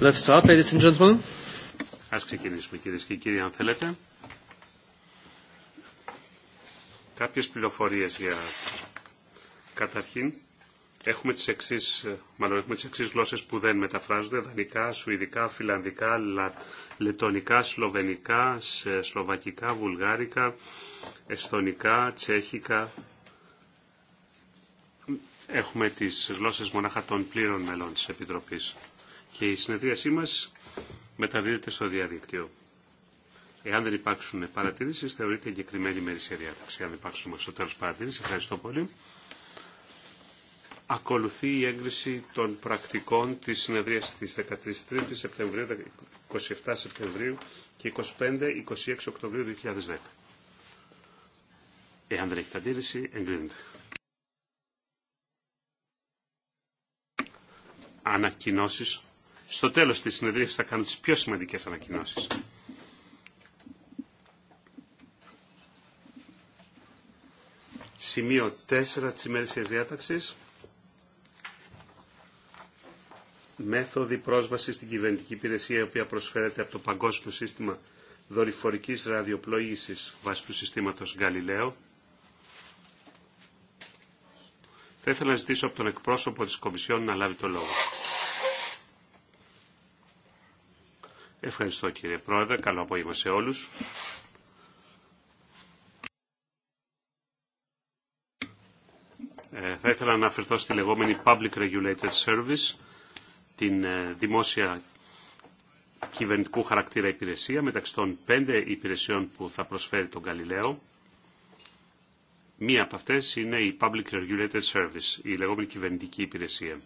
Let's start, ladies and gentlemen. Ας ξεκινήσουμε κυρίες και κύριοι αν θέλετε. Κάποιες πληροφορίες για καταρχήν. Έχουμε τις εξής, μάλλον έχουμε τις εξής γλώσσες που δεν μεταφράζονται, δανικά, σουηδικά, φιλανδικά, λα, λετονικά, σλοβενικά, σλοβακικά, βουλγάρικα, εστονικά, τσέχικα. Έχουμε τις γλώσσες μονάχα των πλήρων μελών της Επιτροπής και η συνεδρίασή μας μεταδίδεται στο διαδίκτυο. Εάν δεν υπάρξουν παρατηρήσεις, θεωρείται εγκεκριμένη σε διάταξη. Αν υπάρξουν μέχρι στο τέλος παρατηρήσεις, ευχαριστώ πολύ. Ακολουθεί η έγκριση των πρακτικών της συνεδρίας της 13 Σεπτεμβρίου, 27 Σεπτεμβρίου και 25-26 Οκτωβρίου 2010. Εάν δεν έχετε αντίρρηση, εγκρίνεται. Ανακοινώσεις στο τέλος της συνεδρίας θα κάνω τις πιο σημαντικές ανακοινώσεις. Σημείο 4 της τη διάταξης. Μέθοδη πρόσβαση στην κυβερνητική υπηρεσία η οποία προσφέρεται από το Παγκόσμιο Σύστημα Δορυφορικής Ραδιοπλοήγησης βάσει του συστήματος Galileo. Θα ήθελα να ζητήσω από τον εκπρόσωπο της Κομισιόν να λάβει το λόγο. Ευχαριστώ κύριε Πρόεδρε. Καλό απόγευμα σε όλους. Ε, θα ήθελα να αναφερθώ στη λεγόμενη Public Regulated Service, την ε, δημόσια κυβερνητικού χαρακτήρα υπηρεσία, μεταξύ των πέντε υπηρεσιών που θα προσφέρει τον Γαλιλαίο. Μία από αυτές είναι η Public Regulated Service, η λεγόμενη κυβερνητική υπηρεσία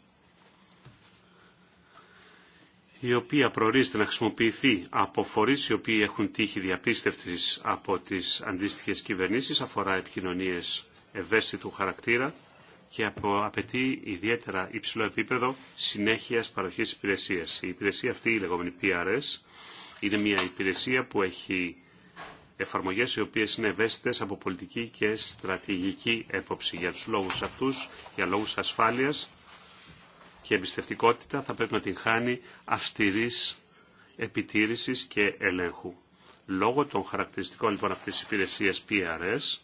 η οποία προορίζεται να χρησιμοποιηθεί από φορεί οι οποίοι έχουν τύχει διαπίστευτη από τι αντίστοιχε κυβερνήσει, αφορά επικοινωνίε ευαίσθητου χαρακτήρα και απαιτεί ιδιαίτερα υψηλό επίπεδο συνέχεια παροχή υπηρεσία. Η υπηρεσία αυτή, η λεγόμενη PRS, είναι μια υπηρεσία που έχει εφαρμογέ οι οποίε είναι ευαίσθητε από πολιτική και στρατηγική έποψη. Για του λόγου αυτού, για λόγου ασφάλεια, και εμπιστευτικότητα θα πρέπει να την χάνει αυστηρής επιτήρησης και ελέγχου. Λόγω των χαρακτηριστικών λοιπόν αυτής της υπηρεσίας PRS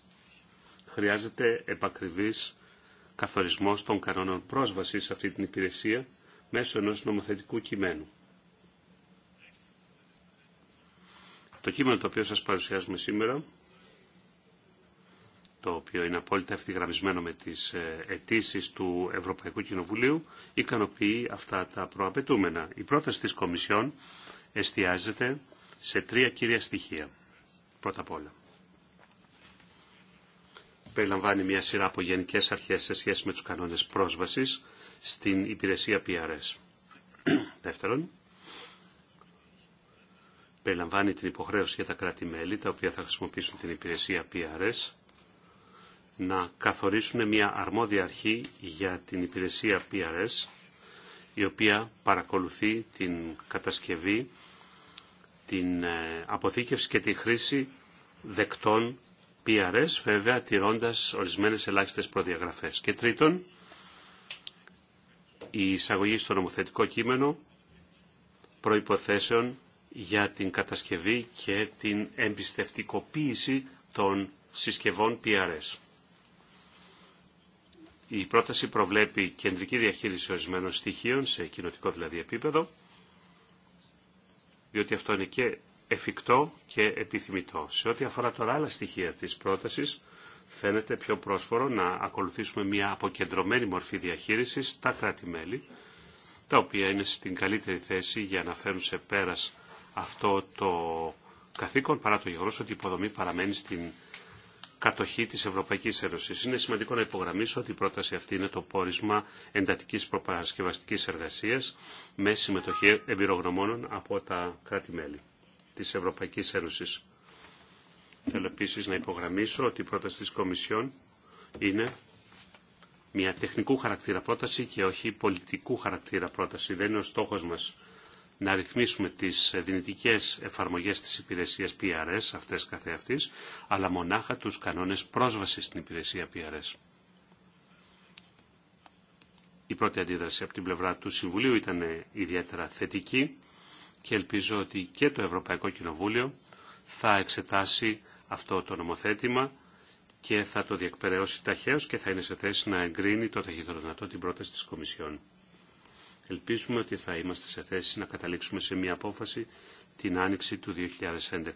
χρειάζεται επακριβής καθορισμός των κανόνων πρόσβασης σε αυτή την υπηρεσία μέσω ενός νομοθετικού κειμένου. Το κείμενο το οποίο σας παρουσιάζουμε σήμερα το οποίο είναι απόλυτα ευθυγραμμισμένο με τις ε, αιτήσει του Ευρωπαϊκού Κοινοβουλίου, ικανοποιεί αυτά τα προαπαιτούμενα. Η πρόταση της Κομισιόν εστιάζεται σε τρία κύρια στοιχεία. Πρώτα απ' όλα. Περιλαμβάνει μια σειρά από γενικές αρχές σε σχέση με τους κανόνες πρόσβασης στην υπηρεσία PRS. Δεύτερον, περιλαμβάνει την υποχρέωση για τα κράτη-μέλη, τα οποία θα χρησιμοποιήσουν την υπηρεσία PRS, να καθορίσουν μια αρμόδια αρχή για την υπηρεσία PRS, η οποία παρακολουθεί την κατασκευή, την ε, αποθήκευση και τη χρήση δεκτών PRS, βέβαια τηρώντας ορισμένες ελάχιστες προδιαγραφές. Και τρίτον, η εισαγωγή στο νομοθετικό κείμενο προϋποθέσεων για την κατασκευή και την εμπιστευτικοποίηση των συσκευών PRS. Η πρόταση προβλέπει κεντρική διαχείριση ορισμένων στοιχείων σε κοινοτικό δηλαδή επίπεδο, διότι αυτό είναι και εφικτό και επιθυμητό. Σε ό,τι αφορά τώρα άλλα στοιχεία της πρότασης, φαίνεται πιο πρόσφορο να ακολουθήσουμε μια αποκεντρωμένη μορφή διαχείρισης στα κράτη-μέλη, τα οποία είναι στην καλύτερη θέση για να φέρουν σε πέρας αυτό το καθήκον, παρά το γεγονός ότι η υποδομή παραμένει στην κατοχή της Ευρωπαϊκής Ένωσης. Είναι σημαντικό να υπογραμμίσω ότι η πρόταση αυτή είναι το πόρισμα εντατικής προπαρασκευαστικής εργασίας με συμμετοχή εμπειρογνωμόνων από τα κράτη-μέλη της Ευρωπαϊκής Ένωσης. Θέλω επίσης να υπογραμμίσω ότι η πρόταση της Κομισιόν είναι μια τεχνικού χαρακτήρα πρόταση και όχι πολιτικού χαρακτήρα πρόταση. Δεν είναι ο στόχος μας να ρυθμίσουμε τις δυνητικές εφαρμογές της υπηρεσίας PRS, αυτές καθεαυτής, αλλά μονάχα τους κανόνες πρόσβασης στην υπηρεσία PRS. Η πρώτη αντίδραση από την πλευρά του Συμβουλίου ήταν ιδιαίτερα θετική και ελπίζω ότι και το Ευρωπαϊκό Κοινοβούλιο θα εξετάσει αυτό το νομοθέτημα και θα το διεκπαιρεώσει ταχαίως και θα είναι σε θέση να εγκρίνει το ταχύτερο δυνατό την πρόταση της Κομισιόν. Ελπίζουμε ότι θα είμαστε σε θέση να καταλήξουμε σε μια απόφαση την άνοιξη του 2011.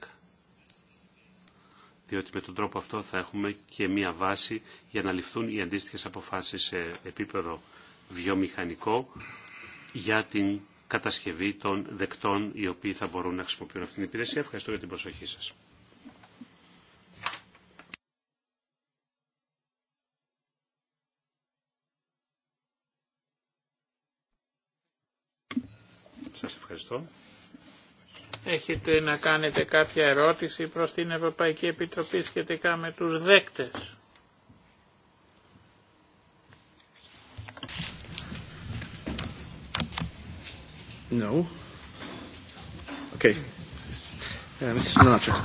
Διότι με τον τρόπο αυτό θα έχουμε και μια βάση για να ληφθούν οι αντίστοιχες αποφάσεις σε επίπεδο βιομηχανικό για την κατασκευή των δεκτών οι οποίοι θα μπορούν να χρησιμοποιούν αυτή την υπηρεσία. Ευχαριστώ για την προσοχή σας. Σας ευχαριστώ. Έχετε να κάνετε κάποια ερώτηση προς την Ευρωπαϊκή Επιτροπή σχετικά με τους δέκτες. No. Okay. Uh,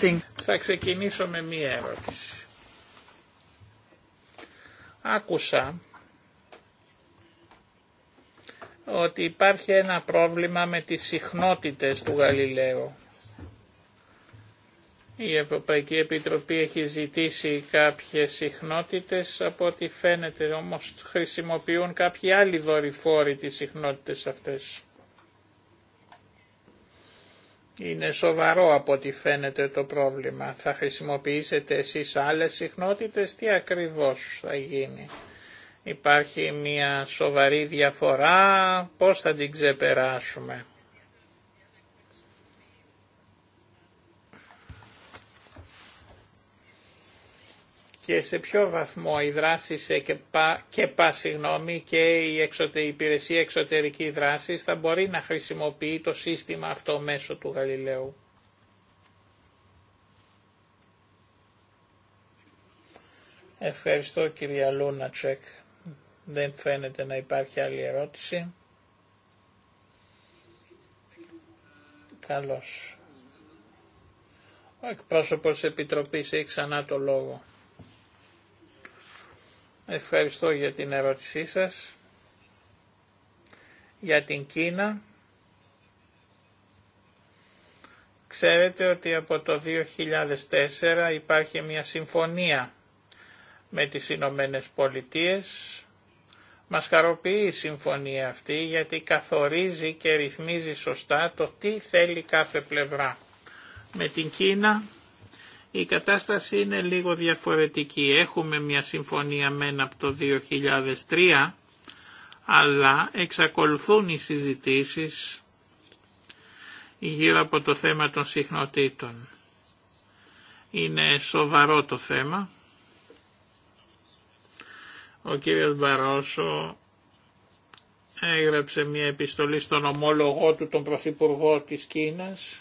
thing. Θα ξεκινήσω με μία ερώτηση. Άκουσα ότι υπάρχει ένα πρόβλημα με τις συχνότητες του Γαλιλαίου. Η Ευρωπαϊκή Επιτροπή έχει ζητήσει κάποιες συχνότητες, από ό,τι φαίνεται όμως χρησιμοποιούν κάποιοι άλλοι δορυφόροι τις συχνότητες αυτές. Είναι σοβαρό από ό,τι φαίνεται το πρόβλημα. Θα χρησιμοποιήσετε εσείς άλλες συχνότητες, τι ακριβώς θα γίνει. Υπάρχει μια σοβαρή διαφορά, πώς θα την ξεπεράσουμε. και σε ποιο βαθμό η δράση και και, και η, εξωτε, η υπηρεσία εξωτερική δράση θα μπορεί να χρησιμοποιεί το σύστημα αυτό μέσω του Γαλιλαίου. Ευχαριστώ κυρία Τσέκ. Δεν φαίνεται να υπάρχει άλλη ερώτηση. Καλώς. Ο εκπρόσωπος Επιτροπής έχει ξανά το λόγο. Ευχαριστώ για την ερώτησή σας. Για την Κίνα. Ξέρετε ότι από το 2004 υπάρχει μια συμφωνία με τις Ηνωμένε Πολιτείες μας χαροποιεί η συμφωνία αυτή γιατί καθορίζει και ρυθμίζει σωστά το τι θέλει κάθε πλευρά. Με την Κίνα η κατάσταση είναι λίγο διαφορετική. Έχουμε μια συμφωνία μεν από το 2003, αλλά εξακολουθούν οι συζητήσεις γύρω από το θέμα των συχνοτήτων. Είναι σοβαρό το θέμα ο κύριος Μπαρόσο έγραψε μια επιστολή στον ομόλογό του, τον Πρωθυπουργό της Κίνας.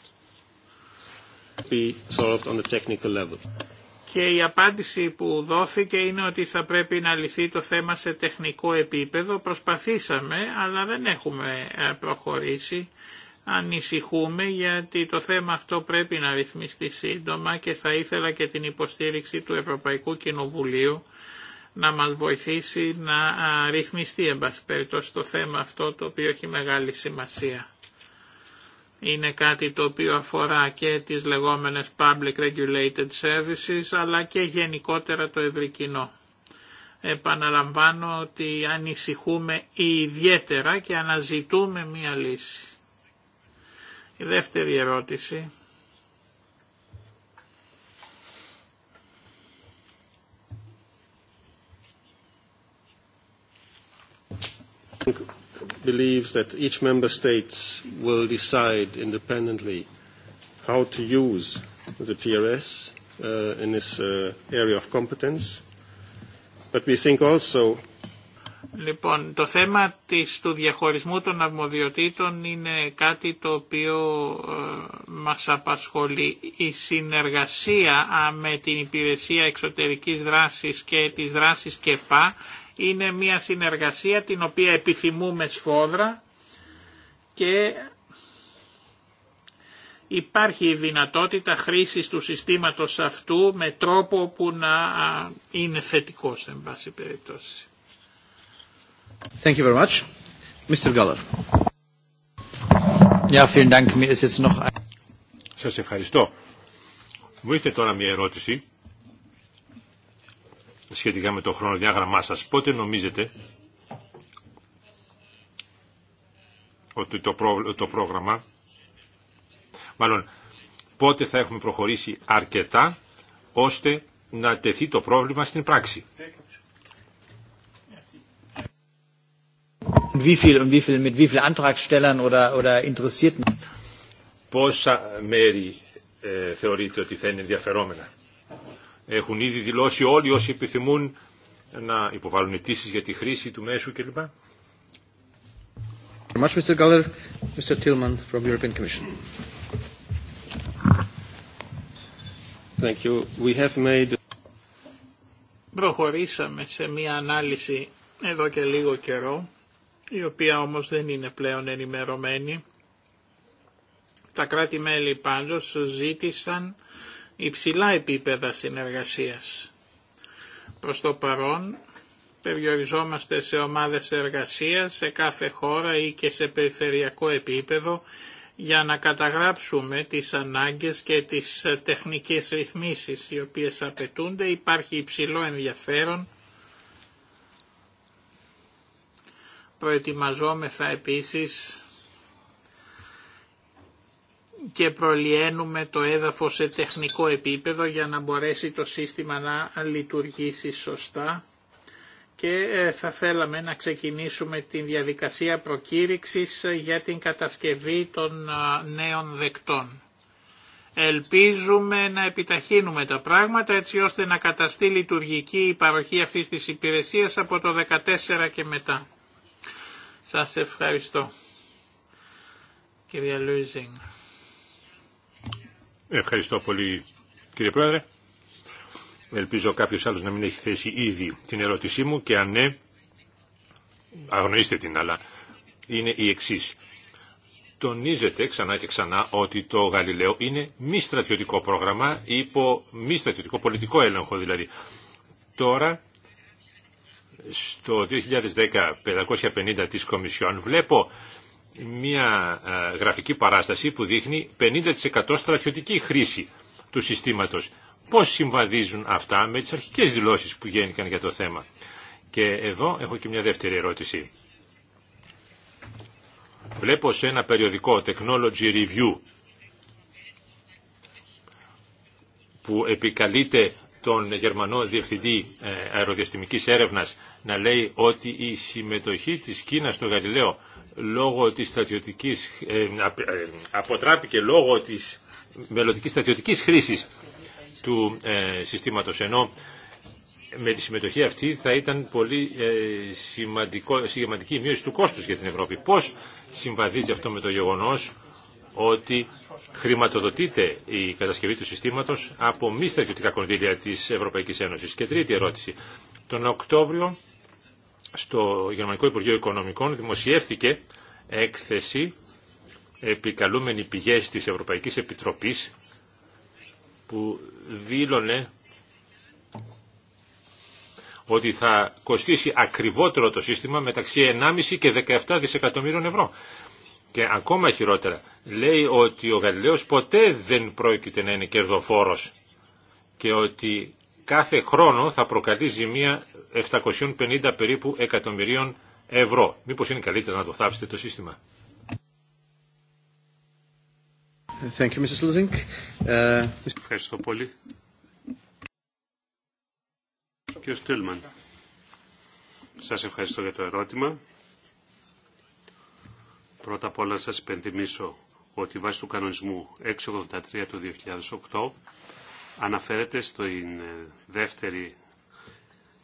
Και η απάντηση που δόθηκε είναι ότι θα πρέπει να λυθεί το θέμα σε τεχνικό επίπεδο. Προσπαθήσαμε, αλλά δεν έχουμε ε, προχωρήσει. Ανησυχούμε γιατί το θέμα αυτό πρέπει να ρυθμιστεί σύντομα και θα ήθελα και την υποστήριξη του Ευρωπαϊκού Κοινοβουλίου να μας βοηθήσει να ρυθμιστεί εν πάση το θέμα αυτό το οποίο έχει μεγάλη σημασία. Είναι κάτι το οποίο αφορά και τις λεγόμενες public regulated services αλλά και γενικότερα το ευρύ Επαναλαμβάνω ότι ανησυχούμε ιδιαίτερα και αναζητούμε μία λύση. Η δεύτερη ερώτηση believes that each member state will decide independently how to use the PRS uh, in this uh, area of competence. But we think also Λοιπόν, το θέμα της, του διαχωρισμού των αρμοδιοτήτων είναι κάτι το οποίο ε, μας απασχολεί. Η συνεργασία α, με την Υπηρεσία Εξωτερικής Δράσης και της Δράσης ΚΕΠΑ είναι μια συνεργασία την οποία επιθυμούμε σφόδρα και υπάρχει η δυνατότητα χρήσης του συστήματος αυτού με τρόπο που να είναι θετικός εν πάση περιπτώσει. Thank you very much. Mr. vielen Dank. Mir Σας ευχαριστώ. Μου ήρθε τώρα μια ερώτηση σχετικά με το χρονοδιάγραμμά σας. Πότε νομίζετε ότι το, το πρόγραμμα, μάλλον πότε θα έχουμε προχωρήσει αρκετά ώστε να τεθεί το πρόβλημα στην πράξη. Πόσα μέρη ε, θεωρείτε ότι θα είναι ενδιαφερόμενα. Έχουν ήδη δηλώσει όλοι όσοι επιθυμούν να υποβάλουν αιτήσει για τη χρήση του μέσου κλπ. Thank you. We have made... Προχωρήσαμε σε μια ανάλυση εδώ και λίγο καιρό, η οποία όμως δεν είναι πλέον ενημερωμένη. Τα κράτη-μέλη πάντως ζήτησαν υψηλά επίπεδα συνεργασίας. Προς το παρόν περιοριζόμαστε σε ομάδες εργασίας σε κάθε χώρα ή και σε περιφερειακό επίπεδο για να καταγράψουμε τις ανάγκες και τις τεχνικές ρυθμίσεις οι οποίες απαιτούνται. Υπάρχει υψηλό ενδιαφέρον. Προετοιμαζόμεθα επίσης και προλιένουμε το έδαφο σε τεχνικό επίπεδο για να μπορέσει το σύστημα να λειτουργήσει σωστά και ε, θα θέλαμε να ξεκινήσουμε την διαδικασία προκήρυξης ε, για την κατασκευή των ε, νέων δεκτών. Ελπίζουμε να επιταχύνουμε τα πράγματα έτσι ώστε να καταστεί λειτουργική η παροχή αυτής της υπηρεσίας από το 14 και μετά. Σας ευχαριστώ. Κυρία Λούιζινγκ. Ευχαριστώ πολύ κύριε Πρόεδρε. Ελπίζω κάποιος άλλος να μην έχει θέσει ήδη την ερώτησή μου και αν ναι, αγνοήστε την, αλλά είναι η εξής. Τονίζεται ξανά και ξανά ότι το Γαλιλαίο είναι μη στρατιωτικό πρόγραμμα υπό μη στρατιωτικό πολιτικό έλεγχο δηλαδή. Τώρα, στο 2010-550 της Κομισιόν, βλέπω μια ε, γραφική παράσταση που δείχνει 50% στρατιωτική χρήση του συστήματος. Πώς συμβαδίζουν αυτά με τις αρχικές δηλώσεις που γέννηκαν για το θέμα. Και εδώ έχω και μια δεύτερη ερώτηση. Βλέπω σε ένα περιοδικό Technology Review που επικαλείται τον Γερμανό Διευθυντή ε, Αεροδιαστημικής Έρευνας να λέει ότι η συμμετοχή της Κίνας στο Γαλιλαίο λόγω της στρατιωτικής, ε, ε, αποτράπηκε λόγω της μελλοντικής στρατιωτικής χρήσης του ε, συστήματος ενώ με τη συμμετοχή αυτή θα ήταν πολύ σημαντικό, σημαντική μείωση του κόστους για την Ευρώπη. Πώς συμβαδίζει αυτό με το γεγονός ότι χρηματοδοτείται η κατασκευή του συστήματος από μη στρατιωτικά κονδύλια της Ευρωπαϊκής Ένωσης. Και τρίτη ερώτηση. Τον Οκτώβριο στο Γερμανικό Υπουργείο Οικονομικών δημοσιεύθηκε έκθεση επικαλούμενη πηγές της Ευρωπαϊκής Επιτροπής που δήλωνε ότι θα κοστίσει ακριβότερο το σύστημα μεταξύ 1,5 και 17 δισεκατομμύριων ευρώ. Και ακόμα χειρότερα, λέει ότι ο Γαλιλαίος ποτέ δεν πρόκειται να είναι κερδοφόρος και ότι κάθε χρόνο θα προκαλεί ζημία 750 περίπου εκατομμυρίων ευρώ. Μήπως είναι καλύτερο να το θάψετε το σύστημα. Thank you, Uh... Ευχαριστώ πολύ. Κύριο σας ευχαριστώ για το ερώτημα. Πρώτα απ' όλα σας υπενθυμίσω ότι βάσει του κανονισμού 683 του 2008 αναφέρεται στην ε, δεύτερη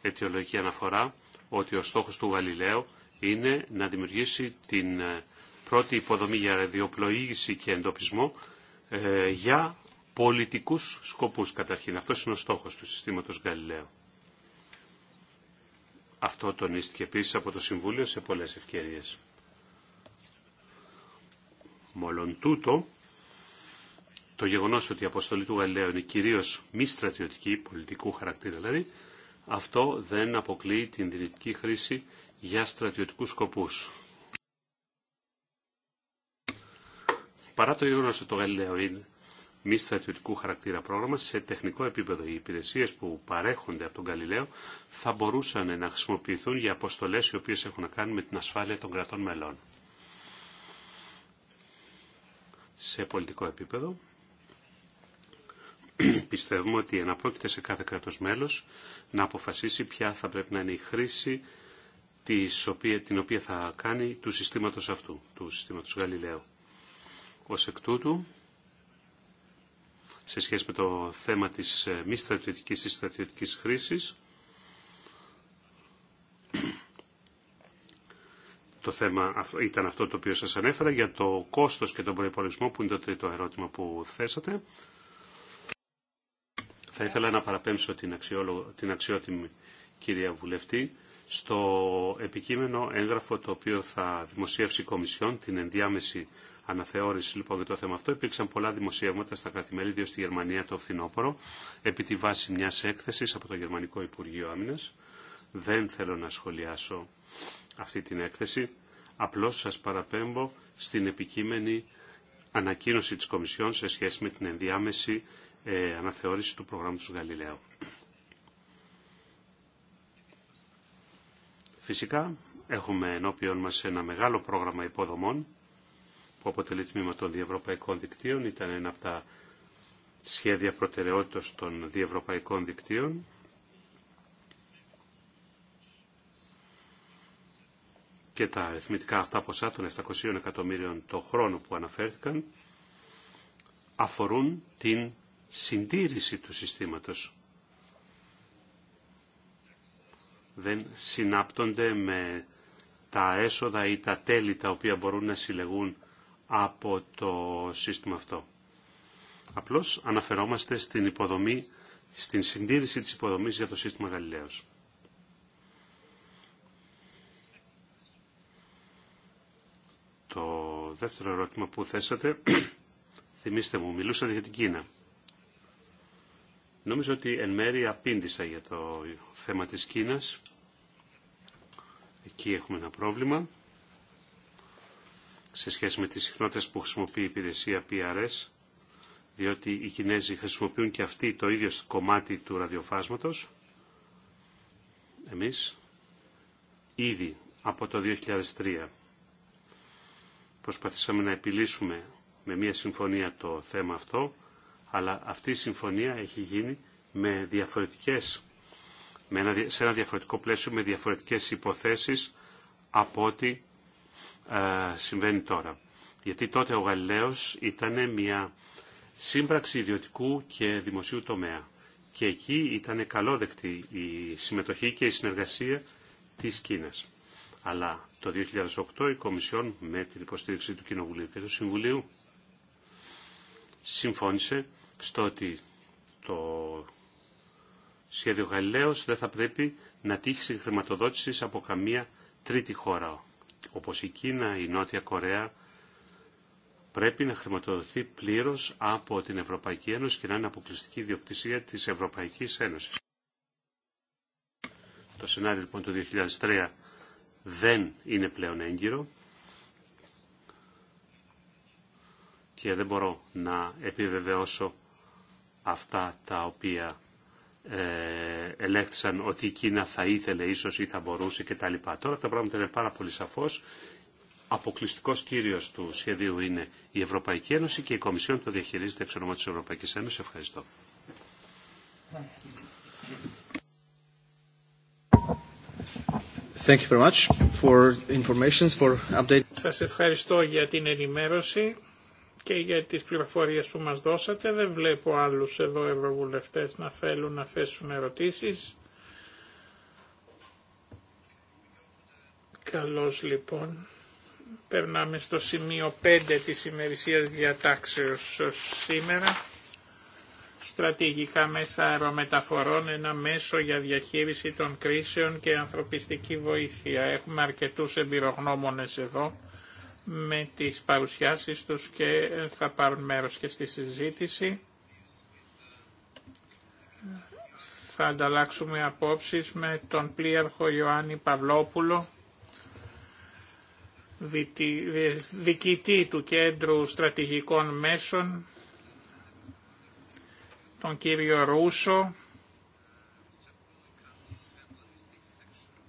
αιτιολογική αναφορά ότι ο στόχος του Γαλιλαίου είναι να δημιουργήσει την ε, πρώτη υποδομή για ραδιοπλοήγηση και εντοπισμό ε, για πολιτικούς σκοπούς καταρχήν. Αυτός είναι ο στόχος του συστήματος Γαλιλαίου. Αυτό τονίστηκε επίσης από το Συμβούλιο σε πολλές ευκαιρίες. Μόλον τούτο, το γεγονός ότι η αποστολή του Γαλιλαίου είναι κυρίως μη στρατιωτική, πολιτικού χαρακτήρα δηλαδή, αυτό δεν αποκλείει την δυνητική χρήση για στρατιωτικούς σκοπούς. Παρά το γεγονό ότι το Γαλιλαίο είναι μη στρατιωτικού χαρακτήρα πρόγραμμα, σε τεχνικό επίπεδο οι υπηρεσίε που παρέχονται από τον Γαλιλαίο θα μπορούσαν να χρησιμοποιηθούν για αποστολέ οι οποίε έχουν να κάνουν με την ασφάλεια των κρατών μελών. Σε πολιτικό επίπεδο, πιστεύουμε ότι αναπρόκειται σε κάθε κράτος μέλος να αποφασίσει ποια θα πρέπει να είναι η χρήση την οποία θα κάνει του συστήματος αυτού, του συστήματος Γαλιλαίου. Ως εκ τούτου, σε σχέση με το θέμα της ε, μη στρατιωτικής ή στρατιωτικής χρήσης, το θέμα ήταν αυτό το οποίο σας ανέφερα για το κόστος και τον προϋπολογισμό που είναι το τρίτο ερώτημα που θέσατε. Θα ήθελα να παραπέμψω την, την αξιότιμη κυρία Βουλευτή στο επικείμενο έγγραφο το οποίο θα δημοσιεύσει η Κομισιόν, την ενδιάμεση αναθεώρηση λοιπόν για το θέμα αυτό. Υπήρξαν πολλά δημοσιεύματα στα κρατημέλη, ιδίω στη Γερμανία το φθινόπωρο, επί τη βάση μια έκθεση από το Γερμανικό Υπουργείο Άμυνα. Δεν θέλω να σχολιάσω αυτή την έκθεση. Απλώ σα παραπέμπω στην επικείμενη ανακοίνωση τη Κομισιόν σε σχέση με την ενδιάμεση ε, αναθεώρηση του προγράμματος Γαλιλαίου. Φυσικά, έχουμε ενώπιον μας ένα μεγάλο πρόγραμμα υποδομών που αποτελεί τμήμα των διευρωπαϊκών δικτύων. Ήταν ένα από τα σχέδια προτεραιότητας των διευρωπαϊκών δικτύων. και τα αριθμητικά αυτά ποσά των 700 εκατομμύριων το χρόνο που αναφέρθηκαν αφορούν την συντήρηση του συστήματος. Δεν συνάπτονται με τα έσοδα ή τα τέλη τα οποία μπορούν να συλλεγούν από το σύστημα αυτό. Απλώς αναφερόμαστε στην υποδομή, στην συντήρηση της υποδομής για το σύστημα Γαλιλαίος. Το δεύτερο ερώτημα που θέσατε, θυμίστε μου, μιλούσατε για την Κίνα. Νομίζω ότι εν μέρει απήντησα για το θέμα της Κίνας. Εκεί έχουμε ένα πρόβλημα σε σχέση με τις συχνότητες που χρησιμοποιεί η υπηρεσία PRS, διότι οι Κινέζοι χρησιμοποιούν και αυτοί το ίδιο κομμάτι του ραδιοφάσματος. Εμείς ήδη από το 2003 προσπαθήσαμε να επιλύσουμε με μια συμφωνία το θέμα αυτό αλλά αυτή η συμφωνία έχει γίνει με διαφορετικές, με ένα, σε ένα διαφορετικό πλαίσιο, με διαφορετικές υποθέσεις από ό,τι ε, συμβαίνει τώρα. Γιατί τότε ο Γαλιλαίος ήταν μια σύμπραξη ιδιωτικού και δημοσίου τομέα. Και εκεί ήταν καλόδεκτη η συμμετοχή και η συνεργασία της Κίνας. Αλλά το 2008 η Κομισιόν με την υποστήριξη του Κοινοβουλίου και του Συμβουλίου συμφώνησε στο ότι το σχέδιο Γαλιλαίος δεν θα πρέπει να τύχει χρηματοδότηση από καμία τρίτη χώρα, όπως η Κίνα, η Νότια Κορέα, πρέπει να χρηματοδοθεί πλήρως από την Ευρωπαϊκή Ένωση και να είναι αποκλειστική ιδιοκτησία της Ευρωπαϊκής Ένωσης. Το σενάριο λοιπόν του 2003 δεν είναι πλέον έγκυρο και δεν μπορώ να επιβεβαιώσω αυτά τα οποία ε, ελέγχθησαν ότι η Κίνα θα ήθελε ίσως ή θα μπορούσε κτλ. Τώρα τα πράγματα είναι πάρα πολύ σαφώς. Αποκλειστικός κύριος του σχεδίου είναι η θα μπορουσε τα λοιπά. τωρα τα πραγματα ειναι παρα πολυ Ένωση και η Κομισιόν το διαχειρίζεται εξ ονόματο της Ευρωπαϊκής Ένωσης. Ευχαριστώ. Thank you very much for for Σας ευχαριστώ για την ενημέρωση και για τις πληροφορίες που μας δώσατε. Δεν βλέπω άλλους εδώ ευρωβουλευτές να θέλουν να θέσουν ερωτήσεις. Καλώς λοιπόν. Περνάμε στο σημείο 5 της ημερησίας διατάξεως σήμερα. Στρατηγικά μέσα αερομεταφορών, ένα μέσο για διαχείριση των κρίσεων και ανθρωπιστική βοήθεια. Έχουμε αρκετούς εμπειρογνώμονες εδώ με τις παρουσιάσεις τους και θα πάρουν μέρος και στη συζήτηση. Θα ανταλλάξουμε απόψεις με τον πλήρχο Ιωάννη Παυλόπουλο, διοικητή του Κέντρου Στρατηγικών Μέσων, τον κύριο Ρούσο,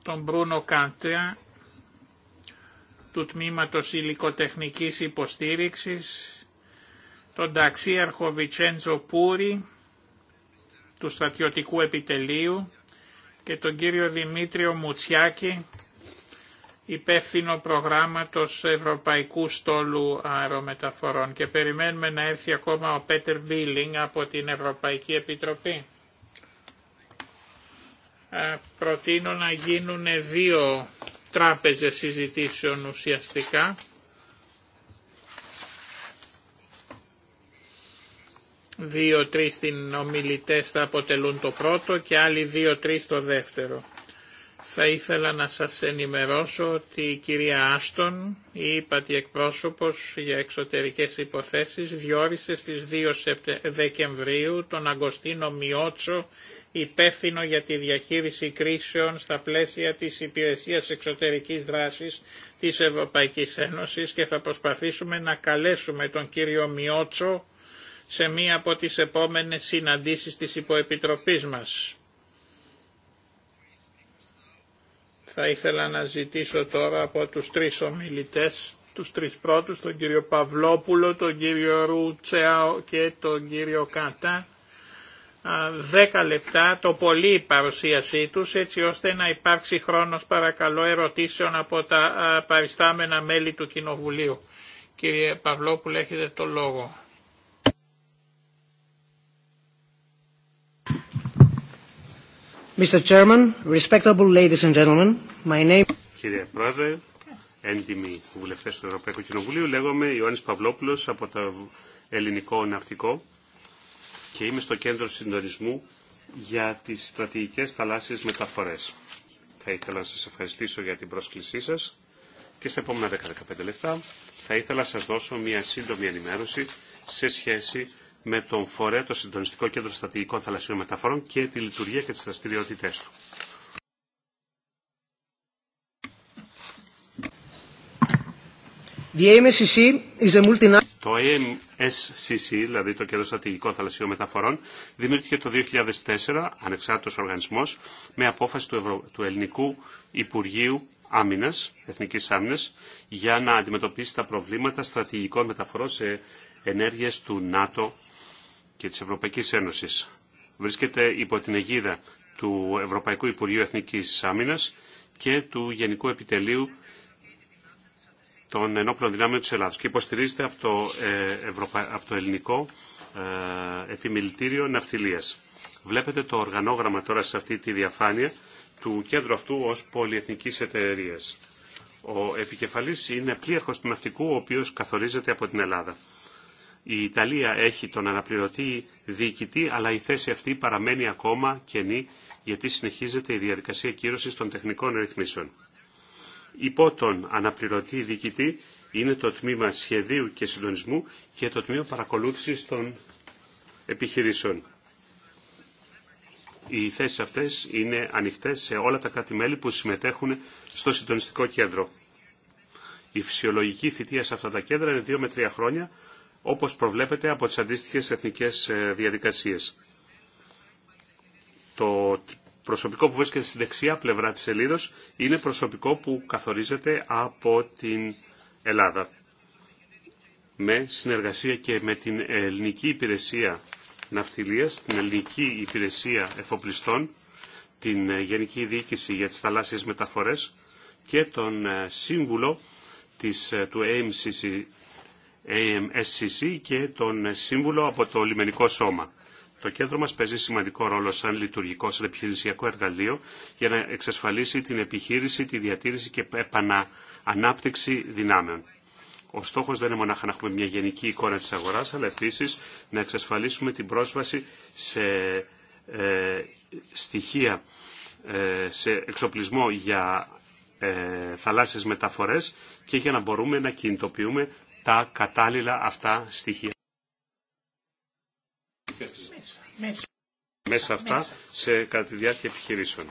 τον Μπρούνο Καντέα, του Τμήματος Υλικοτεχνικής Υποστήριξης, τον ταξίαρχο Βιτσέντζο Πούρη, του στρατιωτικού επιτελείου και τον κύριο Δημήτριο Μουτσιάκη, υπεύθυνο προγράμματος Ευρωπαϊκού Στόλου Αερομεταφορών και περιμένουμε να έρθει ακόμα ο Πέτερ Μπίλινγκ από την Ευρωπαϊκή Επιτροπή. Ε, προτείνω να γίνουν δύο τράπεζες συζητήσεων ουσιαστικά. Δύο-τρεις ομιλητές θα αποτελούν το πρώτο και άλλοι δύο-τρεις το δεύτερο. Θα ήθελα να σας ενημερώσω ότι η κυρία Άστον, η ύπατη εκπρόσωπος για εξωτερικές υποθέσεις, διόρισε στις 2 Δεκεμβρίου τον Αγκοστίνο Μιότσο υπεύθυνο για τη διαχείριση κρίσεων στα πλαίσια της υπηρεσίας εξωτερικής δράσης της Ευρωπαϊκής Ένωσης και θα προσπαθήσουμε να καλέσουμε τον κύριο Μιότσο σε μία από τις επόμενες συναντήσεις της υποεπιτροπής μας. Θα ήθελα να ζητήσω τώρα από τους τρεις ομιλητές, τους τρεις πρώτους, τον κύριο Παυλόπουλο, τον κύριο Ρουτσέαο και τον κύριο Κατά, 10 λεπτά το πολύ η παρουσίασή τους έτσι ώστε να υπάρξει χρόνος παρακαλώ ερωτήσεων από τα παριστάμενα μέλη του Κοινοβουλίου. Κύριε Παυλόπουλε έχετε το λόγο. Mr. Chairman, respectable ladies and gentlemen, my name... Κύριε Πρόεδρε, έντιμοι βουλευτές του Ευρωπαϊκού Κοινοβουλίου, λέγομαι Ιωάννης Παυλόπουλος από το Ελληνικό Ναυτικό και είμαι στο κέντρο συντονισμού για τις στρατηγικές θαλάσσιες μεταφορές. Θα ήθελα να σας ευχαριστήσω για την πρόσκλησή σας και στα επόμενα 10-15 λεπτά θα ήθελα να σας δώσω μια σύντομη ενημέρωση σε σχέση με τον ΦΟΡΕ, το Συντονιστικό Κέντρο Στρατηγικών Θαλασσίων Μεταφορών και τη λειτουργία και τις δραστηριότητε του. το MSCC, δηλαδή το Κέντρο Στρατηγικών Θαλασσιών Μεταφορών, δημιουργήθηκε το 2004, ανεξάρτητος οργανισμός, με απόφαση του, Ελληνικού Υπουργείου Άμυνας, Εθνικής Άμυνας, για να αντιμετωπίσει τα προβλήματα στρατηγικών μεταφορών σε ενέργειες του ΝΑΤΟ και της Ευρωπαϊκής Ένωσης. Βρίσκεται υπό την αιγίδα του Ευρωπαϊκού Υπουργείου Εθνικής Άμυνας και του Γενικού Επιτελείου των ενόπλων δυνάμεων της Ελλάδος και υποστηρίζεται από το, ε, Ευρωπα... από το ελληνικό ε, επιμελητήριο ναυτιλίας. Βλέπετε το οργανόγραμμα τώρα σε αυτή τη διαφάνεια του κέντρου αυτού ως πολυεθνικής εταιρεία. Ο επικεφαλής είναι πλήρχος του ναυτικού, ο οποίος καθορίζεται από την Ελλάδα. Η Ιταλία έχει τον αναπληρωτή διοικητή, αλλά η θέση αυτή παραμένει ακόμα κενή, γιατί συνεχίζεται η διαδικασία κύρωσης των τεχνικών ρυθμίσεων υπό τον αναπληρωτή διοικητή είναι το τμήμα σχεδίου και συντονισμού και το τμήμα παρακολούθησης των επιχειρήσεων. Οι θέσεις αυτές είναι ανοιχτές σε όλα τα κράτη-μέλη που συμμετέχουν στο συντονιστικό κέντρο. Η φυσιολογική θητεία σε αυτά τα κέντρα είναι 2 με 3 χρόνια, όπως προβλέπεται από τις αντίστοιχες εθνικές ε, διαδικασίες. Το προσωπικό που βρίσκεται στη δεξιά πλευρά της σελίδος είναι προσωπικό που καθορίζεται από την Ελλάδα. Με συνεργασία και με την Ελληνική Υπηρεσία Ναυτιλίας, την Ελληνική Υπηρεσία Εφοπλιστών, την Γενική Διοίκηση για τις Θαλάσσιες Μεταφορές και τον ε, Σύμβουλο της, ε, του AMSCC και τον ε, Σύμβουλο από το Λιμενικό Σώμα. Το κέντρο μας παίζει σημαντικό ρόλο σαν λειτουργικό, σαν επιχειρησιακό εργαλείο για να εξασφαλίσει την επιχείρηση, τη διατήρηση και επαναανάπτυξη δυνάμεων. Ο στόχο δεν είναι μονάχα να έχουμε μια γενική εικόνα τη αγορά, αλλά επίση να εξασφαλίσουμε την πρόσβαση σε ε, στοιχεία, ε, σε εξοπλισμό για ε, θαλάσσιες μεταφορές και για να μπορούμε να κινητοποιούμε τα κατάλληλα αυτά στοιχεία μέσα, αυτά σε, κατά τη διάρκεια επιχειρήσεων.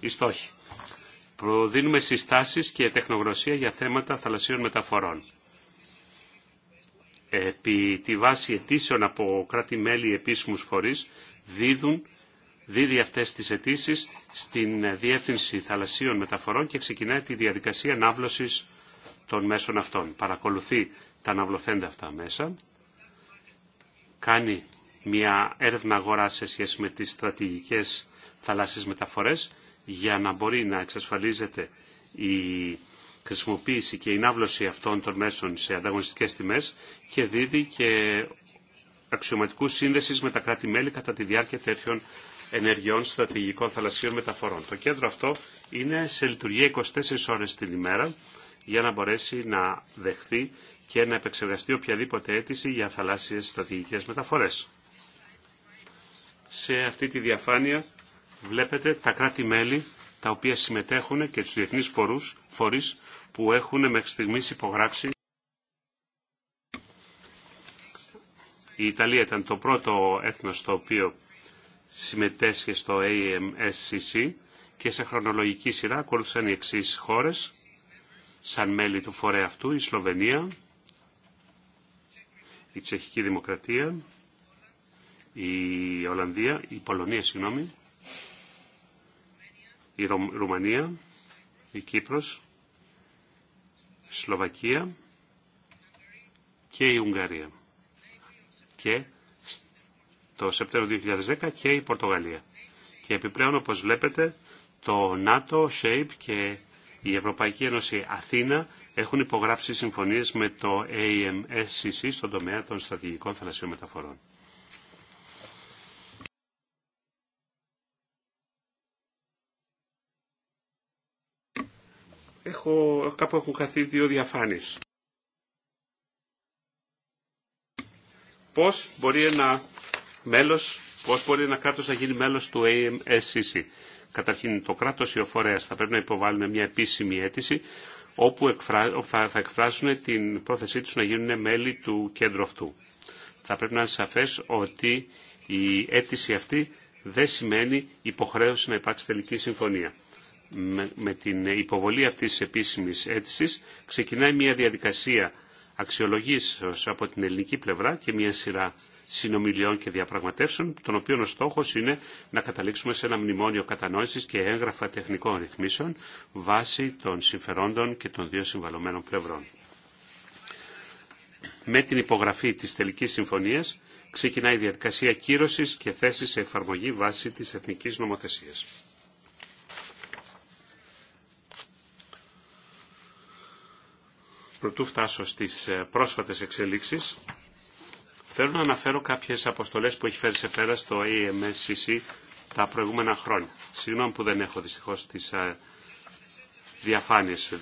Οι Προδίνουμε συστάσεις και τεχνογνωσία για θέματα θαλασσίων μεταφορών. Επί τη βάση αιτήσεων από κράτη-μέλη επίσημους φορείς δίδουν δίδει αυτές τις αιτήσει στην Διεύθυνση Θαλασσίων Μεταφορών και ξεκινάει τη διαδικασία ανάβλωσης των μέσων αυτών. Παρακολουθεί τα αναβλωθέντα αυτά μέσα, κάνει μια έρευνα αγορά σε σχέση με τις στρατηγικές θαλάσσιες μεταφορές για να μπορεί να εξασφαλίζεται η χρησιμοποίηση και η ναύλωση αυτών των μέσων σε ανταγωνιστικές τιμές και δίδει και αξιωματικού σύνδεση με τα κράτη-μέλη κατά τη διάρκεια τέτοιων ενεργειών στρατηγικών θαλασσίων μεταφορών. Το κέντρο αυτό είναι σε λειτουργία 24 ώρες την ημέρα για να μπορέσει να δεχθεί και να επεξεργαστεί οποιαδήποτε αίτηση για θαλάσσιες στρατηγικές μεταφορές. Σε αυτή τη διαφάνεια βλέπετε τα κράτη-μέλη τα οποία συμμετέχουν και τους διεθνείς φορούς, φορείς που έχουν μέχρι στιγμής υπογράψει. Η Ιταλία ήταν το πρώτο έθνος το οποίο συμμετέσχε στο AMSCC και σε χρονολογική σειρά ακολούθησαν οι εξής χώρες σαν μέλη του φορέα αυτού η Σλοβενία, η Τσεχική Δημοκρατία, η Ολλανδία, η Πολωνία, συγγνώμη, η Ρουμανία, η Κύπρος, η Σλοβακία και η Ουγγαρία. Και το Σεπτέμβριο 2010 και η Πορτογαλία. Και επιπλέον, όπως βλέπετε, το ΝΑΤΟ, ΣΕΙΠ και η Ευρωπαϊκή Ένωση Αθήνα έχουν υπογράψει συμφωνίες με το AMSCC στον τομέα των στρατηγικών θαλασσίων μεταφορών. Έχω, κάπου έχουν χαθεί δύο διαφάνειες. Πώς μπορεί ένα μέλος, πώς μπορεί ένα κράτος να γίνει μέλος του AMSCC. Καταρχήν, το κράτος ή ο φορέα θα πρέπει να υποβάλουν μια επίσημη αίτηση όπου θα εκφράσουν την πρόθεσή τους να γίνουν μέλη του κέντρου αυτού. Θα πρέπει να είναι σαφέ ότι η αίτηση αυτή δεν σημαίνει υποχρέωση να υπάρξει τελική συμφωνία. Με την υποβολή αυτής τη επίσημης αίτηση ξεκινάει μια διαδικασία αξιολογήσεως από την ελληνική πλευρά και μια σειρά συνομιλιών και διαπραγματεύσεων, τον οποίων ο στόχο είναι να καταλήξουμε σε ένα μνημόνιο κατανόηση και έγγραφα τεχνικών ρυθμίσεων βάσει των συμφερόντων και των δύο συμβαλωμένων πλευρών. Με την υπογραφή τη Τελική συμφωνία ξεκινάει η διαδικασία κύρωση και θέση σε εφαρμογή βάσει τη εθνική νομοθεσία. Προτού φτάσω στις ε, πρόσφατες εξελίξεις, Θέλω να αναφέρω κάποιες αποστολές που έχει φέρει σε πέρα στο AMSCC τα προηγούμενα χρόνια. Συγγνώμη που δεν έχω δυστυχώς τις διαφάνειες.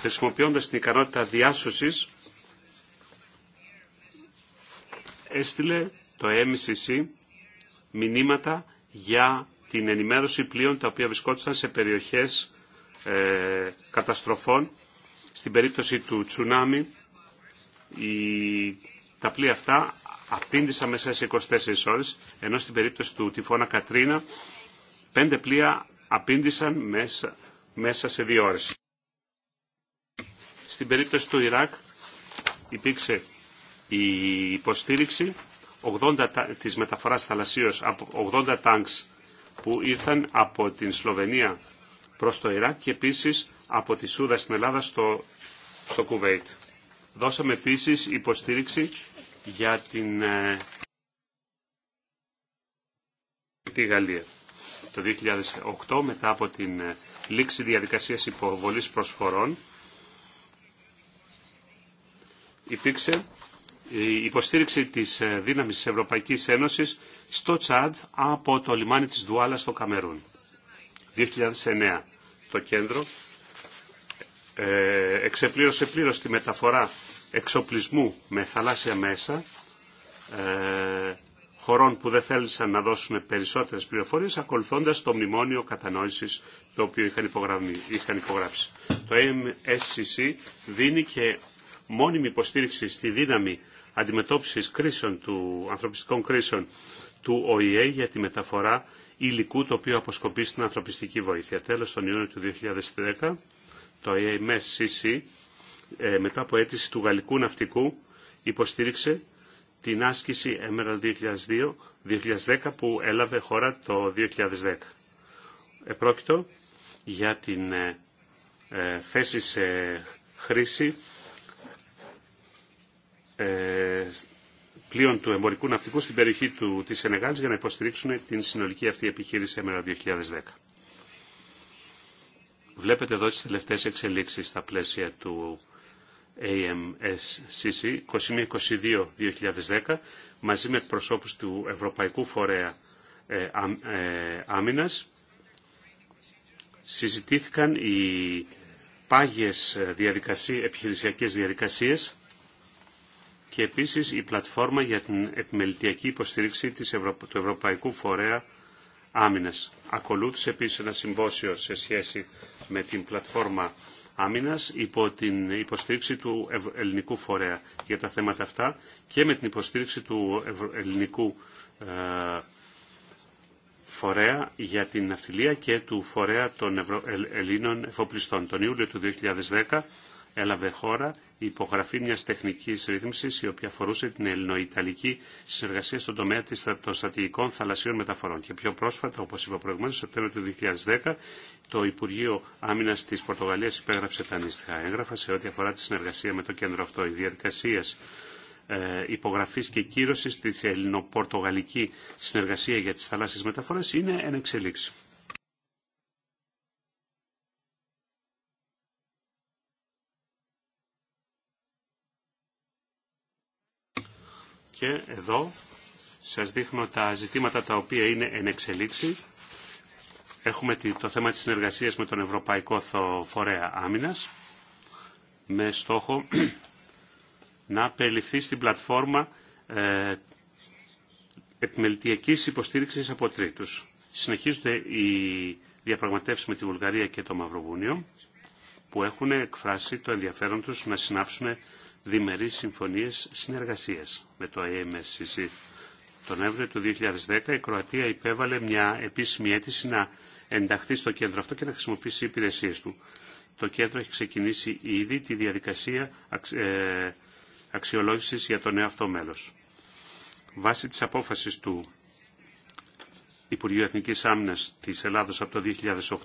Χρησιμοποιώντας την ικανότητα διάσωσης, έστειλε το MCC μηνύματα για την ενημέρωση πλοίων τα οποία βρισκόντουσαν σε περιοχές ε, καταστροφών. Στην περίπτωση του τσουνάμι, η τα πλοία αυτά απήντησαν μέσα σε 24 ώρες, ενώ στην περίπτωση του τυφώνα Κατρίνα, πέντε πλοία απήντησαν μέσα, σε δύο ώρες. Στην περίπτωση του Ιράκ υπήρξε η υποστήριξη 80, της μεταφοράς θαλασσίως από 80 τάγκς που ήρθαν από την Σλοβενία προς το Ιράκ και επίσης από τη Σούδα στην Ελλάδα στο, στο Κουβέιτ. Δώσαμε επίσης υποστήριξη για την, ε, τη Γαλλία. Το 2008 μετά από την ε, λήξη διαδικασίας υποβολής προσφορών υπήρξε η ε, υποστήριξη της δύναμης της Ευρωπαϊκής Ένωσης στο Τσάντ από το λιμάνι της Δουάλα στο Καμερούν. 2009 το κέντρο ε, εξεπλήρωσε πλήρως τη μεταφορά εξοπλισμού με θαλάσσια μέσα ε, χωρών που δεν θέλησαν να δώσουν περισσότερες πληροφορίες ακολουθώντας το μνημόνιο κατανόησης το οποίο είχαν, είχαν υπογράψει. Το MSCC δίνει και μόνιμη υποστήριξη στη δύναμη αντιμετώπισης κρίσεων του, ανθρωπιστικών κρίσεων του ΟΗΕ για τη μεταφορά υλικού το οποίο αποσκοπεί στην ανθρωπιστική βοήθεια. Τέλος τον Ιούνιο του 2010 το AMSCC, ε, μετά από αίτηση του γαλλικού ναυτικού, υποστήριξε την άσκηση Emerald 2002-2010 που έλαβε χώρα το 2010. Επρόκειτο για την ε, ε, θέση σε χρήση πλοίων του εμπορικού ναυτικού στην περιοχή του, της Σενεγάλης για να υποστηρίξουν την συνολική αυτή επιχείρηση Emerald 2010. Βλέπετε εδώ τις τελευταίες εξελίξεις στα πλαίσια του AMSCC 2022, μαζί με προσώπους του Ευρωπαϊκού Φορέα ε, ε, Άμυνας συζητήθηκαν οι πάγιες διαδικασίες, επιχειρησιακές διαδικασίες και επίσης η πλατφόρμα για την επιμελητιακή υποστήριξη της του Ευρωπαϊκού Φορέα Άμυνας. Ακολούθησε επίσης ένα συμπόσιο σε σχέση με την πλατφόρμα άμυνας υπό την υποστήριξη του ελληνικού φορέα για τα θέματα αυτά και με την υποστήριξη του ελληνικού ε, φορέα για την ναυτιλία και του φορέα των Ελλήνων εφοπλιστών. Τον Ιούλιο του 2010 έλαβε χώρα υπογραφή μια τεχνική ρύθμιση, η οποία αφορούσε την ελληνοϊταλική συνεργασία στον τομέα των στρατηγικών θαλασσίων μεταφορών. Και πιο πρόσφατα, όπως είπα προηγουμένω, στο τέλο του 2010, το Υπουργείο Άμυνα τη Πορτογαλίας υπέγραψε τα αντίστοιχα έγγραφα σε ό,τι αφορά τη συνεργασία με το κέντρο αυτό. Η διαδικασία ε, υπογραφής και κύρωση τη ελληνοπορτογαλική συνεργασία για τι θαλάσσιες μεταφορέ είναι εν εξελίξη. Και εδώ σας δείχνω τα ζητήματα τα οποία είναι εν εξελίξη. Έχουμε το θέμα της συνεργασίας με τον Ευρωπαϊκό Φορέα Άμυνας με στόχο να περιληφθεί στην πλατφόρμα ε, επιμελητιακής υποστήριξης από τρίτους. Συνεχίζονται οι διαπραγματεύσεις με τη Βουλγαρία και το Μαυροβούνιο που έχουν εκφράσει το ενδιαφέρον τους να συνάψουν διμερείς συμφωνίες συνεργασίας με το IMSCC. Τον Νοέμβριο του 2010 η Κροατία υπέβαλε μια επίσημη αίτηση να ενταχθεί στο κέντρο αυτό και να χρησιμοποιήσει οι υπηρεσίες του. Το κέντρο έχει ξεκινήσει ήδη τη διαδικασία ε, αξιολόγησης για το νέο αυτό μέλος. Βάσει της απόφασης του Υπουργείου Εθνικής Άμυνας της Ελλάδος από το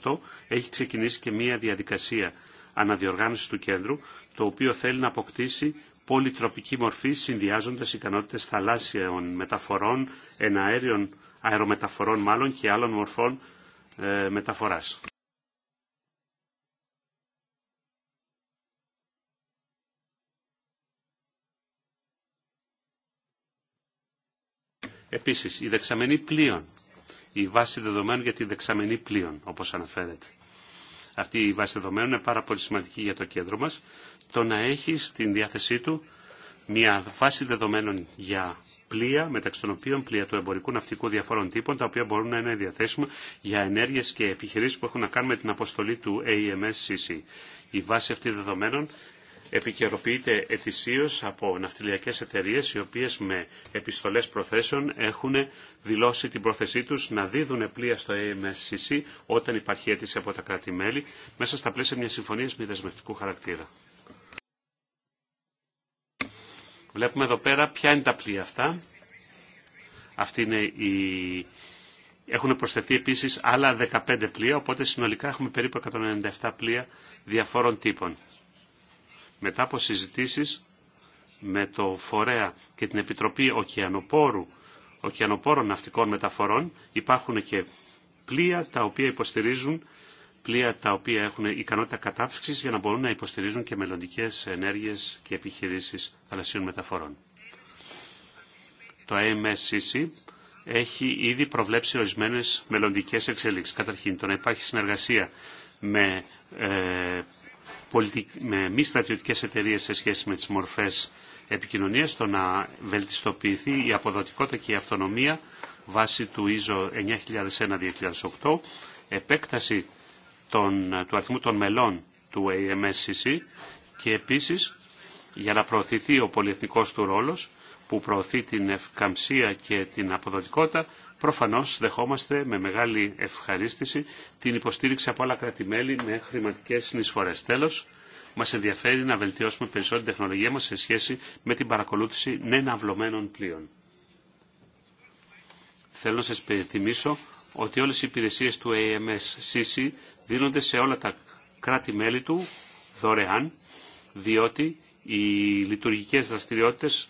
2008 έχει ξεκινήσει και μια διαδικασία αναδιοργάνωση του κέντρου, το οποίο θέλει να αποκτήσει πολυτροπική μορφή συνδυάζοντας ικανότητες θαλάσσιων μεταφορών, εναέριων αερομεταφορών μάλλον και άλλων μορφών ε, μεταφοράς. Επίσης, η δεξαμενή πλοίων, η βάση δεδομένων για τη δεξαμενή πλοίων, όπως αναφέρεται. Αυτή η βάση δεδομένων είναι πάρα πολύ σημαντική για το κέντρο μας. Το να έχει στην διάθεσή του μια βάση δεδομένων για πλοία, μεταξύ των οποίων πλοία του εμπορικού ναυτικού διαφόρων τύπων, τα οποία μπορούν να είναι διαθέσιμα για ενέργειες και επιχειρήσεις που έχουν να κάνουν με την αποστολή του AMSCC. Η βάση αυτή δεδομένων επικαιροποιείται ετησίω από ναυτιλιακέ εταιρείε, οι οποίε με επιστολέ προθέσεων έχουν δηλώσει την πρόθεσή του να δίδουν πλοία στο AMSCC όταν υπάρχει αίτηση από τα κράτη-μέλη μέσα στα πλαίσια μια συμφωνία μη δεσμευτικού χαρακτήρα. Βλέπουμε εδώ πέρα ποια είναι τα πλοία αυτά. Αυτή είναι η... Έχουν προσθεθεί επίσης άλλα 15 πλοία, οπότε συνολικά έχουμε περίπου 197 πλοία διαφόρων τύπων. Μετά από συζητήσεις με το Φορέα και την Επιτροπή Οκεανοπόρου, Οκεανοπόρων Ναυτικών Μεταφορών υπάρχουν και πλοία τα οποία υποστηρίζουν πλοία τα οποία έχουν ικανότητα κατάψυξης για να μπορούν να υποστηρίζουν και μελλοντικέ ενέργειες και επιχειρήσεις θαλασσίων μεταφορών. Το AMSCC έχει ήδη προβλέψει ορισμένε μελλοντικέ εξελίξεις. Καταρχήν, το να υπάρχει συνεργασία με ε, με μη στρατιωτικές εταιρείε σε σχέση με τις μορφές επικοινωνίας, το να βελτιστοποιηθεί η αποδοτικότητα και η αυτονομία βάσει του ISO 9001-2008, επέκταση των, του αριθμού των μελών του AMSCC και επίσης για να προωθηθεί ο πολυεθνικός του ρόλος που προωθεί την ευκαμψία και την αποδοτικότητα Προφανώς δεχόμαστε με μεγάλη ευχαρίστηση την υποστήριξη από άλλα κράτη-μέλη με χρηματικές συνεισφορές. Τέλος, μας ενδιαφέρει να βελτιώσουμε περισσότερη τεχνολογία μας σε σχέση με την παρακολούθηση νεναυλωμένων πλοίων. Θέλω να σας περιθυμίσω ότι όλες οι υπηρεσίες του AMS-CC δίνονται σε όλα τα κράτη-μέλη του δωρεάν, διότι οι λειτουργικές δραστηριότητες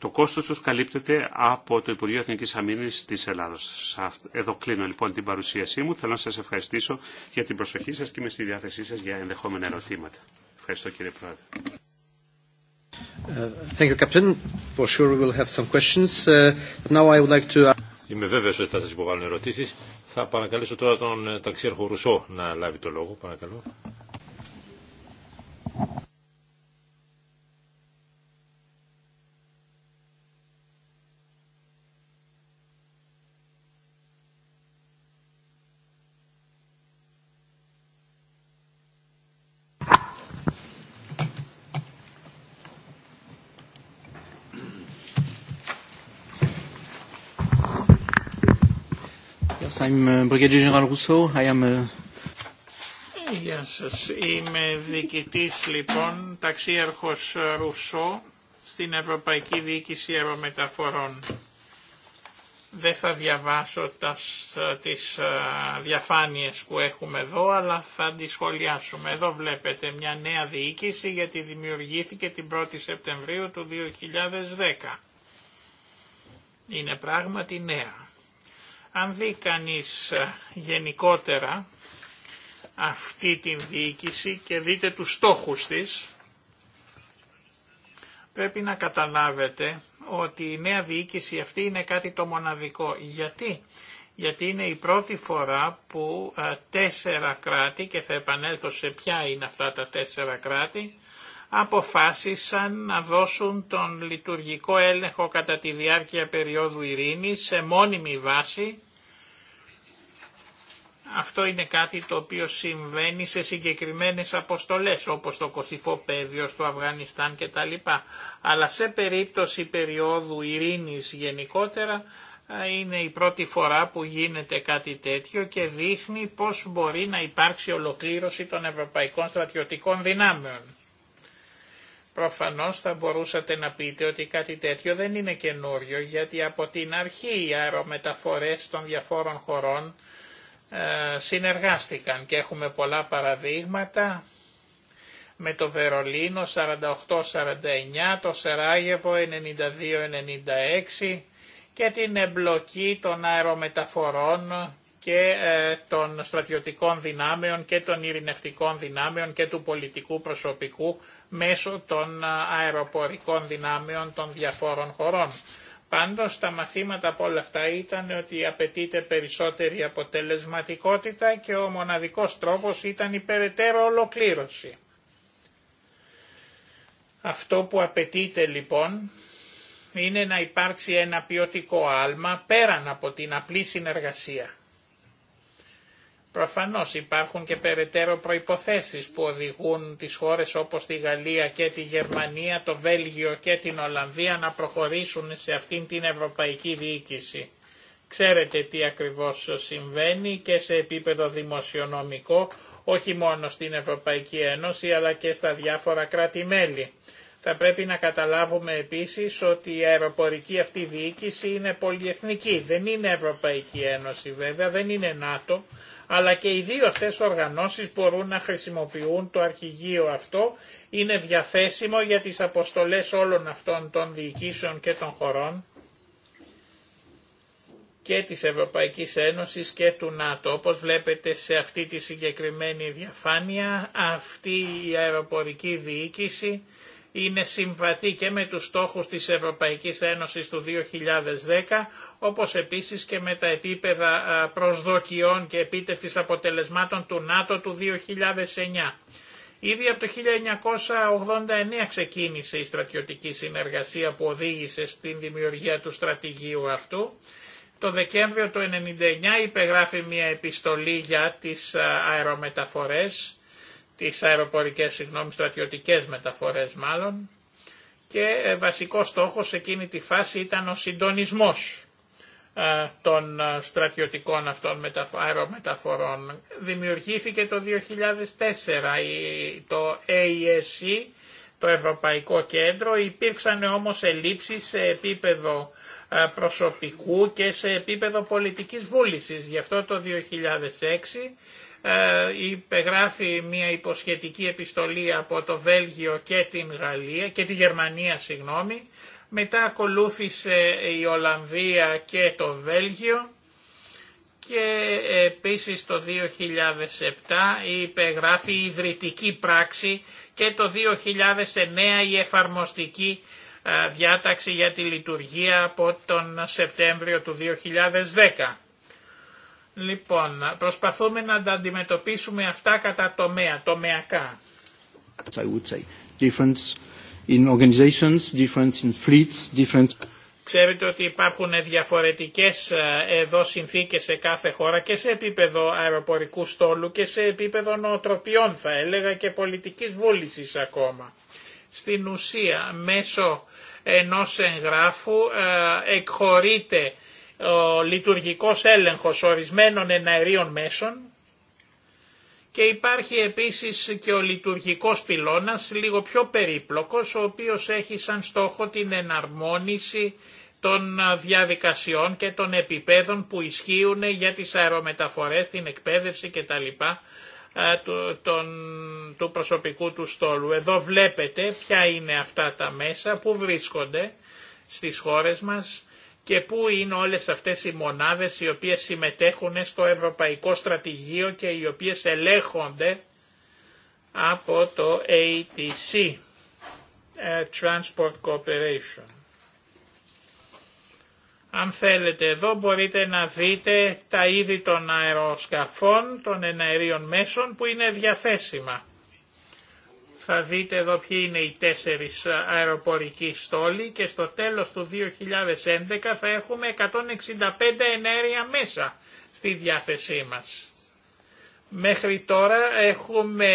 το κόστος τους καλύπτεται από το Υπουργείο Εθνικής Αμήνης της Ελλάδος. Εδώ κλείνω λοιπόν την παρουσίασή μου. Θέλω να σας ευχαριστήσω για την προσοχή σας και με στη διάθεσή σας για ενδεχόμενα ερωτήματα. Ευχαριστώ κύριε Πρόεδρε. Είμαι βέβαιος ότι θα σας υποβάλουν ερωτήσεις. Θα παρακαλέσω τώρα τον ε, ταξιέρχο Ρουσό να λάβει το λόγο. Παρακαλώ. Uh, uh, Γεια σα. Είμαι διοικητή, λοιπόν, ταξίαρχο ε, Ρουσό στην Ευρωπαϊκή Διοίκηση Αερομεταφορών. Δεν θα διαβάσω τι ε, τις ε, διαφάνειες που έχουμε εδώ, αλλά θα τις σχολιάσουμε. Εδώ βλέπετε μια νέα διοίκηση γιατί δημιουργήθηκε την 1η Σεπτεμβρίου του 2010. Είναι πράγματι νέα. Αν δει κανείς ε, γενικότερα αυτή την διοίκηση και δείτε τους στόχους της, πρέπει να καταλάβετε ότι η νέα διοίκηση αυτή είναι κάτι το μοναδικό. Γιατί? Γιατί είναι η πρώτη φορά που ε, τέσσερα κράτη, και θα επανέλθω σε ποια είναι αυτά τα τέσσερα κράτη, αποφάσισαν να δώσουν τον λειτουργικό έλεγχο κατά τη διάρκεια περίοδου ειρήνης σε μόνιμη βάση. Αυτό είναι κάτι το οποίο συμβαίνει σε συγκεκριμένες αποστολές όπως το Κωσυφό πέδιο στο Αφγανιστάν κτλ. Αλλά σε περίπτωση περίοδου ειρήνης γενικότερα είναι η πρώτη φορά που γίνεται κάτι τέτοιο και δείχνει πώς μπορεί να υπάρξει ολοκλήρωση των ευρωπαϊκών στρατιωτικών δυνάμεων. Προφανώς θα μπορούσατε να πείτε ότι κάτι τέτοιο δεν είναι καινούριο, γιατί από την αρχή οι αερομεταφορές των διαφόρων χωρών ε, συνεργάστηκαν και έχουμε πολλά παραδείγματα με το Βερολίνο 48-49, το Σεράγεβο 92-96 και την εμπλοκή των αερομεταφορών και ε, των στρατιωτικών δυνάμεων και των ειρηνευτικών δυνάμεων και του πολιτικού προσωπικού μέσω των αεροπορικών δυνάμεων των διαφόρων χωρών. Πάντως τα μαθήματα από όλα αυτά ήταν ότι απαιτείται περισσότερη αποτελεσματικότητα και ο μοναδικός τρόπος ήταν η περαιτέρω ολοκλήρωση. Αυτό που απαιτείται λοιπόν είναι να υπάρξει ένα ποιοτικό άλμα πέραν από την απλή συνεργασία. Προφανώς υπάρχουν και περαιτέρω προϋποθέσεις που οδηγούν τις χώρες όπως τη Γαλλία και τη Γερμανία, το Βέλγιο και την Ολλανδία να προχωρήσουν σε αυτήν την ευρωπαϊκή διοίκηση. Ξέρετε τι ακριβώς συμβαίνει και σε επίπεδο δημοσιονομικό, όχι μόνο στην Ευρωπαϊκή Ένωση αλλά και στα διάφορα κράτη-μέλη. Θα πρέπει να καταλάβουμε επίσης ότι η αεροπορική αυτή διοίκηση είναι πολυεθνική. Δεν είναι Ευρωπαϊκή Ένωση βέβαια, δεν είναι ΝΑΤΟ, αλλά και οι δύο αυτές οργανώσεις μπορούν να χρησιμοποιούν το αρχηγείο αυτό, είναι διαθέσιμο για τις αποστολές όλων αυτών των διοικήσεων και των χωρών και της Ευρωπαϊκής Ένωσης και του ΝΑΤΟ. Όπως βλέπετε σε αυτή τη συγκεκριμένη διαφάνεια, αυτή η αεροπορική διοίκηση είναι συμβατή και με τους στόχους της Ευρωπαϊκής Ένωσης του 2010, όπως επίσης και με τα επίπεδα προσδοκιών και επίτευξης αποτελεσμάτων του ΝΑΤΟ του 2009. Ήδη από το 1989 ξεκίνησε η στρατιωτική συνεργασία που οδήγησε στην δημιουργία του στρατηγίου αυτού. Το Δεκέμβριο του 1999 υπεγράφει μια επιστολή για τις αερομεταφορές, τις αεροπορικές, συγγνώμη, στρατιωτικές μεταφορές μάλλον, και ε, βασικός στόχος εκείνη τη φάση ήταν ο συντονισμός. Ε, των ε, στρατιωτικών αυτών αερομεταφορών. Δημιουργήθηκε το 2004 το AESC, e, το Ευρωπαϊκό Κέντρο, υπήρξαν όμως ελλείψεις σε επίπεδο ε, προσωπικού και σε επίπεδο πολιτικής βούλησης. Γι' αυτό το 2006 υπεγράφει μια υποσχετική επιστολή από το Βέλγιο και την Γαλλία και τη Γερμανία συγγνώμη μετά ακολούθησε η Ολλανδία και το Βέλγιο και επίσης το 2007 υπεγράφει η ιδρυτική πράξη και το 2009 η εφαρμοστική διάταξη για τη λειτουργία από τον Σεπτέμβριο του 2010. Λοιπόν, προσπαθούμε να τα αντιμετωπίσουμε αυτά κατά τομέα, τομεακά in organizations, difference in Ξέρετε ότι υπάρχουν διαφορετικές ε, εδώ συνθήκες σε κάθε χώρα και σε επίπεδο αεροπορικού στόλου και σε επίπεδο νοοτροπιών θα έλεγα και πολιτικής βούλησης ακόμα. Στην ουσία μέσω ενός εγγράφου ε, εκχωρείται ο λειτουργικός έλεγχος ορισμένων εναερίων μέσων και υπάρχει επίσης και ο λειτουργικός πυλώνας, λίγο πιο περίπλοκος, ο οποίος έχει σαν στόχο την εναρμόνιση των ε, διαδικασιών και των επιπέδων που ισχύουν για τις αερομεταφορές, την εκπαίδευση κτλ. Ε, του, τον, του προσωπικού του στόλου. Εδώ βλέπετε ποια είναι αυτά τα μέσα, που βρίσκονται στις χώρες μας και πού είναι όλες αυτές οι μονάδες οι οποίες συμμετέχουν στο Ευρωπαϊκό Στρατηγείο και οι οποίες ελέγχονται από το ATC, ε, Transport Cooperation. Αν θέλετε εδώ μπορείτε να δείτε τα είδη των αεροσκαφών, των εναερίων μέσων που είναι διαθέσιμα. Θα δείτε εδώ ποιοι είναι οι τέσσερις αεροπορικοί στόλοι και στο τέλος του 2011 θα έχουμε 165 ενέργεια μέσα στη διάθεσή μας. Μέχρι τώρα έχουμε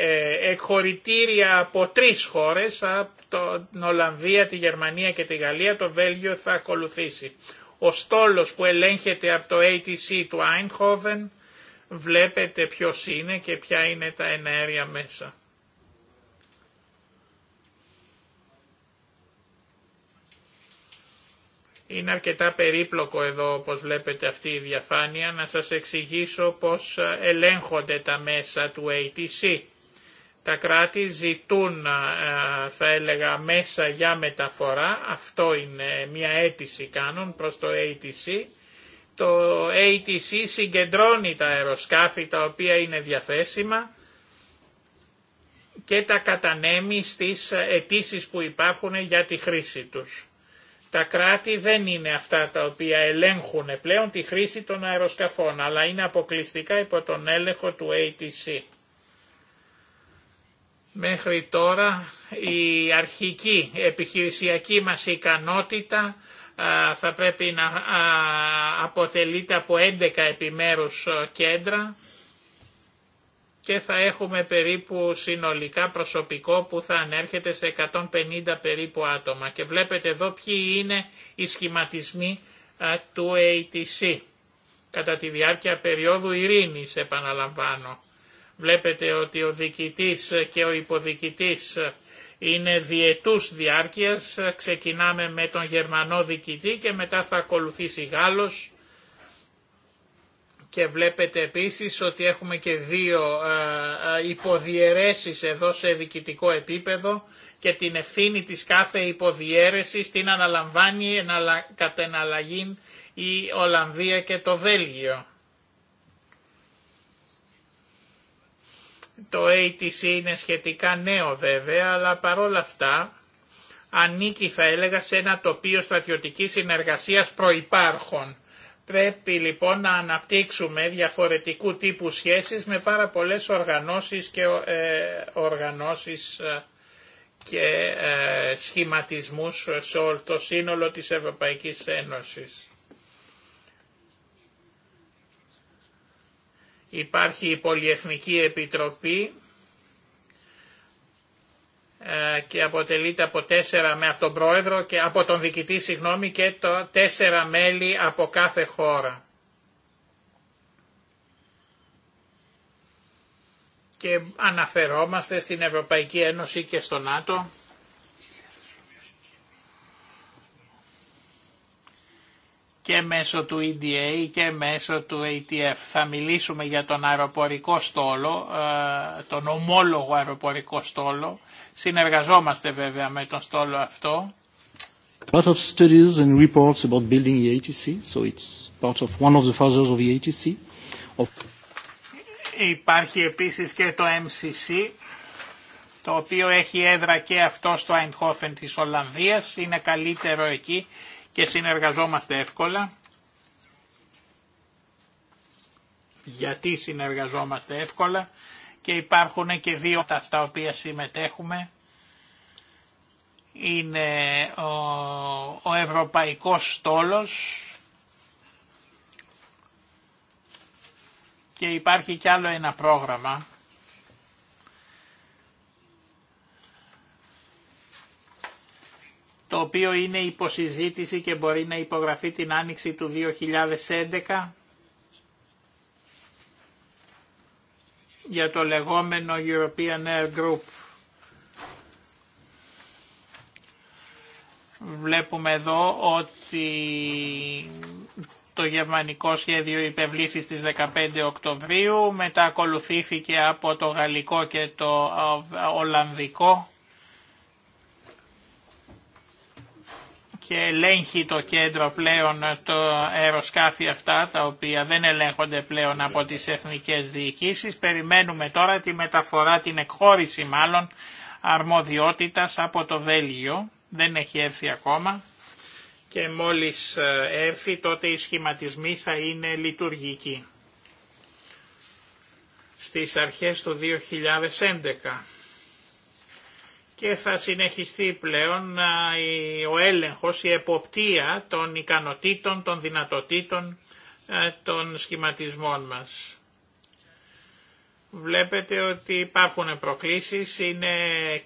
ε, εκχωρητήρια από τρεις χώρες, από την Ολλανδία, τη Γερμανία και τη Γαλλία, το Βέλγιο θα ακολουθήσει. Ο στόλος που ελέγχεται από το ATC του Eindhoven βλέπετε ποιος είναι και ποια είναι τα ενέργεια μέσα. Είναι αρκετά περίπλοκο εδώ όπως βλέπετε αυτή η διαφάνεια να σας εξηγήσω πώς ελέγχονται τα μέσα του ATC. Τα κράτη ζητούν θα έλεγα μέσα για μεταφορά, αυτό είναι μια αίτηση κάνουν προς το ATC. Το ATC συγκεντρώνει τα αεροσκάφη τα οποία είναι διαθέσιμα και τα κατανέμει στις αιτήσει που υπάρχουν για τη χρήση τους. Τα κράτη δεν είναι αυτά τα οποία ελέγχουν πλέον τη χρήση των αεροσκαφών, αλλά είναι αποκλειστικά υπό τον έλεγχο του ATC. Μέχρι τώρα η αρχική επιχειρησιακή μας ικανότητα θα πρέπει να αποτελείται από 11 επιμέρους κέντρα και θα έχουμε περίπου συνολικά προσωπικό που θα ανέρχεται σε 150 περίπου άτομα. Και βλέπετε εδώ ποιοι είναι οι σχηματισμοί του ATC κατά τη διάρκεια περίοδου ειρήνης επαναλαμβάνω. Βλέπετε ότι ο διοικητής και ο υποδιοικητής είναι διετούς διάρκειας, ξεκινάμε με τον Γερμανό διοικητή και μετά θα ακολουθήσει Γάλλος, και βλέπετε επίσης ότι έχουμε και δύο ε, ε, υποδιαιρέσεις εδώ σε διοικητικό επίπεδο και την ευθύνη της κάθε υποδιαιρέσης την αναλαμβάνει κατ' εναλλαγή η Ολλανδία και το Βέλγιο. Το ATC είναι σχετικά νέο βέβαια, αλλά παρόλα αυτά ανήκει θα έλεγα σε ένα τοπίο στρατιωτικής συνεργασίας προϋπάρχων Πρέπει λοιπόν να αναπτύξουμε διαφορετικού τύπου σχέσεις με πάρα πολλές οργανώσεις και, ε, οργανώσεις ε, και ε, σχηματισμούς σε όλο το σύνολο της Ευρωπαϊκής Ένωσης. Υπάρχει η Πολιεθνική Επιτροπή ε, και αποτελείται από τέσσερα με από τον πρόεδρο και από τον διοικητή συγγνώμη και το τέσσερα μέλη από κάθε χώρα. Και αναφερόμαστε στην Ευρωπαϊκή Ένωση και στο ΝΑΤΟ. και μέσω του EDA και μέσω του ATF. Θα μιλήσουμε για τον αεροπορικό στόλο, ε, τον ομόλογο αεροπορικό στόλο. Συνεργαζόμαστε βέβαια με τον στόλο αυτό. of studies and reports about building the so it's part of one of the of Υπάρχει επίσης και το MCC, το οποίο έχει έδρα και αυτό στο Eindhoven της Ολλανδίας, είναι καλύτερο εκεί και συνεργαζόμαστε εύκολα. Γιατί συνεργαζόμαστε εύκολα και υπάρχουν και δύο τα στα οποία συμμετέχουμε. Είναι ο, ο Ευρωπαϊκός Στόλος και υπάρχει κι άλλο ένα πρόγραμμα το οποίο είναι υποσυζήτηση και μπορεί να υπογραφεί την άνοιξη του 2011 για το λεγόμενο European Air Group. Βλέπουμε εδώ ότι το γερμανικό σχέδιο υπευλήθη στις 15 Οκτωβρίου, μετά ακολουθήθηκε από το γαλλικό και το ε, ολλανδικό και ελέγχει το κέντρο πλέον το αεροσκάφη αυτά τα οποία δεν ελέγχονται πλέον από τις εθνικές διοικήσεις. Περιμένουμε τώρα τη μεταφορά, την εκχώρηση μάλλον αρμοδιότητας από το Βέλγιο. Δεν έχει έρθει ακόμα και μόλις ε, έρθει τότε οι σχηματισμοί θα είναι λειτουργικοί. Στις αρχές του 2011 και θα συνεχιστεί πλέον ο έλεγχος, η εποπτεία των ικανοτήτων, των δυνατοτήτων των σχηματισμών μας. Βλέπετε ότι υπάρχουν προκλήσεις, είναι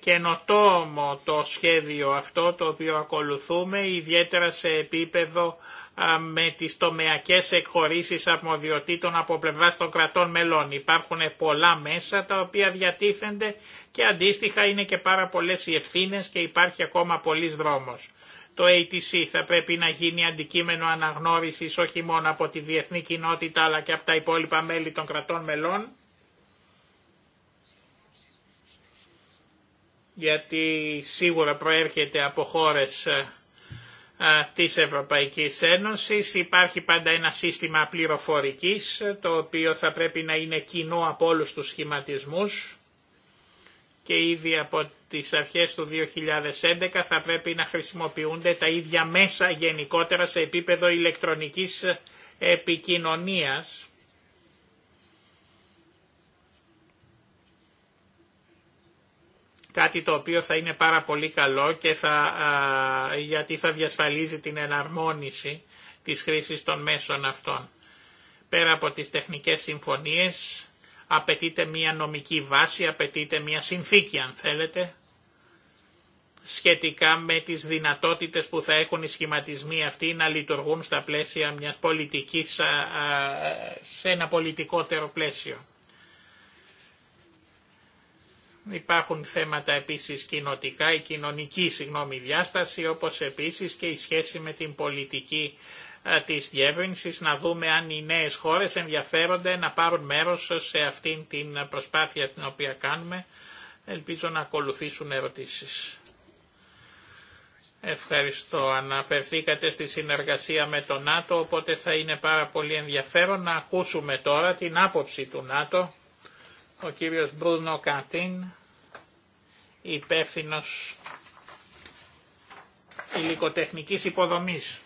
καινοτόμο το σχέδιο αυτό το οποίο ακολουθούμε, ιδιαίτερα σε επίπεδο με τις τομεακές εκχωρήσεις αρμοδιοτήτων από πλευρά των κρατών μελών. Υπάρχουν πολλά μέσα τα οποία διατίθενται και αντίστοιχα είναι και πάρα πολλές οι ευθύνε και υπάρχει ακόμα πολλής δρόμος. Το ATC θα πρέπει να γίνει αντικείμενο αναγνώρισης όχι μόνο από τη διεθνή κοινότητα αλλά και από τα υπόλοιπα μέλη των κρατών μελών. γιατί σίγουρα προέρχεται από χώρες ε, της Ευρωπαϊκής Ένωσης. Υπάρχει πάντα ένα σύστημα πληροφορικής, ε, το οποίο θα πρέπει να είναι κοινό από όλους τους σχηματισμούς και ήδη από τις αρχές του 2011 θα πρέπει να χρησιμοποιούνται τα ίδια μέσα γενικότερα σε επίπεδο ηλεκτρονικής επικοινωνίας κάτι το οποίο θα είναι πάρα πολύ καλό και θα, γιατί θα διασφαλίζει την εναρμόνιση της χρήσης των μέσων αυτών. Πέρα από τις τεχνικές συμφωνίες απαιτείται μια νομική βάση, απαιτείται μια συνθήκη αν θέλετε, σχετικά με τις δυνατότητες που θα έχουν οι σχηματισμοί αυτοί να λειτουργούν στα πλαίσια μιας πολιτικής, σε ένα πολιτικότερο πλαίσιο. Υπάρχουν θέματα επίσης κοινοτικά ή κοινωνική συγγνώμη, διάσταση, όπως επίσης και η σχέση με την πολιτική ε, της διεύρυνσης, να δούμε αν οι νέες χώρες ενδιαφέρονται να πάρουν μέρος σε αυτήν την προσπάθεια την οποία κάνουμε. Ελπίζω να ακολουθήσουν ερωτήσεις. Ευχαριστώ. Αναφερθήκατε στη συνεργασία με το ΝΑΤΟ, οπότε θα είναι πάρα πολύ ενδιαφέρον να ακούσουμε τώρα την άποψη του ΝΑΤΟ ο κύριος Μπρούνο Κατίν, υπεύθυνο υλικοτεχνικής υποδομής.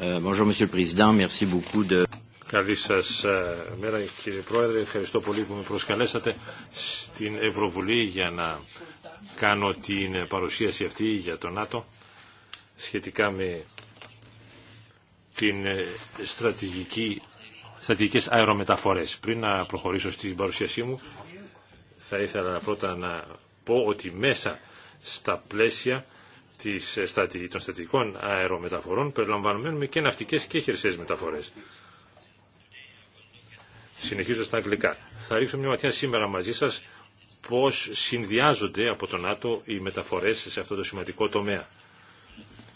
Ε, bonjour Monsieur le Président, merci beaucoup de... Καλή σας ε, μέρα κύριε Πρόεδρε. Ευχαριστώ πολύ που με προσκαλέσατε στην Ευρωβουλή για να κάνω την παρουσίαση αυτή για το ΝΑΤΟ σχετικά με την ε, στρατηγική, στρατηγικές αερομεταφορές. Πριν να προχωρήσω στην παρουσίασή μου θα ήθελα πρώτα να πω ότι μέσα στα πλαίσια ε, των στρατηγικών αερομεταφορών περιλαμβανομένουμε και ναυτικές και χερσαίες μεταφορές. Συνεχίζω στα αγγλικά. Θα ρίξω μια ματιά σήμερα μαζί σας πώς συνδυάζονται από τον ΝΑΤΟ οι μεταφορές σε αυτό το σημαντικό τομέα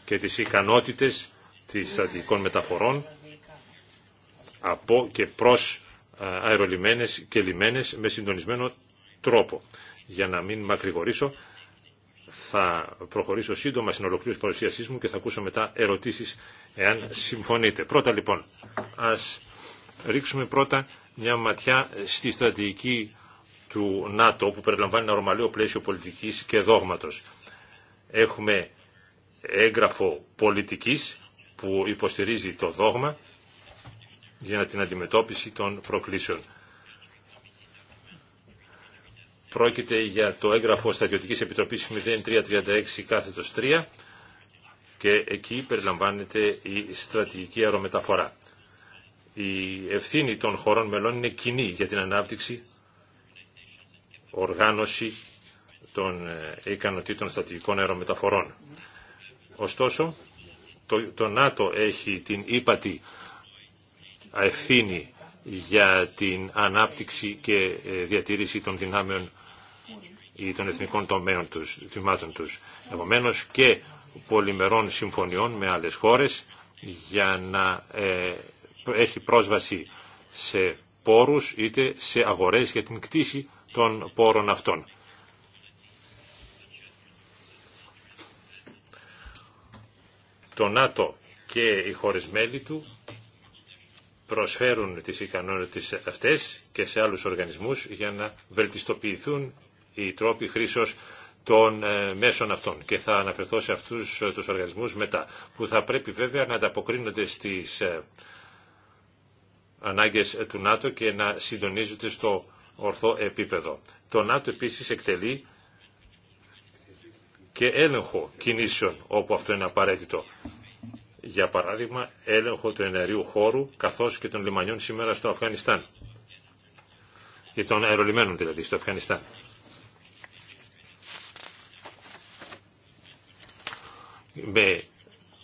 και τις ικανότητες της στρατηγικών μεταφορών από και προς αερολιμένες και λιμένες με συντονισμένο τρόπο. Για να μην μακρηγορήσω, θα προχωρήσω σύντομα στην ολοκλήρωση παρουσίασή μου και θα ακούσω μετά ερωτήσεις εάν συμφωνείτε. Πρώτα λοιπόν, ας ρίξουμε πρώτα μια ματιά στη στρατηγική του ΝΑΤΟ που περιλαμβάνει ένα ορμαλείο πλαίσιο πολιτικής και δόγματος. Έχουμε έγγραφο πολιτικής που υποστηρίζει το δόγμα για την αντιμετώπιση των προκλήσεων. Πρόκειται για το έγγραφο Στατιωτικής Επιτροπής 0336 κάθετος 3 και εκεί περιλαμβάνεται η στρατηγική αερομεταφορά η ευθύνη των χωρών μελών είναι κοινή για την ανάπτυξη, οργάνωση των ε, ικανοτήτων στατικών αερομεταφορών. Ωστόσο, το, το ΝΑΤΟ έχει την ύπατη ευθύνη για την ανάπτυξη και ε, διατήρηση των δυνάμεων ή των εθνικών τομέων τους, τμήματων τους. Επομένως και πολυμερών συμφωνιών με άλλες χώρες για να ε, έχει πρόσβαση σε πόρους είτε σε αγορές για την κτήση των πόρων αυτών. Το ΝΑΤΟ και οι χώρες του προσφέρουν τις ικανότητες αυτές και σε άλλους οργανισμούς για να βελτιστοποιηθούν οι τρόποι χρήσεως των ε, μέσων αυτών και θα αναφερθώ σε αυτούς τους οργανισμούς μετά που θα πρέπει βέβαια να ανταποκρίνονται στις ε, ανάγκες ε, του ΝΑΤΟ και να συντονίζονται στο ορθό επίπεδο. Το ΝΑΤΟ επίσης εκτελεί και έλεγχο κινήσεων όπου αυτό είναι απαραίτητο. Για παράδειγμα, έλεγχο του ενεργείου χώρου καθώς και των λιμανιών σήμερα στο Αφγανιστάν. Και των αερολιμένων δηλαδή στο Αφγανιστάν. Με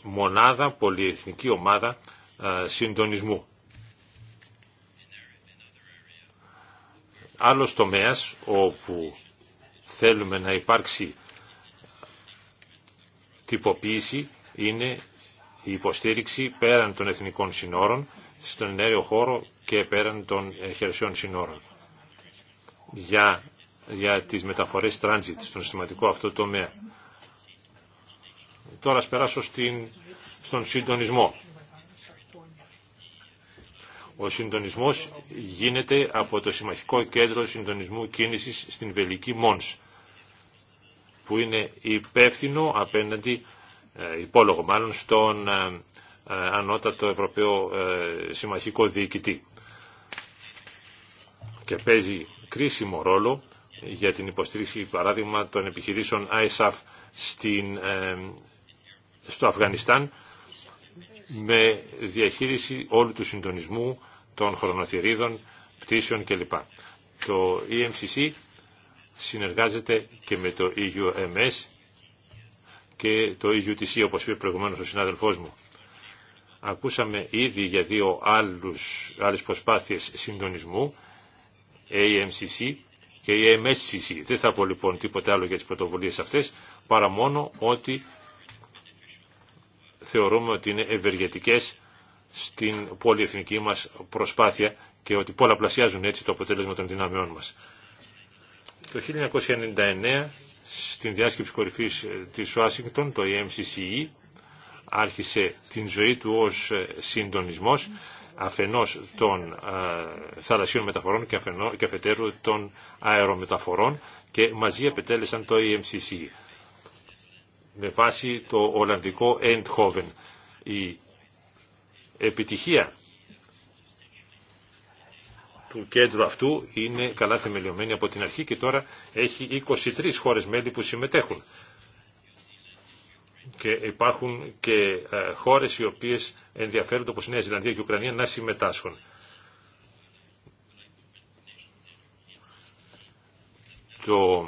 μονάδα, πολυεθνική ομάδα συντονισμού. Άλλος τομέας όπου θέλουμε να υπάρξει τυποποίηση είναι η υποστήριξη πέραν των εθνικών συνόρων στον ενέργειο χώρο και πέραν των ε, χερσιών συνόρων. Για, για τις μεταφορές transit στον συστηματικό αυτό τομέα. Τώρα ας περάσω στην, στον συντονισμό. Ο συντονισμός γίνεται από το Συμμαχικό Κέντρο Συντονισμού Κίνησης στην Βελική Μόνς, που είναι υπεύθυνο απέναντι, ε, υπόλογο μάλλον, στον ε, ε, ανώτατο Ευρωπαίο Συμμαχικό Διοικητή και παίζει κρίσιμο ρόλο για την υποστήριξη, παράδειγμα, των επιχειρήσεων ISAF στο Αφγανιστάν με διαχείριση όλου του συντονισμού των χρονοθυρίδων, πτήσεων κλπ. Το EMCC συνεργάζεται και με το EUMS και το EUTC όπως είπε προηγουμένως ο συνάδελφός μου. Ακούσαμε ήδη για δύο άλλους, άλλες προσπάθειες συντονισμού, AMCC και η Δεν θα πω λοιπόν τίποτε άλλο για τις πρωτοβουλίες αυτές, παρά μόνο ότι θεωρούμε ότι είναι ευεργετικές στην πολυεθνική μας προσπάθεια και ότι πολλαπλασιάζουν έτσι το αποτέλεσμα των δυνάμεών μας. Το 1999 στην διάσκεψη κορυφής ε, της Ουάσιγκτον, το EMCCE, άρχισε την ζωή του ως ε, συντονισμός αφενός των ε, θαλασσίων μεταφορών και, αφενό, και αφετέρου των αερομεταφορών και μαζί επετέλεσαν το EMCCE με βάση το Ολλανδικό Eindhoven. Η επιτυχία του κέντρου αυτού είναι καλά θεμελιωμένη από την αρχή και τώρα έχει 23 χώρες μέλη που συμμετέχουν. Και υπάρχουν και ε, χώρες οι οποίες ενδιαφέρονται όπως η Νέα Ζηλανδία και η Ουκρανία να συμμετάσχουν. Το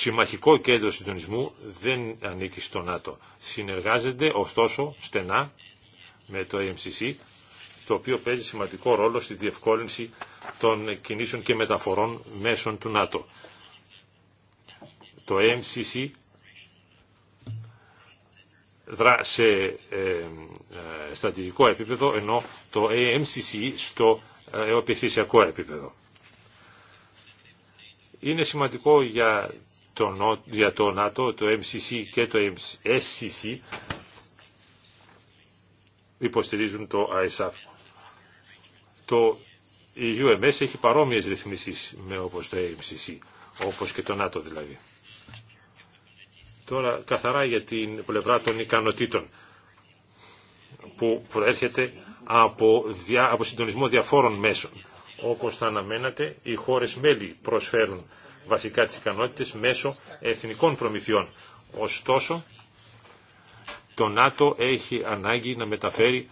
συμμαχικό κέντρο συντονισμού δεν ανήκει στο ΝΑΤΟ. Συνεργάζεται ωστόσο στενά με το AMCC, το οποίο παίζει σημαντικό ρόλο στη διευκόλυνση των κινήσεων και μεταφορών μέσων του ΝΑΤΟ. Το AMCC δρά σε ε, ε, στρατηγικό επίπεδο, ενώ το AMCC στο ε, επιθυσιακό επίπεδο. Είναι σημαντικό για το, για το ΝΑΤΟ, το MCC και το SCC υποστηρίζουν το ISAF. Το e UMS έχει παρόμοιες ρυθμίσεις με όπως το MCC, όπως και το ΝΑΤΟ δηλαδή. Τώρα καθαρά για την πλευρά των ικανοτήτων που προέρχεται από, δια, από συντονισμό διαφόρων μέσων. Όπως θα αναμένατε, οι χώρες μέλη προσφέρουν βασικά τις ικανότητες μέσω εθνικών προμηθειών. Ωστόσο, το ΝΑΤΟ έχει ανάγκη να μεταφέρει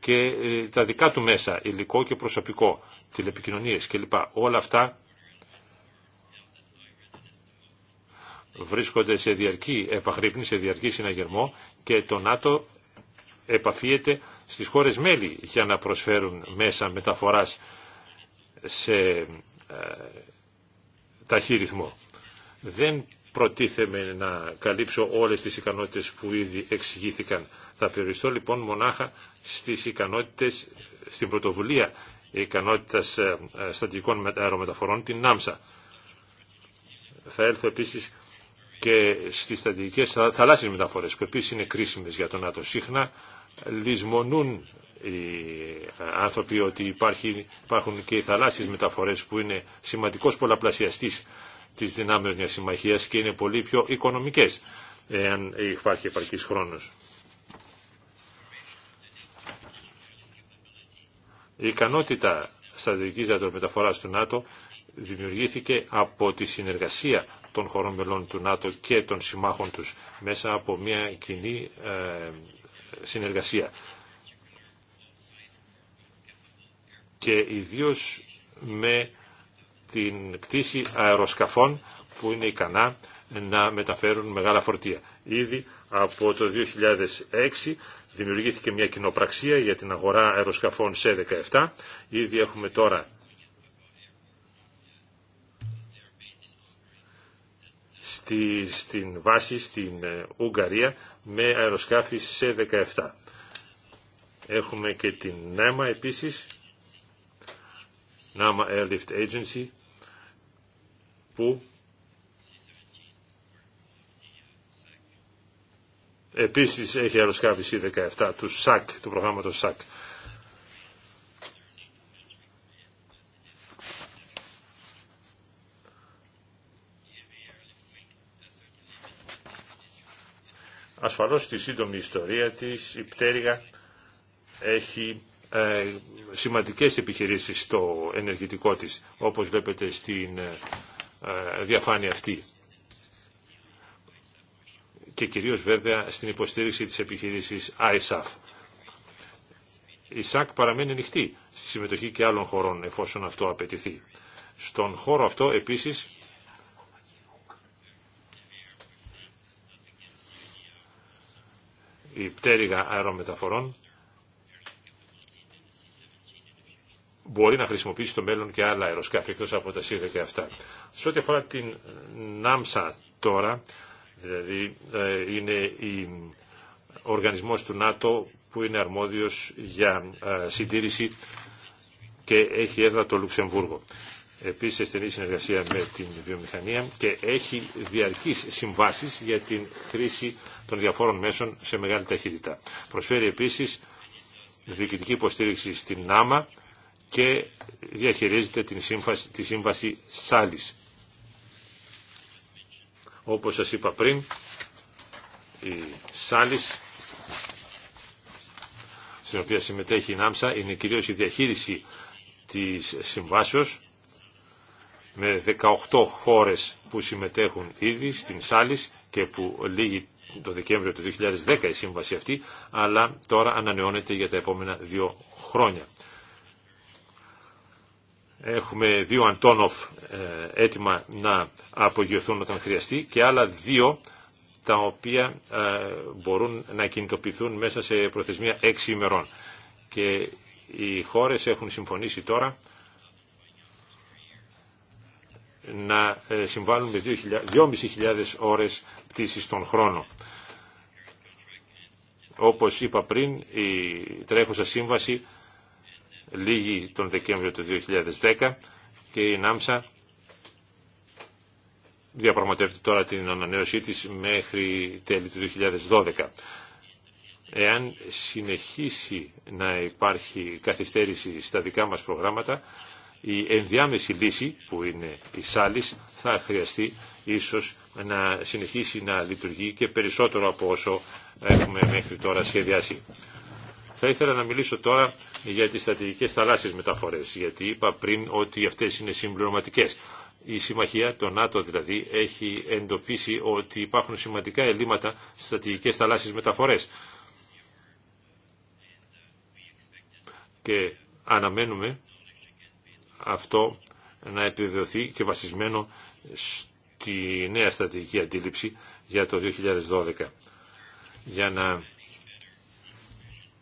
και ε, τα δικά του μέσα, υλικό και προσωπικό, τηλεπικοινωνίες κλπ. Όλα αυτά βρίσκονται σε διαρκή επαγρύπνη, σε διαρκή συναγερμό και το ΝΑΤΟ επαφίεται στις χώρες μέλη για να προσφέρουν μέσα μεταφοράς σε ε, δεν προτίθεμαι να καλύψω όλες τις ικανότητες που ήδη εξηγήθηκαν. Θα περιοριστώ λοιπόν μονάχα στις ικανότητες, στην πρωτοβουλία ικανότητας ε, ε, στατικών αερομεταφορών, την ΝΑΜΣΑ. Θα έλθω επίσης και στις στατικές θαλάσσιες μεταφορές, που επίσης είναι κρίσιμες για τον ΝΑΤΟ. Συχνά λησμονούν οι ε, άνθρωποι ότι υπάρχει, υπάρχουν και οι θαλάσσιες μεταφορές που είναι σημαντικός πολλαπλασιαστής της δυνάμεως μιας συμμαχίας και είναι πολύ πιο οικονομικές εάν υπάρχει επαρκής χρόνος. Η ικανότητα στρατηγικής μεταφοράς του ΝΑΤΟ δημιουργήθηκε από τη συνεργασία των χωρών μελών του ΝΑΤΟ και των συμμάχων τους μέσα από μια κοινή ε, συνεργασία. και ιδίως με την κτήση αεροσκαφών που είναι ικανά να μεταφέρουν μεγάλα φορτία. Ήδη από το 2006 δημιουργήθηκε μια κοινοπραξία για την αγορά αεροσκαφών σε 17. Ήδη έχουμε τώρα στη, στην βάση στην ε, Ουγγαρία με αεροσκάφη σε 17. Έχουμε και την ΝΕΜΑ επίσης NAMA Airlift Agency που επίσης έχει αεροσκάφη C-17 του ΣΑΚ, του προγράμματος ΣΑΚ. Ασφαλώς στη σύντομη ιστορία της η πτέρυγα έχει ε, σημαντικές επιχειρήσεις στο ενεργητικό της, όπως βλέπετε στην ε, διαφάνεια αυτή. Και κυρίως βέβαια στην υποστήριξη της επιχειρήσης ISAF. Η ΣΑΚ παραμένει ανοιχτή στη συμμετοχή και άλλων χωρών εφόσον αυτό απαιτηθεί. Στον χώρο αυτό επίσης η πτέρυγα αερομεταφορών μπορεί να χρησιμοποιήσει στο μέλλον και άλλα αεροσκάφη εκτός από τα και αυτά. Σε ό,τι αφορά την ΝΑΜΣΑ τώρα, δηλαδή ε, είναι ο οργανισμός του ΝΑΤΟ που είναι αρμόδιος για ε, συντήρηση και έχει έδρα το Λουξεμβούργο. Επίσης στενή συνεργασία με την βιομηχανία και έχει διαρκείς συμβάσεις για την χρήση των διαφόρων μέσων σε μεγάλη ταχύτητα. Προσφέρει επίσης διοικητική υποστήριξη στην ΝΑΜΑ και διαχειρίζεται την τη σύμβαση Σάλης. Όπως σας είπα πριν, η Σάλης, στην οποία συμμετέχει η Νάμσα, είναι κυρίως η διαχείριση της συμβάσεως με 18 χώρες που συμμετέχουν ήδη στην Σάλης και που λύγει το Δεκέμβριο του 2010 η σύμβαση αυτή, αλλά τώρα ανανεώνεται για τα επόμενα δύο χρόνια. Έχουμε δύο Αντόνοφ ε, έτοιμα να απογειωθούν όταν χρειαστεί και άλλα δύο τα οποία ε, μπορούν να κινητοποιηθούν μέσα σε προθεσμία έξι ημερών. Και οι χώρες έχουν συμφωνήσει τώρα να ε, συμβάλλουν με 2.500 ώρες πτήσης τον χρόνο. Όπως είπα πριν, η τρέχουσα σύμβαση λίγη τον Δεκέμβριο του 2010 και η Νάμσα διαπραγματεύεται τώρα την ανανέωσή της μέχρι τέλη του 2012. Εάν συνεχίσει να υπάρχει καθυστέρηση στα δικά μας προγράμματα, η ενδιάμεση λύση που είναι η Σάλης θα χρειαστεί ίσως να συνεχίσει να λειτουργεί και περισσότερο από όσο έχουμε μέχρι τώρα σχεδιάσει. Θα ήθελα να μιλήσω τώρα για τις στρατηγικές θαλάσσιες μεταφορές, γιατί είπα πριν ότι αυτές είναι συμπληρωματικές. Η Συμμαχία, το ΝΑΤΟ δηλαδή, έχει εντοπίσει ότι υπάρχουν σημαντικά ελλείμματα στις στρατηγικές θαλάσσιες μεταφορές. Και αναμένουμε αυτό να επιβεβαιωθεί και βασισμένο στη νέα στρατηγική αντίληψη για το 2012. Για να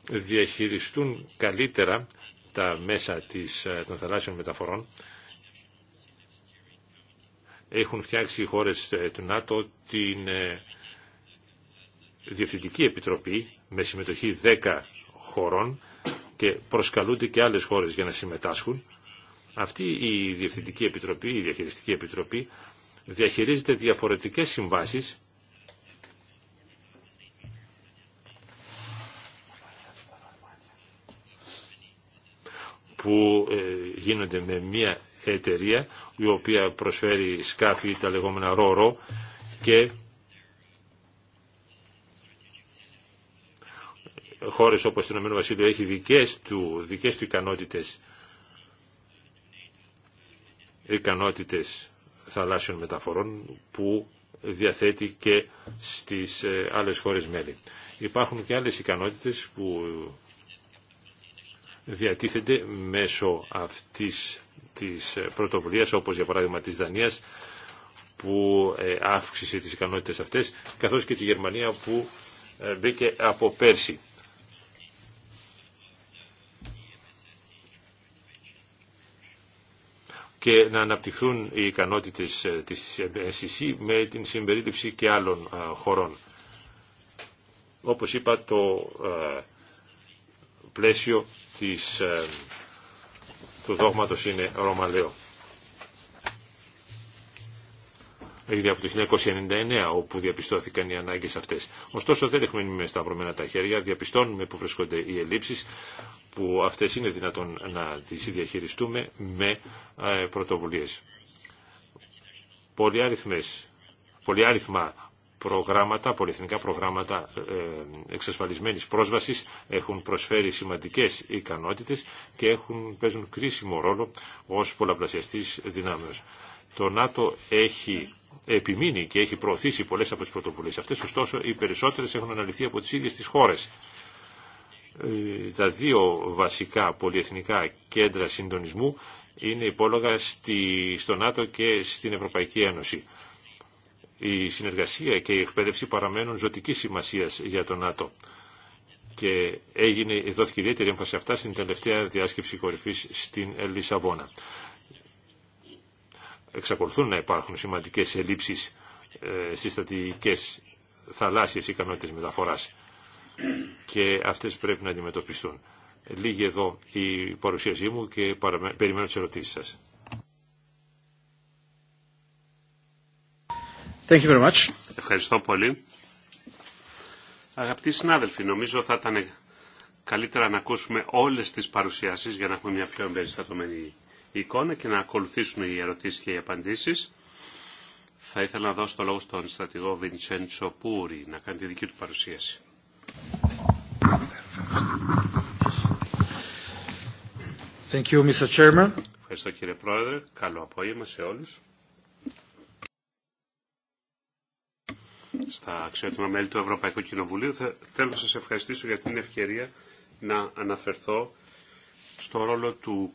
διαχειριστούν καλύτερα τα μέσα της, ε, των θαλάσσιων μεταφορών. Έχουν φτιάξει οι χώρες ε, του ΝΑΤΟ την ε, Διευθυντική Επιτροπή με συμμετοχή 10 χωρών και προσκαλούνται και άλλες χώρες για να συμμετάσχουν. Αυτή η Διευθυντική Επιτροπή, η Διαχειριστική Επιτροπή διαχειρίζεται διαφορετικές συμβάσεις που ε, γίνονται με μία εταιρεία η οποία προσφέρει σκάφη τα λεγόμενα ρόρο και χώρες όπως το Ηνωμένο Βασίλειο έχει δικές του, δικές του ικανότητες ικανότητες θαλάσσιων μεταφορών που διαθέτει και στις ε, άλλες χώρες μέλη. Υπάρχουν και άλλες ικανότητες που διατίθεται μέσω αυτής της ε, πρωτοβουλίας, όπως για παράδειγμα της Δανίας, που ε, αύξησε τις ικανότητες αυτές, καθώς και τη Γερμανία που ε, μπήκε από πέρσι. και να αναπτυχθούν οι ικανότητες της SEC με την συμπερίληψη και άλλων χωρών. Όπως είπα, το πλαίσιο της, ε, του δόγματος είναι ρωμαλαίο. Ήδη από το 1999 όπου διαπιστώθηκαν οι ανάγκες αυτές. Ωστόσο δεν έχουμε με σταυρωμένα τα χέρια, διαπιστώνουμε που βρίσκονται οι ελλείψεις που αυτές είναι δυνατόν να τις διαχειριστούμε με ε, πρωτοβουλίες. Πολλοί Πολυάριθμα αριθμα προγράμματα, πολυεθνικά προγράμματα ε, ε, εξασφαλισμένης πρόσβασης έχουν προσφέρει σημαντικές ικανότητες και έχουν, παίζουν κρίσιμο ρόλο ως πολλαπλασιαστής δυνάμεως. Το ΝΑΤΟ έχει επιμείνει και έχει προωθήσει πολλές από τις πρωτοβουλίες αυτές, ωστόσο οι περισσότερες έχουν αναλυθεί από τις ίδιες τις χώρες. Ε, τα δύο βασικά πολυεθνικά κέντρα συντονισμού είναι υπόλογα στη, στο ΝΑΤΟ και στην Ευρωπαϊκή Ένωση η συνεργασία και η εκπαίδευση παραμένουν ζωτική σημασία για το ΝΑΤΟ. Και έγινε, δόθηκε ιδιαίτερη έμφαση αυτά στην τελευταία διάσκεψη κορυφή στην Λισαβόνα. Εξακολουθούν να υπάρχουν σημαντικέ ελλείψει ε, στι στατικέ θαλάσσιε ικανότητε μεταφορά. Και αυτέ πρέπει να αντιμετωπιστούν. Λίγη εδώ η παρουσίασή μου και περιμένω τι ερωτήσει σα. Ευχαριστώ πολύ. Αγαπητοί συνάδελφοι, νομίζω θα ήταν καλύτερα να ακούσουμε όλες τις παρουσιάσεις για να έχουμε μια πιο εμπεριστατωμένη εικόνα και να ακολουθήσουν οι ερωτήσεις και οι απαντήσεις. Θα ήθελα να δώσω το λόγο στον στρατηγό Βιντσέντσο Πούρη να κάνει τη δική του παρουσίαση. Ευχαριστώ κύριε Πρόεδρε. Καλό απόγευμα σε όλους. στα αξιότιμα μέλη του Ευρωπαϊκού Κοινοβουλίου. θέλω να σας ευχαριστήσω για την ευκαιρία να αναφερθώ στο ρόλο του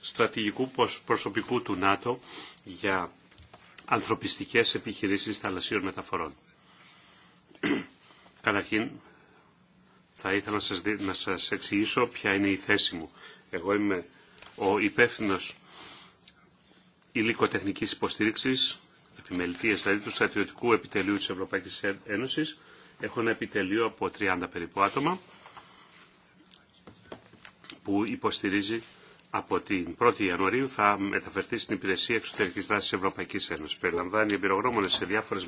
στρατηγικού προσωπικού του ΝΑΤΟ για ανθρωπιστικές επιχειρήσεις θαλασσίων μεταφορών. Καταρχήν, θα ήθελα να σας, να σας εξηγήσω ποια είναι η θέση μου. Εγώ είμαι ο υπεύθυνο υλικοτεχνικής υποστήριξης επιμελητίες, δηλαδή του στρατιωτικού επιτελείου της Ευρωπαϊκής Ένωσης, έχω ένα επιτελείο από 30 περίπου άτομα που υποστηρίζει από την 1η Ιανουαρίου θα μεταφερθεί στην υπηρεσία εξωτερικής δράσης Ευρωπαϊκής Ένωσης. Περιλαμβάνει εμπειρογνώμονες σε διάφορες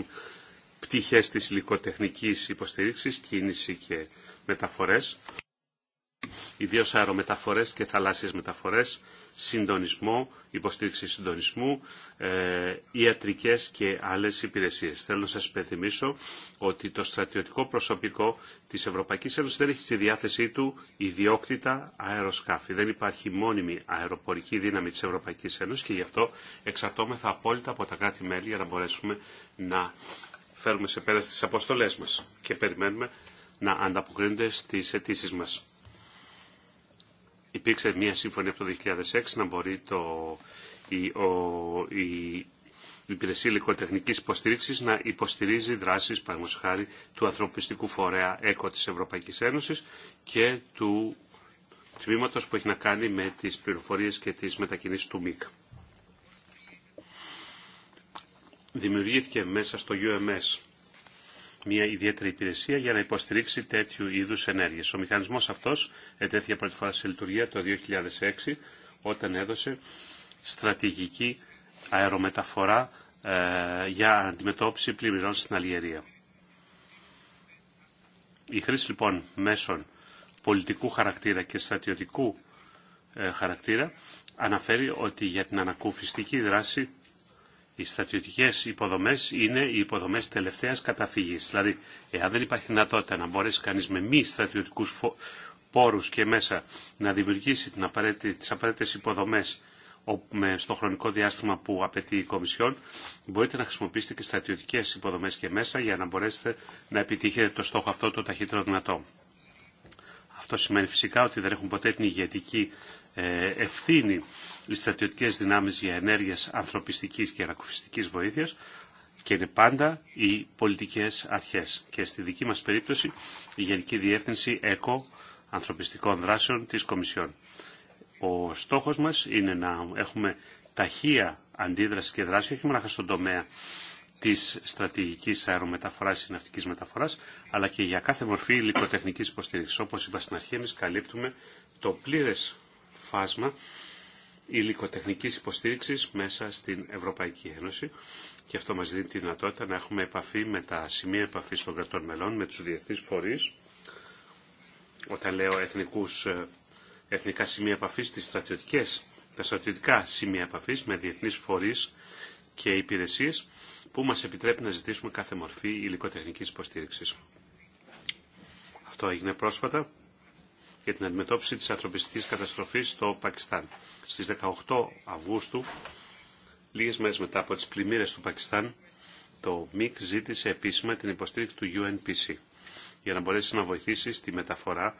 πτυχές της υλικοτεχνικής υποστηρίξης, κίνηση και μεταφορές ιδίως αερομεταφορές και θαλάσσιες μεταφορές, συντονισμό, υποστήριξη συντονισμού, ε, ιατρικές και άλλες υπηρεσίες. Θέλω να σας υπενθυμίσω ότι το στρατιωτικό προσωπικό της Ευρωπαϊκής Ένωσης δεν έχει στη διάθεσή του ιδιόκτητα αεροσκάφη. Δεν υπάρχει μόνιμη αεροπορική δύναμη της Ευρωπαϊκής Ένωσης και γι' αυτό εξαρτώμεθα απόλυτα από τα κράτη-μέλη για να μπορέσουμε να φέρουμε σε πέρα στις αποστολές μας και περιμένουμε να ανταποκρίνονται στις αιτήσει μας υπήρξε μια σύμφωνη από το 2006 να μπορεί το, η, ο, η, η υπηρεσία υλικοτεχνικής υποστήριξης να υποστηρίζει δράσεις, παραδείγματος χάρη, του ανθρωπιστικού φορέα ΕΚΟ της Ευρωπαϊκής Ένωσης και του τμήματος που έχει να κάνει με τις πληροφορίες και τις μετακινήσεις του ΜΙΚ. Δημιουργήθηκε μέσα στο UMS μια ιδιαίτερη υπηρεσία για να υποστηρίξει τέτοιου είδους ενέργειες. Ο μηχανισμός αυτός ετέθη πρώτη φορά σε λειτουργία το 2006 όταν έδωσε στρατηγική αερομεταφορά ε, για αντιμετώπιση πλημμυρών στην Αλγερία. Η χρήση λοιπόν μέσων πολιτικού χαρακτήρα και στρατιωτικού ε, χαρακτήρα αναφέρει ότι για την ανακουφιστική δράση οι στρατιωτικές υποδομές είναι οι υποδομές τελευταίας καταφυγής. Δηλαδή, εάν δεν υπάρχει δυνατότητα να μπορέσει κανείς με μη στρατιωτικούς πόρους και μέσα να δημιουργήσει τι απαραίτητε τις απαραίτητες υποδομές στο χρονικό διάστημα που απαιτεί η Κομισιόν, μπορείτε να χρησιμοποιήσετε και στρατιωτικές υποδομές και μέσα για να μπορέσετε να επιτύχετε το στόχο αυτό το ταχύτερο δυνατό. Αυτό σημαίνει φυσικά ότι δεν έχουν ποτέ την ηγετική ε, ευθύνη οι στρατιωτικέ δυνάμει για ενέργειε ανθρωπιστική και ανακουφιστική βοήθεια, και είναι πάντα οι πολιτικέ αρχέ Και στη δική μα περίπτωση η Γενική Διεύθυνση ΕΚΟ Ανθρωπιστικών Δράσεων τη Κομισιόν. Ο στόχο μα είναι να έχουμε ταχεία αντίδραση και δράση, όχι μόνο στον τομέα τη στρατηγική αερομεταφορά ή ναυτική μεταφορά, αλλά και για κάθε μορφή υλικοτεχνική υποστήριξη. Όπω είπα στην αρχή, εμεί καλύπτουμε το πλήρε φάσμα υλικοτεχνικής υποστήριξης μέσα στην Ευρωπαϊκή Ένωση και αυτό μας δίνει τη δυνατότητα να έχουμε επαφή με τα σημεία επαφής των κρατών μελών, με τους διεθνείς φορείς. Όταν λέω εθνικούς, ε, εθνικά σημεία επαφής, τις στρατιωτικές, τα στρατιωτικά σημεία επαφής με διεθνείς φορείς και υπηρεσίες που μας επιτρέπει να ζητήσουμε κάθε μορφή υλικοτεχνικής υποστήριξης. Αυτό έγινε πρόσφατα για την αντιμετώπιση της ανθρωπιστικής καταστροφής στο Πακιστάν. Στις 18 Αυγούστου, λίγες μέρες μετά από τις πλημμύρες του Πακιστάν, το ΜΙΚ ζήτησε επίσημα την υποστήριξη του UNPC για να μπορέσει να βοηθήσει στη μεταφορά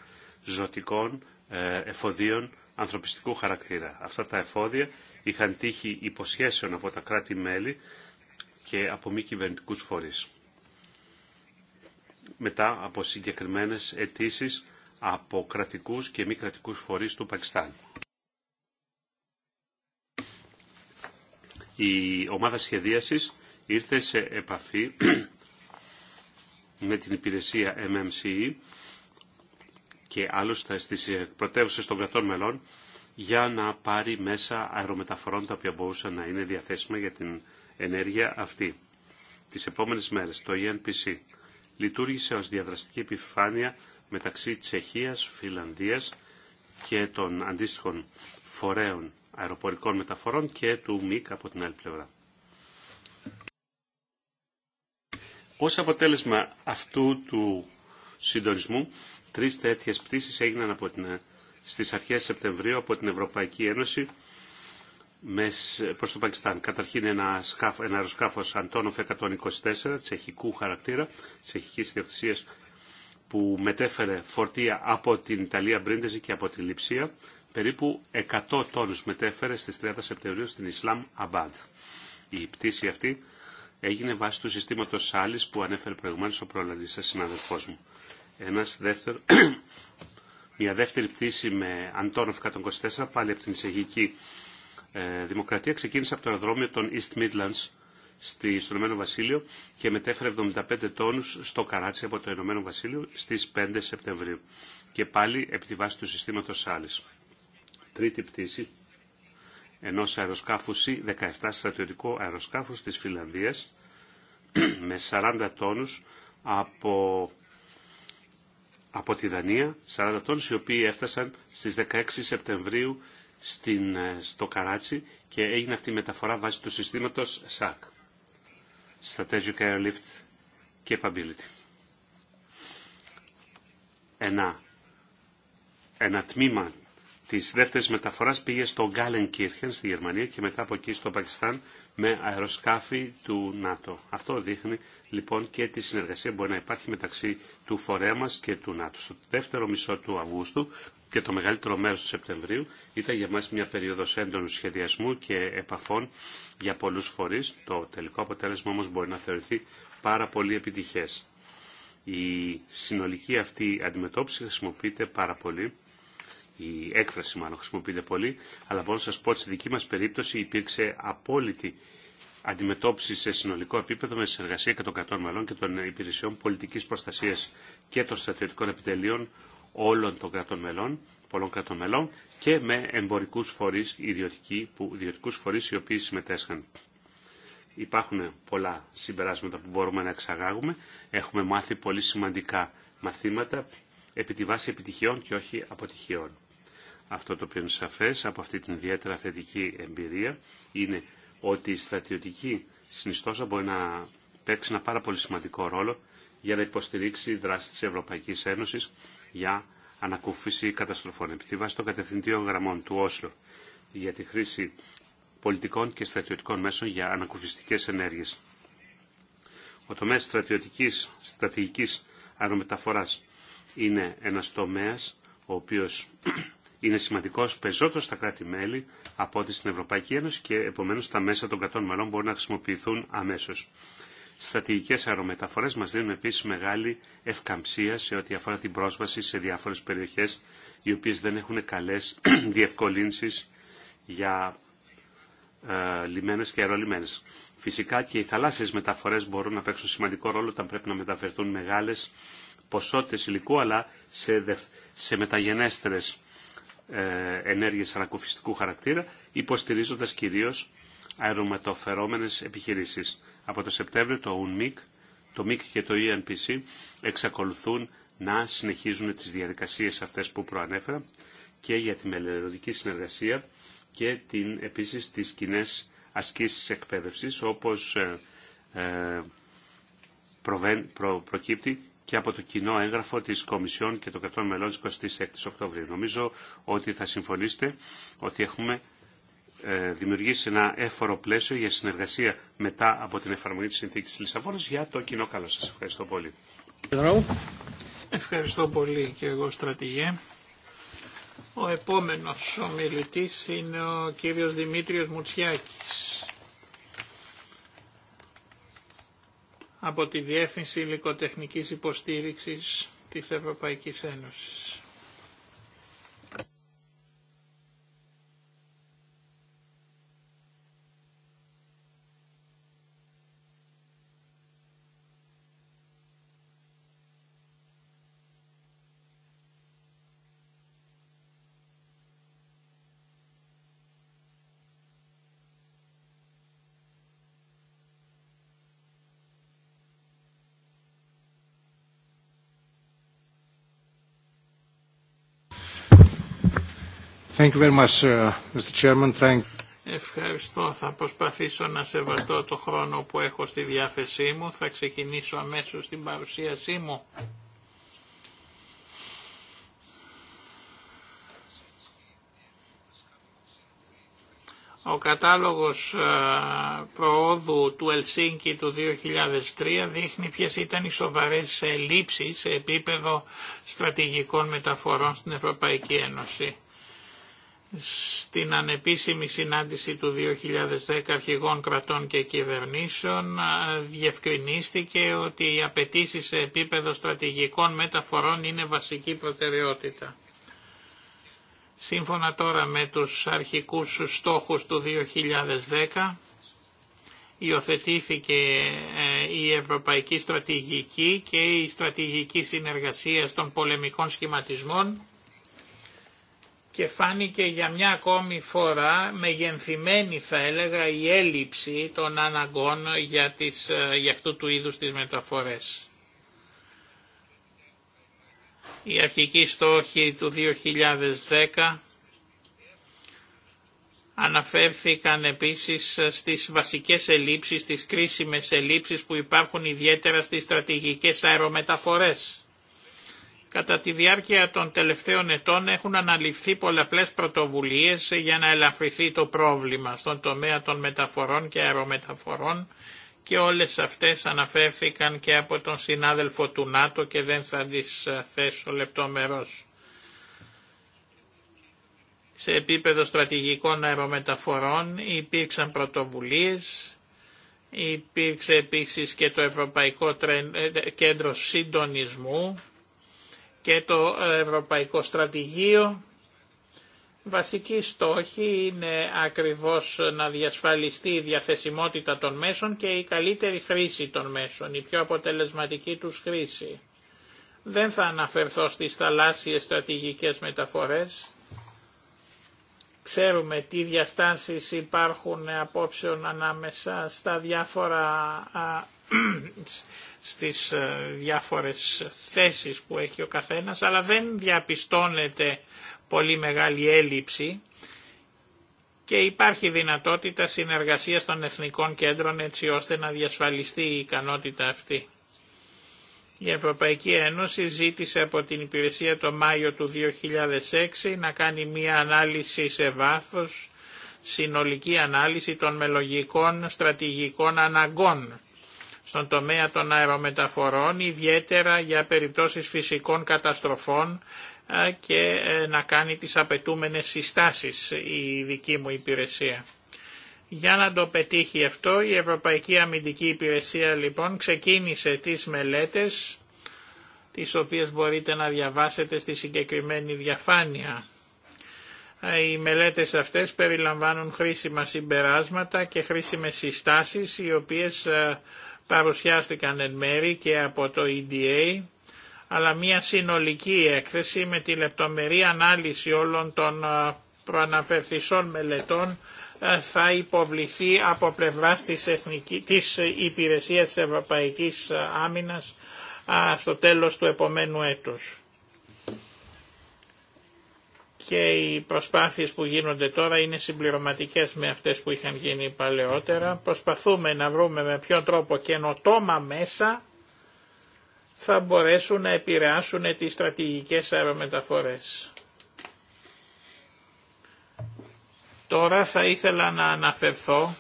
ζωτικών ε, εφοδίων ανθρωπιστικού χαρακτήρα. Αυτά τα εφόδια είχαν τύχει υποσχέσεων από τα κράτη-μέλη και από μη κυβερνητικού φορείς. Μετά από συγκεκριμένες αιτήσει από κρατικούς και μη κρατικούς φορείς του Πακιστάν. Η ομάδα σχεδίασης ήρθε σε επαφή με την υπηρεσία MMCE και άλλωστε στις πρωτεύουσες των κρατών μελών για να πάρει μέσα αερομεταφορών τα οποία μπορούσαν να είναι διαθέσιμα για την ενέργεια αυτή. Τις επόμενες μέρες το ENPC λειτουργήσε ως διαδραστική επιφάνεια μεταξύ Τσεχίας, Φιλανδίας και των αντίστοιχων φορέων αεροπορικών μεταφορών και του ΜΙΚ από την άλλη πλευρά. Ως αποτέλεσμα αυτού του συντονισμού, τρεις τέτοιες πτήσεις έγιναν από την, στις αρχές Σεπτεμβρίου από την Ευρωπαϊκή Ένωση προς το Πακιστάν. Καταρχήν ένα, σκάφ, ένα αεροσκάφος Αντόνοφ 124, τσεχικού χαρακτήρα, τσεχικής ιδιοκτησίας που μετέφερε φορτία από την Ιταλία Μπρίντεζη και από τη Λιψία. Περίπου 100 τόνους μετέφερε στις 30 Σεπτεμβρίου στην Ισλάμ Αμπάντ. Η πτήση αυτή έγινε βάσει του συστήματος σάλις που ανέφερε προηγουμένως ο σα συναδελφός μου. Ένας δεύτερο, μια δεύτερη πτήση με Αντόνοφ 124 πάλι από την εισαγική ε, Δημοκρατία ξεκίνησε από το αεροδρόμιο των East Midlands στη, στο Ηνωμένο Βασίλειο και μετέφερε 75 τόνους στο καράτσι από το Ηνωμένο Βασίλειο στις 5 Σεπτεμβρίου. Και πάλι επί τη βάση του συστήματος Σάλης. Τρίτη πτήση ενός αεροσκάφου C-17 στρατιωτικό αεροσκάφος της Φιλανδίας με 40 τόνους από, από τη Δανία, 40 τόνους οι οποίοι έφτασαν στις 16 Σεπτεμβρίου στην, ε, στο Καράτσι και έγινε αυτή η μεταφορά βάσει του συστήματος ΣΑΚ strategic airlift capability. Ένα, ένα τμήμα τη δεύτερη μεταφοράς πήγε στο Γκάλεν Κίρχεν στη Γερμανία και μετά από εκεί στο Πακιστάν με αεροσκάφη του ΝΑΤΟ. Αυτό δείχνει λοιπόν και τη συνεργασία που μπορεί να υπάρχει μεταξύ του φορέα μας και του ΝΑΤΟ. Στο δεύτερο μισό του Αυγούστου και το μεγαλύτερο μέρος του Σεπτεμβρίου ήταν για μας μια περίοδος έντονου σχεδιασμού και επαφών για πολλούς φορείς. Το τελικό αποτέλεσμα όμως μπορεί να θεωρηθεί πάρα πολύ επιτυχές. Η συνολική αυτή αντιμετώπιση χρησιμοποιείται πάρα πολύ, η έκφραση μάλλον χρησιμοποιείται πολύ, αλλά μπορώ να σας πω ότι στη δική μας περίπτωση υπήρξε απόλυτη αντιμετώπιση σε συνολικό επίπεδο με συνεργασία και των κρατών μελών και των υπηρεσιών πολιτικής προστασίας και των στρατιωτικών επιτελείων όλων των κρατών μελών, πολλών κρατών και με εμπορικούς φορείς, που, ιδιωτικούς φορείς οι οποίοι συμμετέσχαν. Υπάρχουν πολλά συμπεράσματα που μπορούμε να εξαγάγουμε. Έχουμε μάθει πολύ σημαντικά μαθήματα επί τη βάση επιτυχιών και όχι αποτυχιών. Αυτό το οποίο είναι σαφές από αυτή την ιδιαίτερα θετική εμπειρία είναι ότι η στρατιωτική συνιστόσα μπορεί να παίξει ένα πάρα πολύ σημαντικό ρόλο για να υποστηρίξει δράση της Ευρωπαϊκής Ένωσης για ανακούφιση καταστροφών. Επί των κατευθυντήων γραμμών του Όσλο για τη χρήση πολιτικών και στρατιωτικών μέσων για ανακουφιστικές ενέργειες. Ο τομέας στρατιωτικής, στρατηγικής αερομεταφοράς είναι ένας τομέας ο οποίος είναι σημαντικός περισσότερο στα κράτη-μέλη από ό,τι στην Ευρωπαϊκή Ένωση και επομένως τα μέσα των κρατών μελών μπορούν να χρησιμοποιηθούν αμέσως στρατηγικές αερομεταφορές μας δίνουν επίσης μεγάλη ευκαμψία σε ό,τι αφορά την πρόσβαση σε διάφορες περιοχές οι οποίες δεν έχουν καλές διευκολύνσεις για ε, λιμένες και αερολιμένες. Φυσικά και οι θαλάσσιες μεταφορές μπορούν να παίξουν σημαντικό ρόλο όταν πρέπει να μεταφερθούν μεγάλες ποσότητες υλικού αλλά σε, σε μεταγενέστερες ε, ενέργειες ανακουφιστικού χαρακτήρα υποστηρίζοντας κυρίως αερομετοφερόμενες επιχειρήσεις. Από το Σεπτέμβριο το UNMIC, το MIC και το ENPC εξακολουθούν να συνεχίζουν τις διαδικασίες αυτές που προανέφερα και για τη μελλοντική συνεργασία και την, επίσης τις κοινέ ασκήσεις εκπαίδευσης όπως ε, ε προκύπτει και από το κοινό έγγραφο της Κομισιόν και των κρατών μελών 26 Οκτωβρίου. Νομίζω ότι θα συμφωνήσετε ότι έχουμε ε, δημιουργήσει ένα έφορο πλαίσιο για συνεργασία μετά από την εφαρμογή της συνθήκης της Λισαβόνας για το κοινό καλό. Σας ευχαριστώ πολύ. Ευχαριστώ πολύ και εγώ στρατηγέ. Ο επόμενος ομιλητής είναι ο κύριος Δημήτριος Μουτσιάκης από τη Διεύθυνση Υλικοτεχνικής Υποστήριξης της Ευρωπαϊκής Ένωσης. Uh, Ευχαριστώ. Θα προσπαθήσω να σεβαστώ το χρόνο που έχω στη διάθεσή μου. Θα ξεκινήσω αμέσως την παρουσίασή μου. Ο κατάλογος ε, προόδου του Ελσίνκη του 2003 δείχνει ποιες ήταν οι σοβαρές ελλείψεις σε επίπεδο στρατηγικών μεταφορών στην Ευρωπαϊκή Ένωση. Στην ανεπίσημη συνάντηση του 2010 αρχηγών κρατών και κυβερνήσεων διευκρινίστηκε ότι οι απαιτήσει σε επίπεδο στρατηγικών μεταφορών είναι βασική προτεραιότητα. Σύμφωνα τώρα με τους αρχικούς στόχους του 2010, υιοθετήθηκε ε, η Ευρωπαϊκή Στρατηγική και η Στρατηγική Συνεργασία των Πολεμικών Σχηματισμών και φάνηκε για μια ακόμη φορά μεγενθυμένη θα έλεγα η έλλειψη των αναγκών για, τις, ε, για αυτού του είδους τις μεταφορές. Η αρχική στόχη του 2010 αναφέρθηκαν επίσης στις βασικές ελλείψεις, στις κρίσιμες ελλείψεις που υπάρχουν ιδιαίτερα στις στρατηγικές αερομεταφορές. Κατά τη διάρκεια των τελευταίων ετών έχουν αναλυφθεί πολλαπλές πρωτοβουλίες για να ελαφρυθεί το πρόβλημα στον τομέα των μεταφορών και αερομεταφορών και όλες αυτές αναφέρθηκαν και από τον συνάδελφο του ΝΑΤΟ και δεν θα τις ε, θέσω λεπτομερώς. Σε επίπεδο στρατηγικών αερομεταφορών υπήρξαν πρωτοβουλίες, υπήρξε επίσης και το Ευρωπαϊκό ε, Κέντρο Συντονισμού και το ε, Ευρωπαϊκό Στρατηγείο. Βασική στόχη είναι ακριβώς να διασφαλιστεί η διαθεσιμότητα των μέσων και η καλύτερη χρήση των μέσων, η πιο αποτελεσματική τους χρήση. Δεν θα αναφερθώ στις θαλάσσιες στρατηγικές μεταφορές. Ξέρουμε τι διαστάσεις υπάρχουν απόψεων ανάμεσα στα διάφορα στις ε, διάφορες θέσεις που έχει ο καθένας, αλλά δεν διαπιστώνεται πολύ μεγάλη έλλειψη και υπάρχει δυνατότητα συνεργασίας των εθνικών κέντρων έτσι ώστε να διασφαλιστεί η ικανότητα αυτή. Η Ευρωπαϊκή Ένωση ζήτησε από την υπηρεσία το Μάιο του 2006 να κάνει μία ανάλυση σε βάθος, συνολική ανάλυση των μελογικών στρατηγικών αναγκών στον τομέα των αερομεταφορών, ιδιαίτερα για περιπτώσεις φυσικών καταστροφών και ε, να κάνει τις απαιτούμενες συστάσεις η δική μου υπηρεσία. Για να το πετύχει αυτό, η Ευρωπαϊκή Αμυντική Υπηρεσία λοιπόν ξεκίνησε τις μελέτες, τις οποίες μπορείτε να διαβάσετε στη συγκεκριμένη διαφάνεια. Ε, οι μελέτες αυτές περιλαμβάνουν χρήσιμα συμπεράσματα και χρήσιμες συστάσεις, οι οποίες ε, παρουσιάστηκαν εν μέρη και από το EDA, αλλά μια συνολική έκθεση με τη λεπτομερή ανάλυση όλων των ε, προαναφερθησών μελετών ε, θα υποβληθεί από πλευράς της, Εθνική, της Υπηρεσίας Ευρωπαϊκής ε, Άμυνας στο τέλος του επομένου έτους και οι προσπάθειες που γίνονται τώρα είναι συμπληρωματικές με αυτές που είχαν γίνει παλαιότερα. Προσπαθούμε να βρούμε με ποιον τρόπο καινοτόμα μέσα θα μπορέσουν να επηρεάσουν τις στρατηγικές αερομεταφορές. Τώρα θα ήθελα να αναφερθώ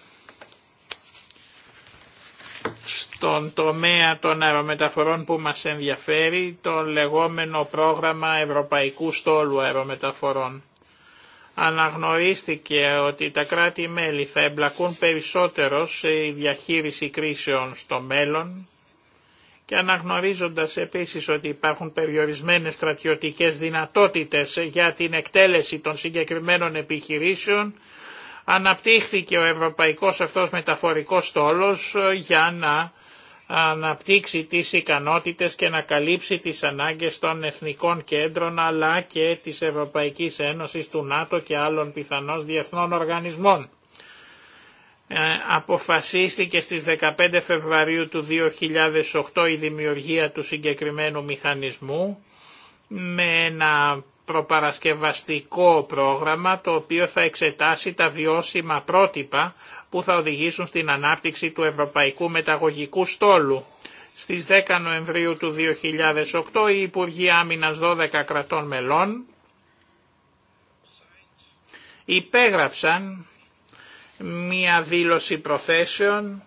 στον τομέα των αερομεταφορών που μας ενδιαφέρει το λεγόμενο πρόγραμμα Ευρωπαϊκού Στόλου Αερομεταφορών. Αναγνωρίστηκε ότι τα κράτη-μέλη θα εμπλακούν περισσότερο σε διαχείριση κρίσεων στο μέλλον και αναγνωρίζοντας επίσης ότι υπάρχουν περιορισμένες στρατιωτικές δυνατότητες για την εκτέλεση των συγκεκριμένων επιχειρήσεων, αναπτύχθηκε ο ευρωπαϊκός αυτός μεταφορικός στόλος για να αναπτύξει τις ικανότητες και να καλύψει τις ανάγκες των εθνικών κέντρων αλλά και της Ευρωπαϊκής Ένωσης, του ΝΑΤΟ και άλλων πιθανώς διεθνών οργανισμών. Ε, αποφασίστηκε στις 15 Φεβρουαρίου του 2008 η δημιουργία του συγκεκριμένου μηχανισμού με ένα προπαρασκευαστικό πρόγραμμα το οποίο θα εξετάσει τα βιώσιμα πρότυπα που θα οδηγήσουν στην ανάπτυξη του Ευρωπαϊκού Μεταγωγικού Στόλου. Στις 10 Νοεμβρίου του 2008 οι Υπουργοί Άμυνας 12 κρατών μελών υπέγραψαν μία δήλωση προθέσεων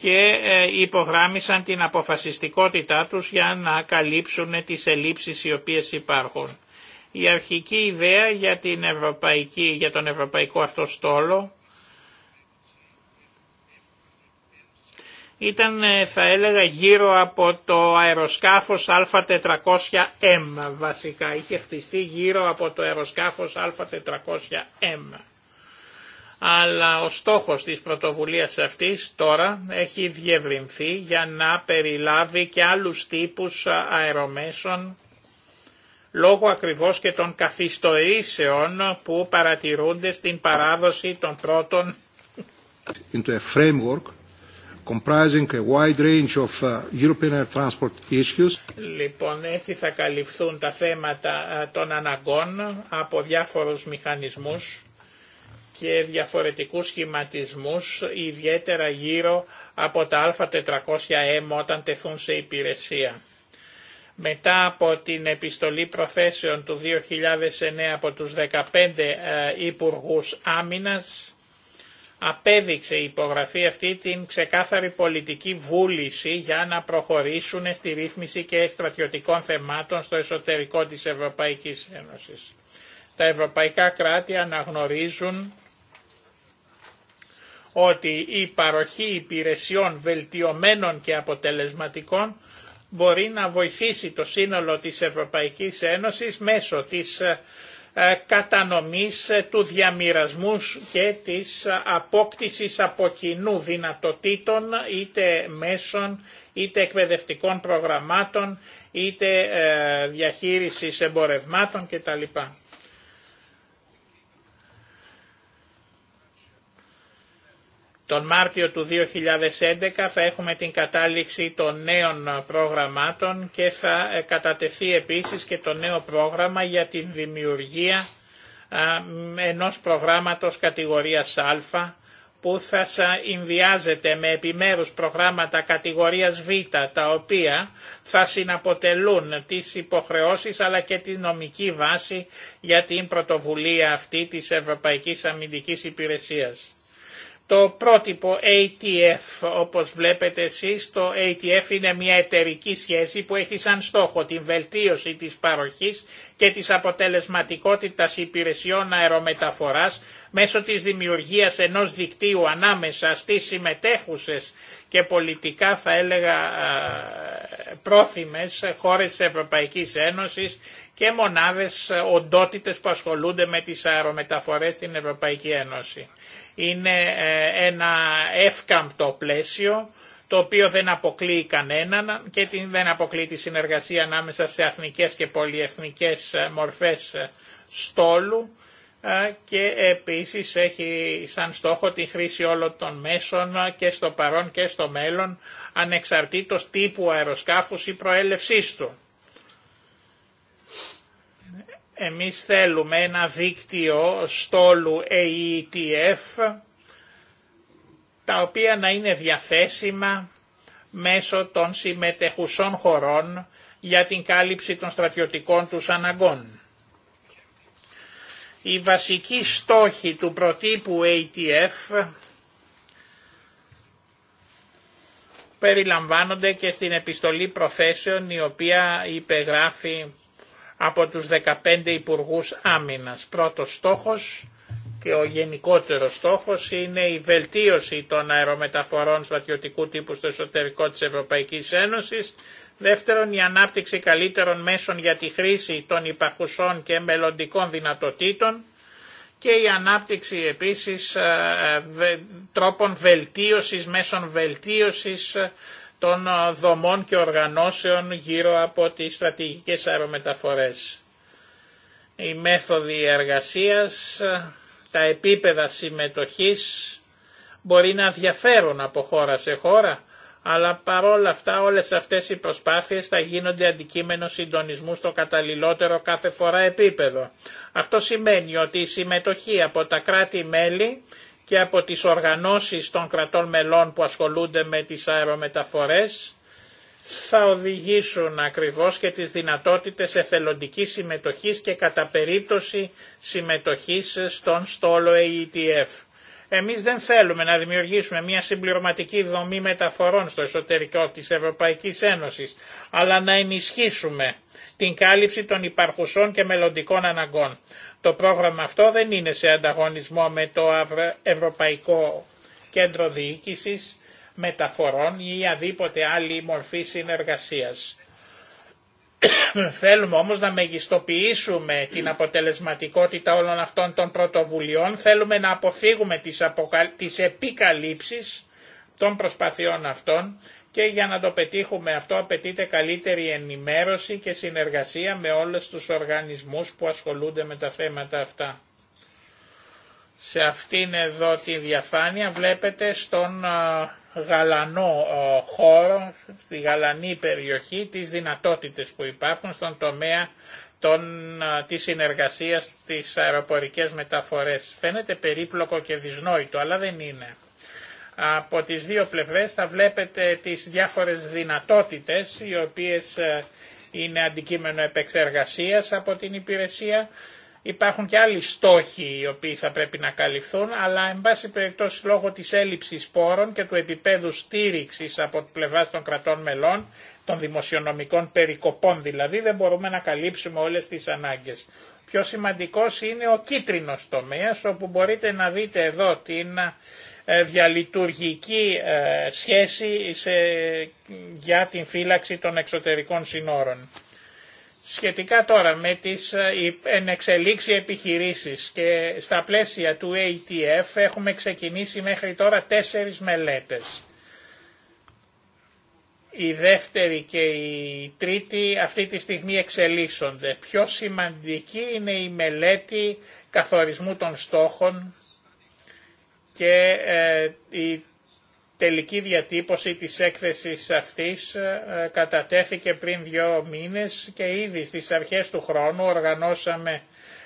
και ε, υπογράμμισαν την αποφασιστικότητά τους για να καλύψουν τις ελλείψεις οι οποίες υπάρχουν. Η αρχική ιδέα για, την ευρωπαϊκή, για τον ευρωπαϊκό αυτό στόλο ήταν ε, θα έλεγα γύρω από το αεροσκάφος Α400M βασικά. Είχε χτιστεί γύρω από το αεροσκάφος Α400M. Αλλά ο στόχος της πρωτοβουλίας αυτής τώρα έχει διευρυνθεί για να περιλάβει και άλλους τύπους αερομέσων λόγω ακριβώς και των καθιστορήσεων που παρατηρούνται στην παράδοση των πρώτων framework Λοιπόν, έτσι θα καλυφθούν τα θέματα ε, των αναγκών από διάφορους μηχανισμούς και διαφορετικούς σχηματισμούς, ιδιαίτερα γύρω από τα Α400M όταν τεθούν σε υπηρεσία. Μετά από την επιστολή προθέσεων του 2009 από τους 15 ε, Υπουργούς Άμυνας, απέδειξε η υπογραφή αυτή την ξεκάθαρη πολιτική βούληση για να προχωρήσουν στη ρύθμιση και στρατιωτικών θεμάτων στο εσωτερικό της Ευρωπαϊκής Ένωσης. Τα ευρωπαϊκά κράτη αναγνωρίζουν ότι η παροχή υπηρεσιών βελτιωμένων και αποτελεσματικών μπορεί να βοηθήσει το σύνολο της Ευρωπαϊκής Ένωσης μέσω της ε, κατανομής ε, του διαμοιρασμού και της ε, απόκτησης από κοινού δυνατοτήτων είτε μέσων είτε εκπαιδευτικών προγραμμάτων είτε διαχείρισης εμπορευμάτων κτλ. Τον Μάρτιο του 2011 θα έχουμε την κατάληξη των νέων προγραμμάτων και θα ε, κατατεθεί επίσης και το νέο πρόγραμμα για τη δημιουργία ενός προγράμματος κατηγορίας Α που θα συνδυάζεται με επιμέρους προγράμματα κατηγορίας Β τα οποία θα συναποτελούν τις υποχρεώσεις αλλά και τη νομική βάση για την πρωτοβουλία αυτή της Ευρωπαϊκής Αμυντικής Υπηρεσίας. Το πρότυπο ATF, όπως βλέπετε εσείς, το ATF είναι μια εταιρική σχέση που έχει σαν στόχο την βελτίωση της παροχής και της αποτελεσματικότητας υπηρεσιών αερομεταφοράς μέσω της δημιουργίας ενός δικτύου ανάμεσα στις συμμετέχουσες και πολιτικά θα έλεγα πρόθυμες χώρες της Ευρωπαϊκής Ένωσης και μονάδες οντότητες που ασχολούνται με τις αερομεταφορές στην Ευρωπαϊκή Ένωση είναι ε, ένα εύκαμπτο πλαίσιο το οποίο δεν αποκλείει κανέναν και δεν αποκλείει τη συνεργασία ανάμεσα σε αθνικές και πολυεθνικές ε, μορφές ε, στόλου και επίσης έχει σαν στόχο τη χρήση όλων των μέσων και στο παρόν και στο μέλλον ανεξαρτήτως τύπου αεροσκάφους ή προέλευσής του. Εμείς θέλουμε ένα δίκτυο στόλου AETF, τα οποία να είναι διαθέσιμα μέσω των συμμετεχουσών χωρών για την κάλυψη των στρατιωτικών τους αναγκών. Η βασική στόχη του προτύπου ATF e περιλαμβάνονται και στην επιστολή προθέσεων η οποία υπεγράφει από τους 15 Υπουργούς Άμυνας. Πρώτος στόχος και ο γενικότερος στόχος είναι η βελτίωση των αερομεταφορών στρατιωτικού τύπου στο εσωτερικό της Ευρωπαϊκής Ένωσης. Δεύτερον, η ανάπτυξη καλύτερων μέσων για τη χρήση των υπαρχουσών και μελλοντικών δυνατοτήτων και η ανάπτυξη επίσης ε, ε, τρόπων βελτίωσης, μέσων βελτίωσης των δομών και οργανώσεων γύρω από τις στρατηγικές αερομεταφορές. Οι μέθοδοι εργασίας, τα επίπεδα συμμετοχής μπορεί να διαφέρουν από χώρα σε χώρα, αλλά παρόλα αυτά όλες αυτές οι προσπάθειες θα γίνονται αντικείμενο συντονισμού στο καταλληλότερο κάθε φορά επίπεδο. Αυτό σημαίνει ότι η συμμετοχή από τα κράτη-μέλη και από τις οργανώσεις των κρατών μελών που ασχολούνται με τις αερομεταφορές θα οδηγήσουν ακριβώς και τις δυνατότητες εθελοντικής συμμετοχής και κατά περίπτωση συμμετοχής στον στόλο AETF. Ε Εμείς δεν θέλουμε να δημιουργήσουμε μια συμπληρωματική δομή μεταφορών στο εσωτερικό της Ευρωπαϊκής Ένωσης, αλλά να ενισχύσουμε την κάλυψη των υπαρχουσών και μελλοντικών αναγκών. Το πρόγραμμα αυτό δεν είναι σε ανταγωνισμό με το Ευρωπαϊκό Κέντρο Διοίκησης, Μεταφορών ή αδίποτε άλλη μορφή συνεργασίας. Θέλουμε όμως να μεγιστοποιήσουμε την αποτελεσματικότητα όλων αυτών των πρωτοβουλειών, θέλουμε να αποφύγουμε τις, αποκαλ... τις επικαλύψεις των προσπαθειών αυτών και για να το πετύχουμε αυτό απαιτείται καλύτερη ενημέρωση και συνεργασία με όλες τους οργανισμούς που ασχολούνται με τα θέματα αυτά. Σε αυτήν εδώ τη διαφάνεια βλέπετε στον γαλανό χώρο, στη γαλανή περιοχή, τις δυνατότητες που υπάρχουν στον τομέα των, της συνεργασίας της αεροπορικές μεταφορές. Φαίνεται περίπλοκο και δυσνόητο, αλλά δεν είναι. Από τις δύο πλευρές θα βλέπετε τις διάφορες δυνατότητες οι οποίες ε, είναι αντικείμενο επεξεργασίας από την υπηρεσία. Υπάρχουν και άλλοι στόχοι οι οποίοι θα πρέπει να καλυφθούν, αλλά εν πάση περιπτώσει λόγω της έλλειψης πόρων και του επίπεδου στήριξης από την πλευρά των κρατών μελών, των δημοσιονομικών περικοπών δηλαδή, δεν μπορούμε να καλύψουμε όλες τις ανάγκες. Πιο σημαντικός είναι ο κίτρινος τομέας, όπου μπορείτε να δείτε εδώ την ε, διαλειτουργική ε, σχέση για την φύλαξη των εξωτερικών συνόρων. Σχετικά τώρα με τις ε, ενεξελίξει επιχειρήσεις και στα πλαίσια του ATF έχουμε ξεκινήσει μέχρι τώρα τέσσερις μελέτες. Η δεύτερη και η τρίτη αυτή τη στιγμή εξελίσσονται. Πιο σημαντική είναι η μελέτη καθορισμού των στόχων και ε, η τελική διατύπωση της έκθεσης αυτής ε, κατατέθηκε πριν δύο μήνες και ήδη στις αρχές του χρόνου οργανώσαμε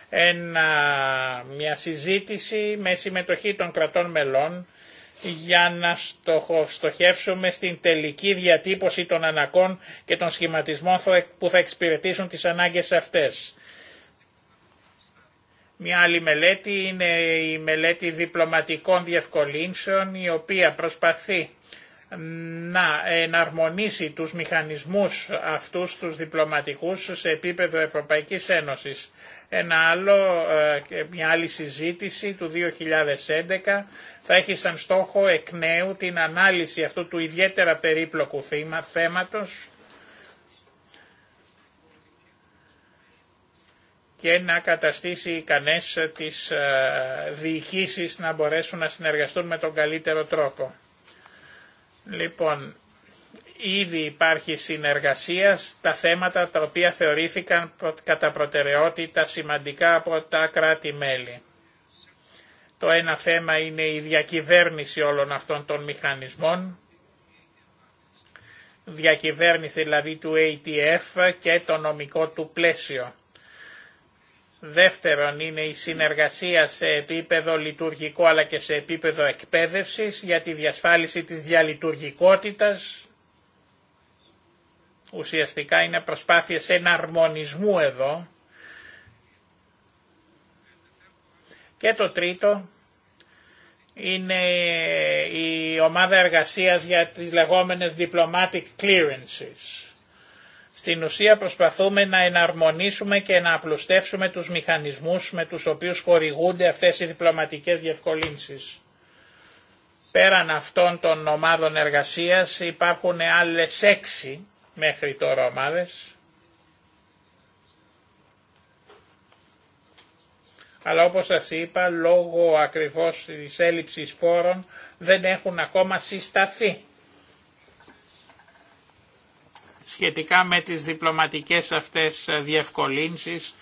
ένα, μια συζήτηση με συμμετοχή των κρατών μελών για να στοχεύσουμε στην τελική διατύπωση των ανακών και των σχηματισμών που θα εξυπηρετήσουν τις ανάγκες αυτές. Μια άλλη μελέτη είναι η μελέτη διπλωματικών διευκολύνσεων η οποία προσπαθεί να εναρμονίσει τους μηχανισμούς αυτούς τους διπλωματικούς σε επίπεδο Ευρωπαϊκής Ένωσης. Ένα άλλο, ε, μια άλλη συζήτηση του 2011 θα έχει σαν στόχο εκ νέου την ανάλυση αυτού του ιδιαίτερα περίπλοκου θέματος και να καταστήσει ικανές τις ε, διοικήσεις να μπορέσουν να συνεργαστούν με τον καλύτερο τρόπο. Λοιπόν, ήδη υπάρχει συνεργασία στα θέματα τα οποία θεωρήθηκαν κατά προτεραιότητα σημαντικά από τα κράτη-μέλη. Το ένα θέμα είναι η διακυβέρνηση όλων αυτών των μηχανισμών, διακυβέρνηση δηλαδή του ATF και το νομικό του πλαίσιο. Δεύτερον είναι η συνεργασία σε επίπεδο λειτουργικό αλλά και σε επίπεδο εκπαίδευσης για τη διασφάλιση της διαλειτουργικότητας. Ουσιαστικά είναι προσπάθειες εναρμονισμού εδώ. Και το τρίτο είναι η ομάδα εργασίας για τις λεγόμενες diplomatic clearances στην ουσία προσπαθούμε να εναρμονίσουμε και να απλουστεύσουμε τους μηχανισμούς με τους οποίους χορηγούνται αυτές οι διπλωματικές διευκολύνσεις. Πέραν αυτών των ομάδων εργασίας υπάρχουν άλλες έξι μέχρι τώρα ομάδες. Αλλά όπως σας είπα, λόγω ακριβώς της έλλειψης φόρων δεν έχουν ακόμα συσταθεί σχετικά με τις διπλωματικές αυτές διευκολύνσεις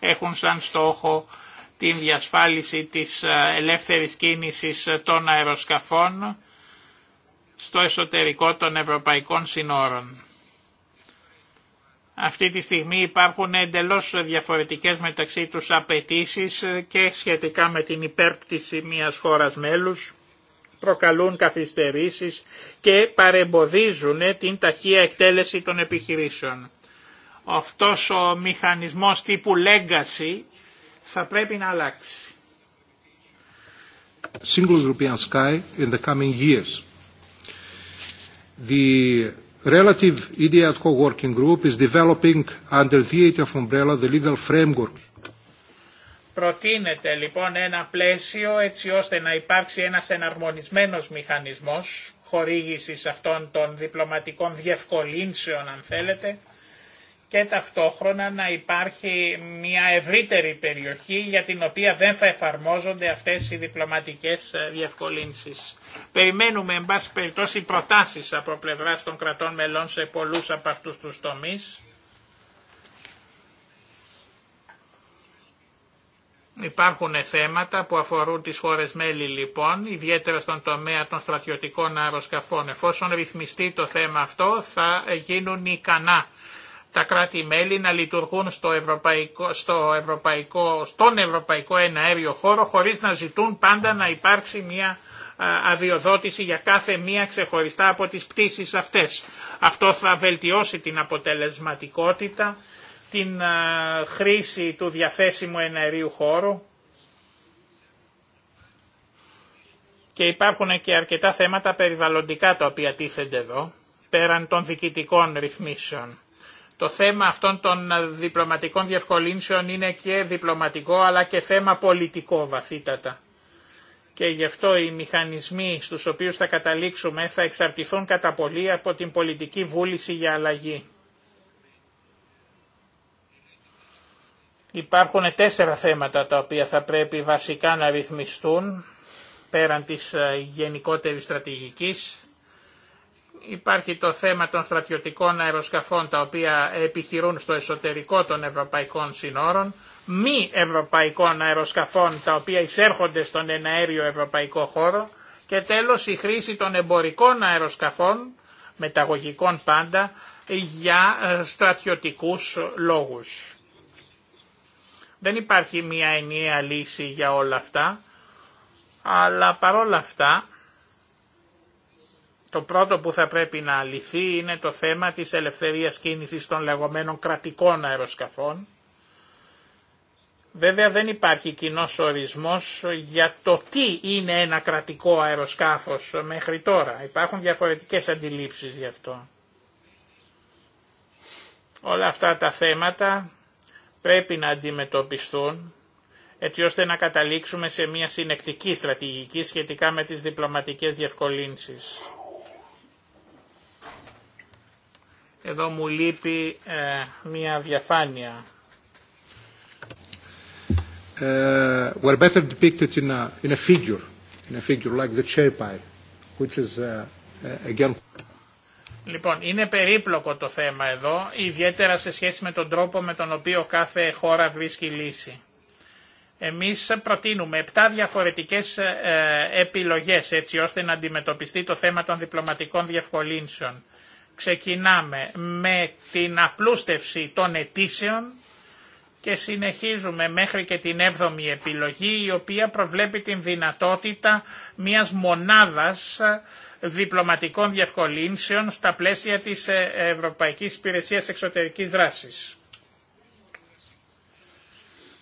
έχουν σαν στόχο την διασφάλιση της ε, ελεύθερης κίνησης των αεροσκαφών στο εσωτερικό των ευρωπαϊκών συνόρων. Αυτή τη στιγμή υπάρχουν εντελώς διαφορετικές μεταξύ τους απαιτήσεις και σχετικά με την υπέρπτυση μιας χώρας μέλους προκαλούν καθυστερήσεις και παρεμποδίζουν την ταχεία εκτέλεση των επιχειρήσεων. Αυτός ο μηχανισμός τύπου legacy θα πρέπει να αλλάξει. Single European Sky in the coming years. The relative co working group is developing under the of umbrella the legal framework Προτείνεται λοιπόν ένα πλαίσιο έτσι ώστε να υπάρξει ένας εναρμονισμένος μηχανισμός χορήγησης αυτών των διπλωματικών διευκολύνσεων αν θέλετε και ταυτόχρονα να υπάρχει μια ευρύτερη περιοχή για την οποία δεν θα εφαρμόζονται αυτές οι διπλωματικές ε, διευκολύνσεις. Περιμένουμε εν πάση περιπτώσει προτάσεις από πλευράς των κρατών μελών σε πολλούς από αυτούς τους τομείς Υπάρχουν θέματα που αφορούν τις χώρες μέλη λοιπόν, ιδιαίτερα στον τομέα των στρατιωτικών αεροσκαφών. Εφόσον ρυθμιστεί το θέμα αυτό θα γίνουν ικανά τα κράτη-μέλη να λειτουργούν στο ευρωπαϊκό, στο ευρωπαϊκό, στον ευρωπαϊκό εναέριο χώρο χωρίς να ζητούν πάντα να υπάρξει μια αδειοδότηση για κάθε μία ξεχωριστά από τις πτήσεις αυτές. Αυτό θα βελτιώσει την αποτελεσματικότητα την χρήση του διαθέσιμου εναερίου χώρου και υπάρχουν και αρκετά θέματα περιβαλλοντικά τα οποία τίθενται εδώ, πέραν των διοικητικών ρυθμίσεων. Το θέμα αυτών των διπλωματικών διευκολύνσεων είναι και διπλωματικό αλλά και θέμα πολιτικό βαθύτατα. Και γι' αυτό οι μηχανισμοί στους οποίους θα καταλήξουμε θα εξαρτηθούν κατά πολύ από την πολιτική βούληση για αλλαγή. Υπάρχουν τέσσερα θέματα τα οποία θα πρέπει βασικά να ρυθμιστούν πέραν της ε, γενικότερης στρατηγικής. Υπάρχει το θέμα των στρατιωτικών αεροσκαφών τα οποία επιχειρούν στο εσωτερικό των ευρωπαϊκών συνόρων, μη ευρωπαϊκών αεροσκαφών τα οποία εισέρχονται στον εναέριο ευρωπαϊκό χώρο και τέλος η χρήση των εμπορικών αεροσκαφών, μεταγωγικών πάντα, για ε, στρατιωτικούς λόγους. Δεν υπάρχει μια ενιαία λύση για όλα αυτά, αλλά παρόλα αυτά το πρώτο που θα πρέπει να λυθεί είναι το θέμα της ελευθερίας κίνησης των λεγόμενων κρατικών αεροσκαφών. Βέβαια δεν υπάρχει κοινός ορισμός για το τι είναι ένα κρατικό αεροσκάφος μέχρι τώρα. Υπάρχουν διαφορετικές αντιλήψεις γι' αυτό. Όλα αυτά τα θέματα πρέπει να αντιμετωπιστούν έτσι ώστε να καταλήξουμε σε μια συνεκτική στρατηγική σχετικά με τις διπλωματικές διευκολύνσεις. Εδώ μου λείπει ε, μια διαφάνεια. Uh, were better depicted in a, in a figure, in a figure like the ε, Λοιπόν, είναι περίπλοκο το θέμα εδώ, ιδιαίτερα σε σχέση με τον τρόπο με τον οποίο κάθε χώρα βρίσκει λύση. Εμείς προτείνουμε 7 διαφορετικές ε, επιλογές έτσι ώστε να αντιμετωπιστεί το θέμα των διπλωματικών διευκολύνσεων. Ξεκινάμε με την απλούστευση των αιτήσεων και συνεχίζουμε μέχρι και την 7η επιλογή η οποία προβλέπει την δυνατότητα μιας μονάδας διπλωματικών διευκολύνσεων στα πλαίσια της ε, Ευρωπαϊκής Υπηρεσίας Εξωτερικής Δράσης.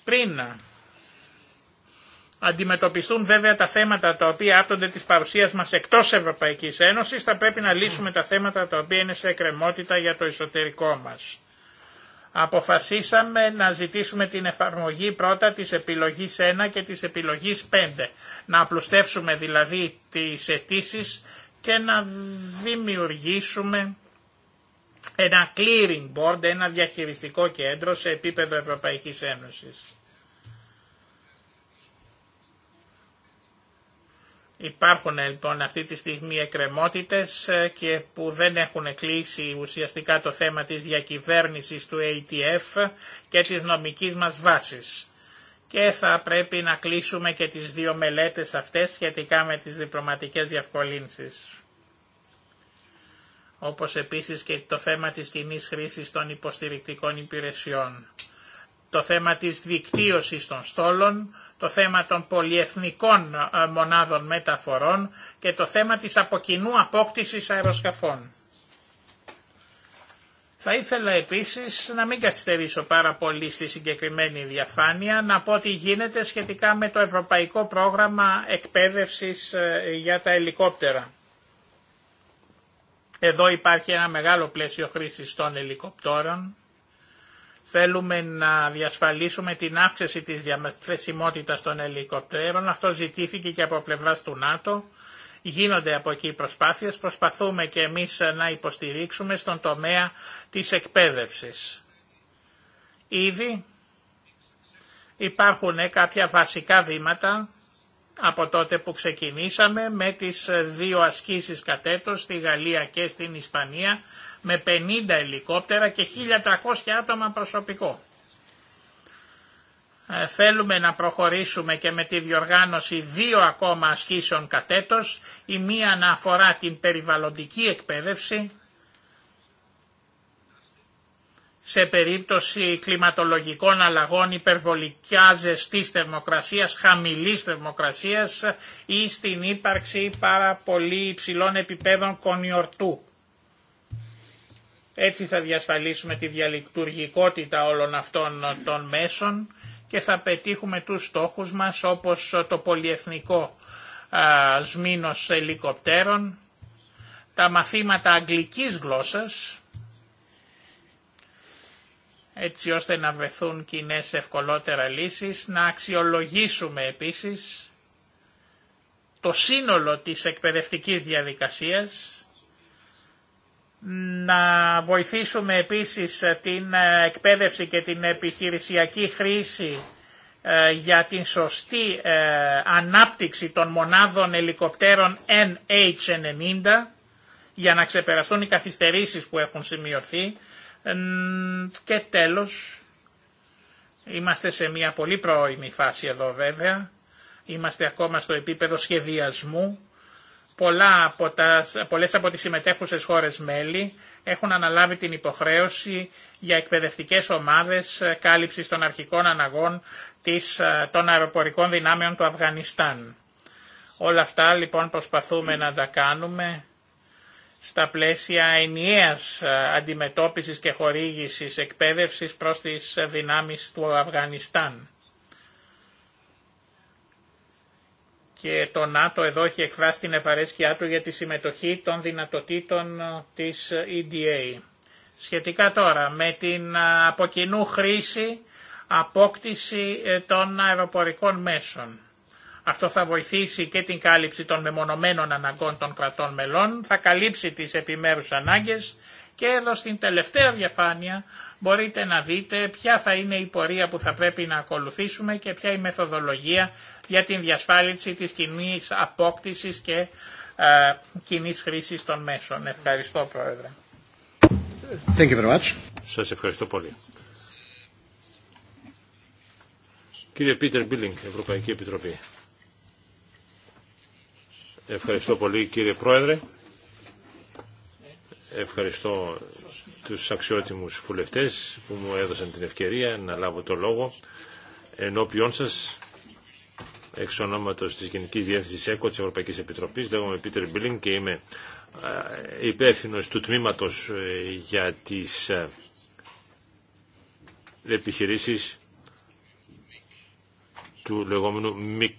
Πριν αντιμετωπιστούν βέβαια τα θέματα τα οποία άπτονται της παρουσίας μας εκτός Ευρωπαϊκής Ένωσης, θα πρέπει να λύσουμε τα θέματα τα οποία είναι σε εκκρεμότητα για το εσωτερικό μας. Αποφασίσαμε να ζητήσουμε την εφαρμογή πρώτα της επιλογής 1 και της επιλογής 5. Να απλουστεύσουμε δηλαδή τις αιτήσει και να δημιουργήσουμε ένα clearing board, ένα διαχειριστικό κέντρο σε επίπεδο Ευρωπαϊκής Ένωσης. Υπάρχουν λοιπόν αυτή τη στιγμή εκκρεμότητες ε, και που δεν έχουν κλείσει ουσιαστικά το θέμα της διακυβέρνησης του ATF και της νομικής μας βάσης και θα πρέπει να κλείσουμε και τις δύο μελέτες αυτές σχετικά με τις διπλωματικές διευκολύνσεις. Όπως επίσης και το θέμα της κοινή χρήσης των υποστηρικτικών υπηρεσιών. Το θέμα της δικτύωσης των στόλων, το θέμα των πολιεθνικών ε, μονάδων μεταφορών και το θέμα της αποκοινού απόκτησης αεροσκαφών. Θα ήθελα επίσης να μην καθυστερήσω πάρα πολύ στη συγκεκριμένη διαφάνεια, να πω ότι γίνεται σχετικά με το Ευρωπαϊκό Πρόγραμμα Εκπαίδευσης ε, για τα Ελικόπτερα. Εδώ υπάρχει ένα μεγάλο πλαίσιο χρήσης των ελικοπτώρων. Θέλουμε να διασφαλίσουμε την αύξηση της διαθεσιμότητας των ελικοπτέρων. Αυτό ζητήθηκε και από πλευράς του ΝΑΤΟ. Γίνονται από εκεί προσπάθειες, προσπαθούμε και εμείς να υποστηρίξουμε στον τομέα της εκπαίδευσης. Ήδη υπάρχουν κάποια βασικά βήματα από τότε που ξεκινήσαμε με τις δύο ασκήσεις κατέτος στη Γαλλία και στην Ισπανία με 50 ελικόπτερα και 1.300 άτομα προσωπικό. Ε, θέλουμε να προχωρήσουμε και με τη διοργάνωση δύο ακόμα ασκήσεων κατέτος, η μία να αφορά την περιβαλλοντική εκπαίδευση, σε περίπτωση κλιματολογικών αλλαγών υπερβολικά ζεστής θερμοκρασίας, χαμηλής θερμοκρασίας ή στην ύπαρξη πάρα πολύ υψηλών επιπέδων κονιορτού. Έτσι θα διασφαλίσουμε τη διαλειτουργικότητα όλων αυτών των μέσων και θα πετύχουμε τους στόχους μας όπως το πολυεθνικό σμήνος ελικοπτέρων, τα μαθήματα αγγλικής γλώσσας, έτσι ώστε να βρεθούν κοινέ ευκολότερα λύσεις, να αξιολογήσουμε επίσης το σύνολο της εκπαιδευτικής διαδικασίας, να βοηθήσουμε επίσης την ε, εκπαίδευση και την επιχειρησιακή χρήση ε, για την σωστή ε, ανάπτυξη των μονάδων ελικοπτέρων NH90 για να ξεπεραστούν οι καθυστερήσεις που έχουν σημειωθεί και τέλος είμαστε σε μια πολύ πρώιμη φάση εδώ βέβαια είμαστε ακόμα στο επίπεδο σχεδιασμού Πολλά από τα, πολλές από τις συμμετέχουσες χώρες μέλη έχουν αναλάβει την υποχρέωση για εκπαιδευτικές ομάδες ε, κάλυψης των αρχικών αναγών της, ε, των αεροπορικών δυνάμεων του Αφγανιστάν. Όλα αυτά λοιπόν προσπαθούμε να τα κάνουμε στα πλαίσια ενιαίας ε, αντιμετώπισης και χορήγησης εκπαίδευσης προς τις δυνάμεις του Αφγανιστάν. και το ΝΑΤΟ εδώ έχει εκφράσει την ευαρέσκειά του για τη συμμετοχή των δυνατοτήτων ε, της EDA. Σχετικά τώρα με την ε, κοινού χρήση, απόκτηση ε, των αεροπορικών μέσων. Αυτό θα βοηθήσει και την κάλυψη των μεμονωμένων αναγκών των κρατών μελών, θα καλύψει τις επιμέρους ανάγκες και εδώ στην τελευταία διαφάνεια μπορείτε να δείτε ποια θα είναι η πορεία που θα πρέπει να ακολουθήσουμε και ποια η μεθοδολογία για την διασφάλιση της κοινή απόκτησης και ε, κοινή χρήση των μέσων. Ευχαριστώ Πρόεδρε. Thank you very much. Σας ευχαριστώ πολύ. Κύριε Πίτερ Μπίλινγκ, Ευρωπαϊκή Επιτροπή. Ευχαριστώ πολύ κύριε Πρόεδρε. Ευχαριστώ τους αξιότιμους φουλευτές που μου έδωσαν την ευκαιρία να λάβω το λόγο ενώπιόν σας εξ ονόματος της Γενικής Διεύθυνσης ΕΚΟ της Ευρωπαϊκής Επιτροπής. Λέγομαι Πίτερ Μπίλινγκ και είμαι υπεύθυνο του τμήματος ε, για τις ε, επιχειρήσεις του λεγόμενου MIC,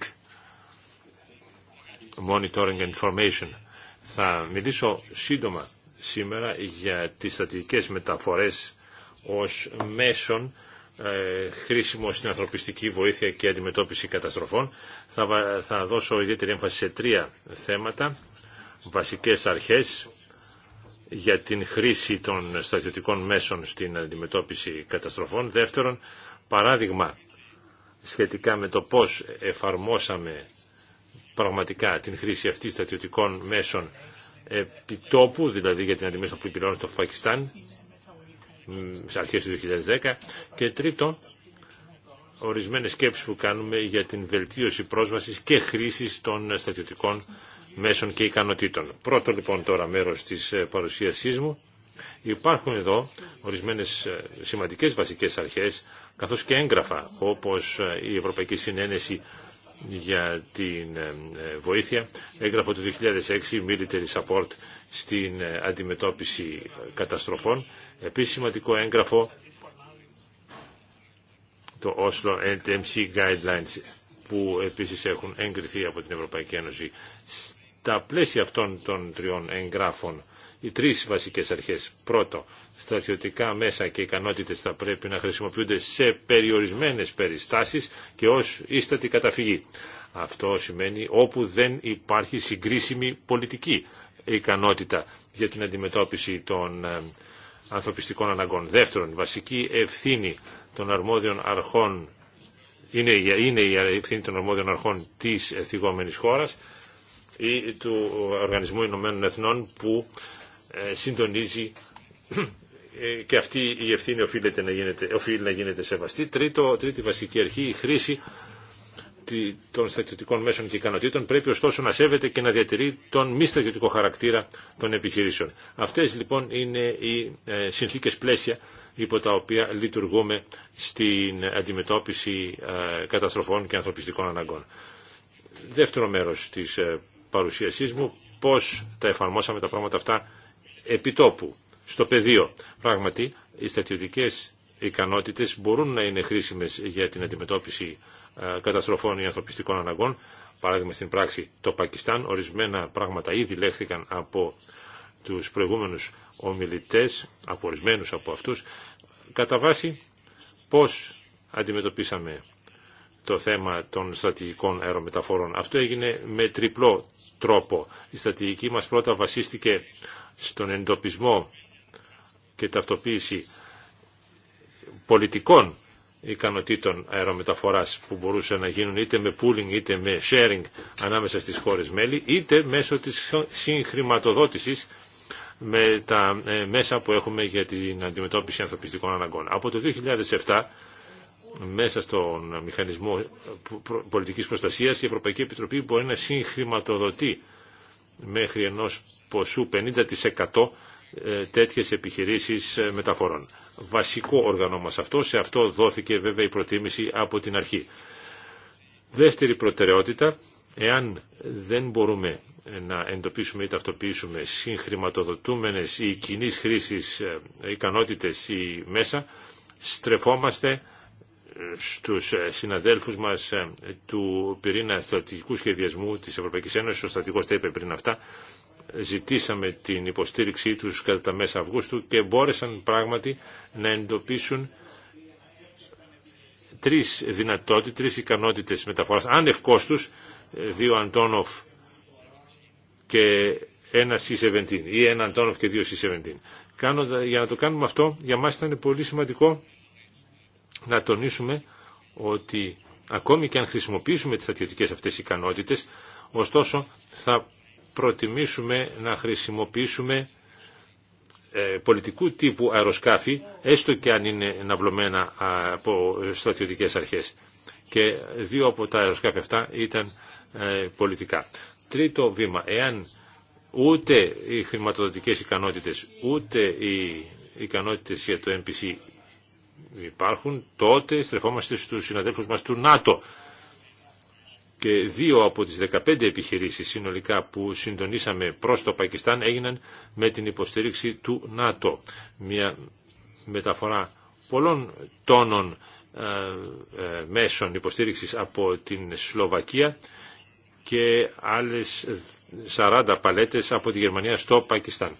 Monitoring Information. Θα μιλήσω σύντομα σήμερα για τις στατικές μεταφορές ως μέσον ε, χρήσιμο στην ανθρωπιστική βοήθεια και αντιμετώπιση καταστροφών. Θα, θα δώσω ιδιαίτερη έμφαση σε τρία θέματα, βασικές αρχές για την χρήση των στρατιωτικών μέσων στην αντιμετώπιση καταστροφών. Δεύτερον, παράδειγμα σχετικά με το πώς εφαρμόσαμε πραγματικά την χρήση αυτής στρατιωτικών μέσων επιτόπου, δηλαδή για την αντιμετώπιση του πυλώνα στο Πακιστάν, σε αρχές του 2010. Και τρίτον, ορισμένες σκέψεις που κάνουμε για την βελτίωση πρόσβασης και χρήση των στατιωτικών μέσων και ικανοτήτων. Πρώτο λοιπόν τώρα μέρος της ε, παρουσίασή μου. Υπάρχουν εδώ ορισμένες ε, σημαντικές βασικές αρχές, καθώς και έγγραφα, όπω ε, η Ευρωπαϊκή Συνένεση για την ε, ε, βοήθεια. Έγγραφο του 2006, Military Support στην ε, αντιμετώπιση καταστροφών. Επίσης σημαντικό έγγραφο, το Oslo NTMC Guidelines, που επίσης έχουν εγκριθεί από την Ευρωπαϊκή Ένωση. Στα πλαίσια αυτών των τριών εγγράφων, οι τρεις βασικές αρχές. Πρώτο, στρατιωτικά μέσα και ικανότητες θα πρέπει να χρησιμοποιούνται σε περιορισμένες περιστάσεις και ως ίστατη καταφυγή. Αυτό σημαίνει όπου δεν υπάρχει συγκρίσιμη πολιτική ικανότητα για την αντιμετώπιση των ε, ανθρωπιστικών αναγκών. Δεύτερον, βασική ευθύνη των αρμόδιων αρχών είναι, είναι η ευθύνη των αρμόδιων αρχών της εθιγόμενης χώρας ή του Οργανισμού Ηνωμένων Εθνών που ε, συντονίζει ε, και αυτή η ευθύνη οφείλεται να γίνεται, οφείλει να γίνεται σεβαστή. Τρίτο, τρίτη βασική αρχή, η χρήση των στρατιωτικών μέσων και ικανοτήτων πρέπει ωστόσο να σέβεται και να διατηρεί τον μη στρατιωτικό χαρακτήρα των επιχειρήσεων. Αυτές λοιπόν είναι οι ε, συνθήκες πλαίσια υπό τα οποία λειτουργούμε στην αντιμετώπιση ε, καταστροφών και ανθρωπιστικών αναγκών. Δεύτερο μέρος της παρουσίασής μου, πώς τα εφαρμόσαμε τα πράγματα αυτά επιτόπου στο πεδίο. Πράγματι, οι στατιωτικέ ικανότητε μπορούν να είναι χρήσιμε για την αντιμετώπιση ε, καταστροφών ή ανθρωπιστικών αναγκών. Παράδειγμα, στην πράξη το Πακιστάν, ορισμένα πράγματα ήδη λέχθηκαν από τους προηγούμενους ομιλητές, από ορισμένους από αυτούς, κατά βάση πώς αντιμετωπίσαμε το θέμα των στρατηγικών αερομεταφορών. Αυτό έγινε με τριπλό τρόπο. Η ανθρωπιστικων αναγκων παραδειγμα στην πραξη το πακισταν ορισμενα πραγματα ηδη λεχθηκαν απο τους προηγούμενου ομιλητέ, απο ορισμενου απο αυτού, κατα βαση πώ αντιμετωπισαμε το θεμα των στρατηγικων αερομεταφορων αυτο εγινε με τριπλο τροπο η στρατηγικη μας πρώτα βασίστηκε στον εντοπισμό και ταυτοποίηση πολιτικών ικανοτήτων αερομεταφοράς που μπορούσαν να γίνουν είτε με pooling είτε με sharing ανάμεσα στις χώρες μέλη είτε μέσω της συγχρηματοδότησης με τα ε, μέσα που έχουμε για την αντιμετώπιση ανθρωπιστικών αναγκών. Από το 2007 μέσα στον μηχανισμό πολιτικής προστασίας η Ευρωπαϊκή Επιτροπή μπορεί να συγχρηματοδοτεί μέχρι ενός ποσού 50% ε, τέτοιες επιχειρήσεις ε, μεταφορών. Βασικό όργανο μας αυτό, σε αυτό δόθηκε βέβαια η προτίμηση από την αρχή. Δεύτερη προτεραιότητα, εάν δεν μπορούμε ε, να εντοπίσουμε ή ταυτοποιήσουμε συγχρηματοδοτούμενες ή κοινή χρήση ικανότητες ή μέσα, στρεφόμαστε στους συναδέλφους μας του πυρήνα στρατηγικού σχεδιασμού της Ευρωπαϊκής Ένωσης, ο στρατηγός τα είπε πριν αυτά, ζητήσαμε την υποστήριξή τους κατά τα μέσα Αυγούστου και μπόρεσαν πράγματι να εντοπίσουν τρεις δυνατότητες, τρεις ικανότητες μεταφοράς αν κόστους, δύο Αντόνοφ και ένα C17 ή ένα Αντόνοφ και δύο C17. για να το κάνουμε αυτό, για μας ήταν πολύ σημαντικό να τονίσουμε ότι ακόμη και αν χρησιμοποιήσουμε τις στρατιωτικές αυτές ικανότητες, ωστόσο θα προτιμήσουμε να χρησιμοποιήσουμε ε, πολιτικού τύπου αεροσκάφη, έστω και αν είναι ναυλωμένα από στρατιωτικές αρχές. Και δύο από τα αεροσκάφη αυτά ήταν ε, πολιτικά. Τρίτο βήμα, εάν ούτε οι χρηματοδοτικές ικανότητες, ούτε οι ικανότητες για το MPC υπάρχουν, τότε στρεφόμαστε στους συναδέλφους μας του ΝΑΤΟ και δύο από τις 15 επιχειρήσεις συνολικά που συντονίσαμε προς το Πακιστάν έγιναν με την υποστήριξη του ΝΑΤΟ. Μια μεταφορά πολλών τόνων ε, ε, μέσων υποστήριξης από την Σλοβακία και άλλες 40 παλέτες από τη Γερμανία στο Πακιστάν.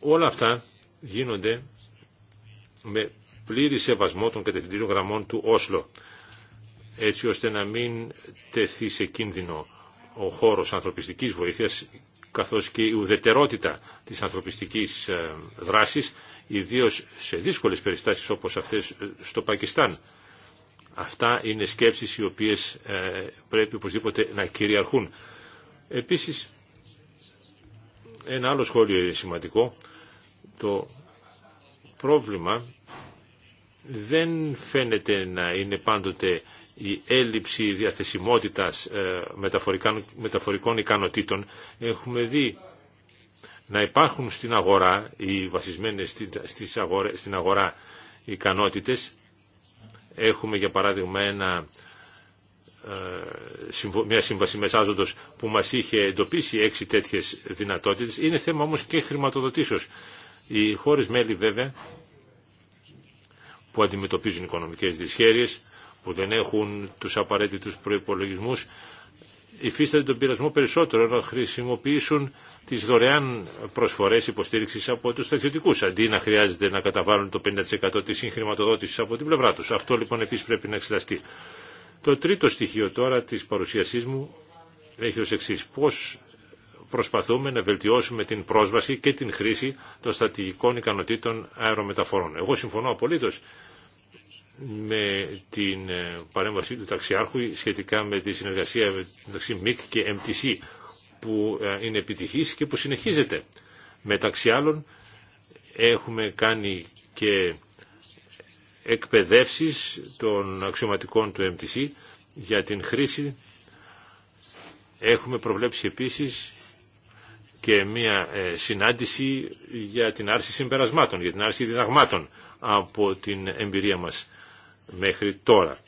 Όλα αυτά γίνονται με πλήρη σεβασμό των κατευθυντήριων γραμμών του Όσλο έτσι ώστε να μην τεθεί σε κίνδυνο ο χώρος ανθρωπιστικής βοήθειας καθώς και η ουδετερότητα της ανθρωπιστικής ε, δράσης, ιδίως σε δύσκολες περιστάσεις όπως αυτές ε, στο Πακιστάν. Αυτά είναι σκέψεις οι οποίες ε, πρέπει οπωσδήποτε να κυριαρχούν. Επίσης, ένα άλλο σχόλιο είναι σημαντικό. Το πρόβλημα δεν φαίνεται να είναι πάντοτε η έλλειψη διαθεσιμότητας ε, μεταφορικών ικανοτήτων έχουμε δει να υπάρχουν στην αγορά οι βασισμένες στην αγορά ικανότητες έχουμε για παράδειγμα ένα ε, μια σύμβαση μεσάζοντος που μας είχε εντοπίσει έξι τέτοιες δυνατότητες είναι θέμα όμως και χρηματοδοτήσεως οι χώρες μέλη βέβαια που αντιμετωπίζουν οικονομικές δυσχέρειες που δεν έχουν τους απαραίτητους προϋπολογισμούς υφίσταται τον πειρασμό περισσότερο να χρησιμοποιήσουν τις δωρεάν προσφορές υποστήριξης από τους στρατιωτικούς αντί να χρειάζεται να καταβάλουν το 50% της συγχρηματοδότησης από την πλευρά τους. Αυτό λοιπόν επίσης πρέπει να εξεταστεί. Το τρίτο στοιχείο τώρα της παρουσίασής μου έχει ως εξή Πώς προσπαθούμε να βελτιώσουμε την πρόσβαση και την χρήση των στρατηγικών ικανοτήτων αερομεταφορών. Εγώ συμφωνώ απολύτως με την ε, παρέμβαση του ταξιάρχου σχετικά με τη συνεργασία μεταξύ ΜΙΚ και MTC που ε, είναι επιτυχής και που συνεχίζεται. Μεταξύ άλλων έχουμε κάνει και εκπαιδεύσεις των αξιωματικών του MTC για την χρήση. Έχουμε προβλέψει επίσης και μια ε, συνάντηση για την άρση συμπερασμάτων, για την άρση διδαγμάτων από την εμπειρία μας μέχρι τώρα,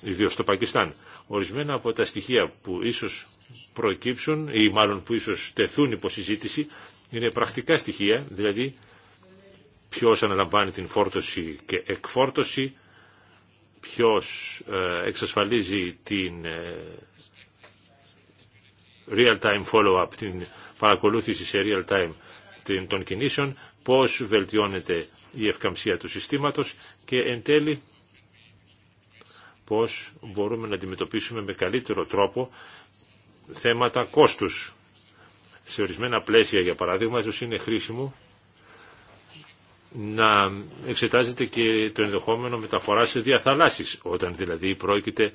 ιδίω στο Πακιστάν. Ορισμένα από τα στοιχεία που ίσως προκύψουν ή μάλλον που ίσως τεθούν υπό συζήτηση είναι πρακτικά στοιχεία, δηλαδή ποιος αναλαμβάνει την φόρτωση και εκφόρτωση, ποιος ε, εξασφαλίζει την ε, real-time follow-up, την παρακολούθηση σε real-time των κινήσεων, πώς βελτιώνεται η ευκαμψία του συστήματος και εν τέλει πώς μπορούμε να αντιμετωπίσουμε με καλύτερο τρόπο θέματα κόστους. Σε ορισμένα πλαίσια, για παράδειγμα, ίσως είναι χρήσιμο να εξετάζεται και το ενδεχόμενο μεταφορά σε διαθαλάσσεις, όταν δηλαδή πρόκειται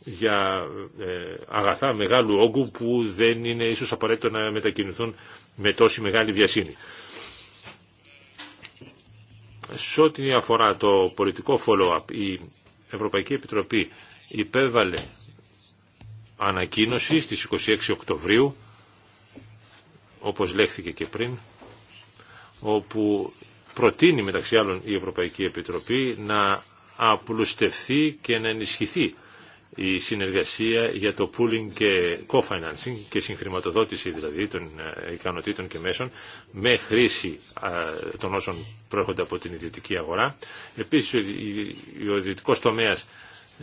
για ε, αγαθά μεγάλου όγκου που δεν είναι ίσως απαραίτητο να μετακινηθούν με τόση μεγάλη βιασύνη. Σε ό,τι αφορά το πολιτικό follow-up, η Ευρωπαϊκή Επιτροπή υπέβαλε ανακοίνωση στις 26 Οκτωβρίου, όπως λέχθηκε και πριν, όπου προτείνει μεταξύ άλλων η Ευρωπαϊκή Επιτροπή να απλουστευθεί και να ενισχυθεί η συνεργασία για το pooling και co-financing και συγχρηματοδότηση δηλαδή των ε, ικανοτήτων και μέσων με χρήση των όσων προέρχονται από την ιδιωτική αγορά. Επίσης ο ιδιωτικός τομέας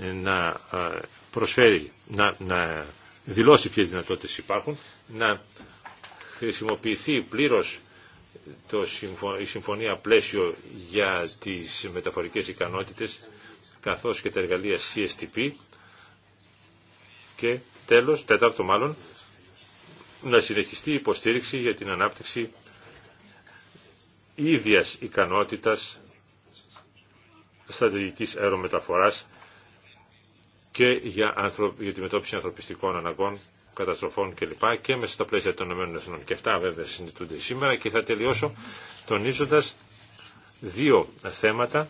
ε, να προσφέρει, να, να δηλώσει ποιες δυνατότητες υπάρχουν, να χρησιμοποιηθεί πλήρως το, η συμφωνία πλαίσιο για τις μεταφορικές ικανότητες καθώς και τα εργαλεία CSTP και τέλος, τέταρτο μάλλον, να συνεχιστεί η υποστήριξη για την ανάπτυξη ίδιας ικανότητας στρατηγικής αερομεταφοράς και για, για τη μετώπιση ανθρωπιστικών αναγκών, καταστροφών κλπ. και μέσα στα πλαίσια των ΗΠΑ. Και αυτά βέβαια συζητούνται σήμερα και θα τελειώσω τονίζοντας δύο θέματα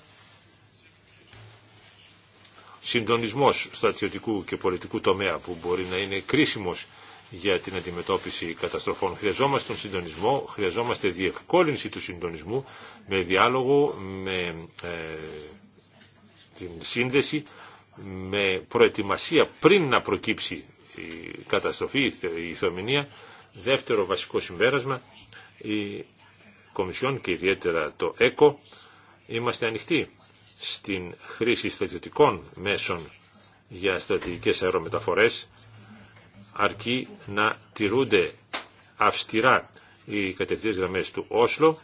συντονισμός στρατιωτικού και πολιτικού τομέα που μπορεί να είναι κρίσιμος για την αντιμετώπιση καταστροφών. Χρειαζόμαστε τον συντονισμό, χρειαζόμαστε διευκόλυνση του συντονισμού με διάλογο, με ε, την σύνδεση, με προετοιμασία πριν να προκύψει η καταστροφή, η ηθομηνία. Δεύτερο βασικό συμπέρασμα, η Κομισιόν και ιδιαίτερα το ΕΚΟ, είμαστε ανοιχτοί στην χρήση στρατιωτικών μέσων για στρατηγικές αερομεταφορές αρκεί να τηρούνται αυστηρά οι κατευθείας γραμμές του Όσλο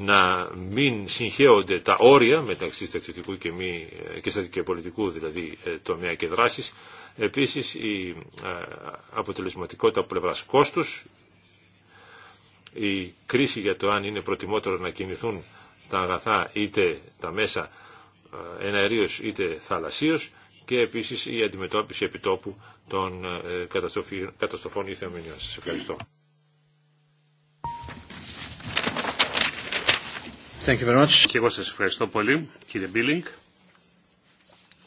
να μην συγχέονται τα όρια μεταξύ στρατιωτικού και, μη, και πολιτικού δηλαδή ε, τομέα και δράσης. Επίσης η ε, αποτελεσματικότητα πλευράς κόστους η κρίση για το αν είναι προτιμότερο να κινηθούν τα αγαθά είτε τα μέσα ε, εναερίως είτε θαλασσίως και επίσης η αντιμετώπιση επιτόπου των ε, καταστροφών ή θεομηνιών. Σας ευχαριστώ. Thank you very much. Και εγώ σας ευχαριστώ πολύ κύριε Μπίλινγκ,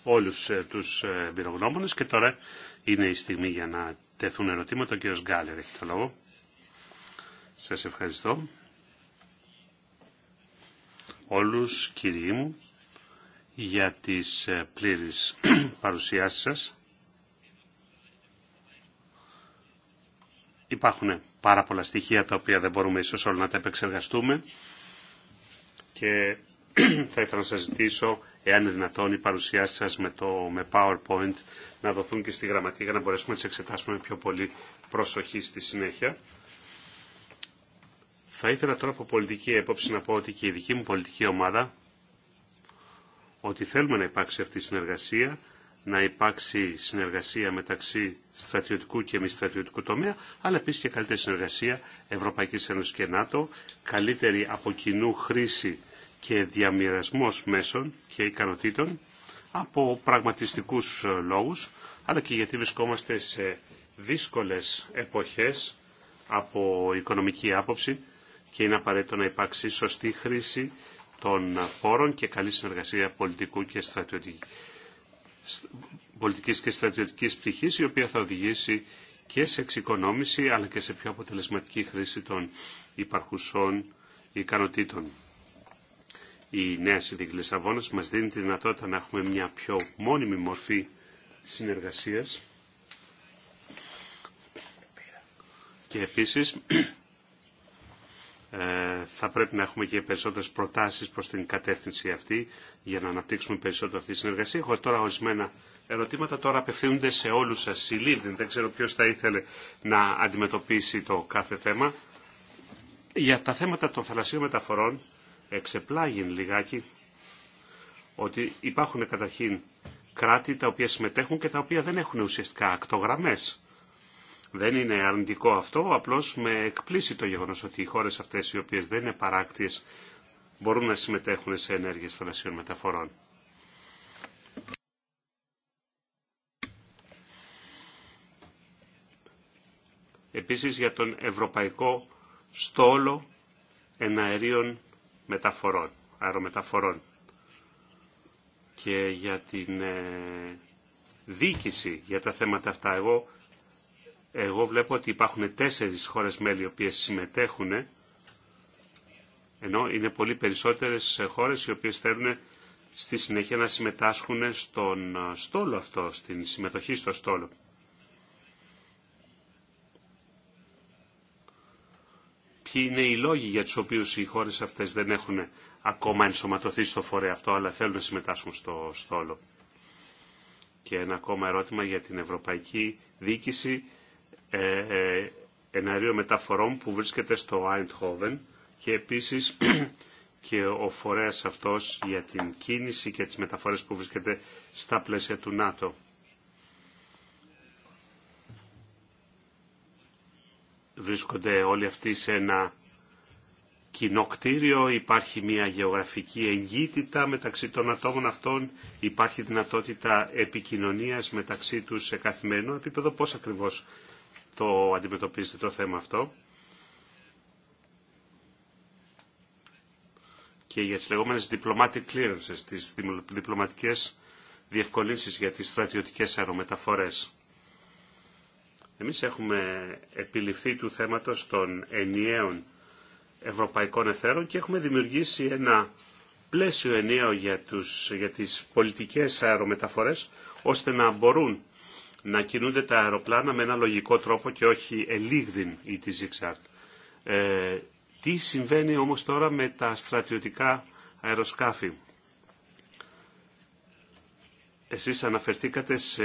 όλους ε, τους πυρογνωμονες και τώρα είναι η στιγμή για να τεθούν ερωτήματα. Ο κύριος Γκάλερ έχει το λόγο. Σας ευχαριστώ όλους κύριοι μου για τις ε, πλήρεις παρουσιάσεις σας. Υπάρχουν πάρα πολλά στοιχεία τα οποία δεν μπορούμε ίσως όλοι να τα επεξεργαστούμε και θα ήθελα να σας ζητήσω, εάν είναι δυνατόν, οι παρουσιάσεις σας με, το, με PowerPoint να δοθούν και στη γραμματεία για να μπορέσουμε να τις εξετάσουμε πιο πολύ προσοχή στη συνέχεια. Θα ήθελα τώρα από πολιτική έποψη να πω ότι και η δική μου πολιτική ομάδα ότι θέλουμε να υπάρξει αυτή η συνεργασία, να υπάρξει συνεργασία μεταξύ στρατιωτικού και μη στρατιωτικού τομέα, αλλά επίσης και καλύτερη συνεργασία Ευρωπαϊκής Ένωσης και ΝΑΤΟ, καλύτερη από κοινού χρήση και διαμοιρασμός μέσων και ικανοτήτων από πραγματιστικούς ε, λόγους, αλλά και γιατί βρισκόμαστε σε δύσκολες εποχές από οικονομική άποψη και είναι απαραίτητο να υπάρξει σωστή χρήση των πόρων και καλή συνεργασία πολιτικού και στρατιωτική, πολιτικής και στρατιωτικής πτυχής, η οποία θα οδηγήσει και σε εξοικονόμηση αλλά και σε πιο αποτελεσματική χρήση των υπαρχουσών ικανοτήτων. Η νέα συνδίκη Λισαβόνας μας δίνει τη δυνατότητα να έχουμε μια πιο μόνιμη μορφή συνεργασίας και επίσης ε, θα πρέπει να έχουμε και περισσότερες προτάσεις προς την κατεύθυνση αυτή για να αναπτύξουμε περισσότερο αυτή τη συνεργασία. Έχω τώρα ορισμένα ερωτήματα, τώρα απευθύνονται σε όλους σας συλλήβδιν. Δεν ξέρω ποιος θα ήθελε να αντιμετωπίσει το κάθε θέμα. Για τα θέματα των θαλασσίων μεταφορών εξεπλάγει λιγάκι ότι υπάρχουν καταρχήν κράτη τα οποία συμμετέχουν και τα οποία δεν έχουν ουσιαστικά ακτογραμμές. Δεν είναι αρνητικό αυτό, απλώς με εκπλήσει το γεγονός ότι οι χώρες αυτές οι οποίες δεν είναι παράκτιες μπορούν να συμμετέχουν σε ενέργειες θαλασσίων μεταφορών. Επίσης για τον Ευρωπαϊκό Στόλο Εναερίων Μεταφορών, Αερομεταφορών και για την ε, δίκηση για τα θέματα αυτά. Εγώ εγώ βλέπω ότι υπάρχουν τέσσερις χώρες μέλη οι οποίες συμμετέχουν, ενώ είναι πολύ περισσότερες χώρες οι οποίες θέλουν στη συνέχεια να συμμετάσχουν στον ε, στόλο αυτό, στην συμμετοχή στο στόλο. Ποιοι είναι οι λόγοι για τους οποίους οι χώρες αυτές δεν έχουν ακόμα ενσωματωθεί στο φορέα αυτό, αλλά θέλουν να συμμετάσχουν στο στόλο. Και ένα ακόμα ερώτημα για την ευρωπαϊκή διοίκηση ε, ε, Εναριο μεταφορών που βρίσκεται στο Eindhoven και επίσης και ο φορέας αυτός για την κίνηση και τις μεταφορές που βρίσκεται στα πλαίσια του ΝΑΤΟ. Βρίσκονται όλοι αυτοί σε ένα κοινό υπάρχει μια γεωγραφική εγγύτητα μεταξύ των ατόμων αυτών, υπάρχει δυνατότητα επικοινωνίας μεταξύ τους σε καθημερινό επίπεδο. Πώς ακριβώς το αντιμετωπίζετε το θέμα αυτό. Και για τις λεγόμενες diplomatic clearances, τις διπλωματικές διευκολύνσεις για τις στρατιωτικές αερομεταφορές. Εμείς έχουμε επιληφθεί του θέματος των ενιαίων ευρωπαϊκών εθέρων και έχουμε δημιουργήσει ένα πλαίσιο ενιαίο για, τους, για τις πολιτικές αερομεταφορές, ώστε να μπορούν να κινούνται τα αεροπλάνα με ένα λογικό τρόπο και όχι ελίγδιν ή τη Ζίξαρτ. Ε, τι συμβαίνει όμως τώρα με τα στρατιωτικά αεροσκάφη. Εσείς αναφερθήκατε σε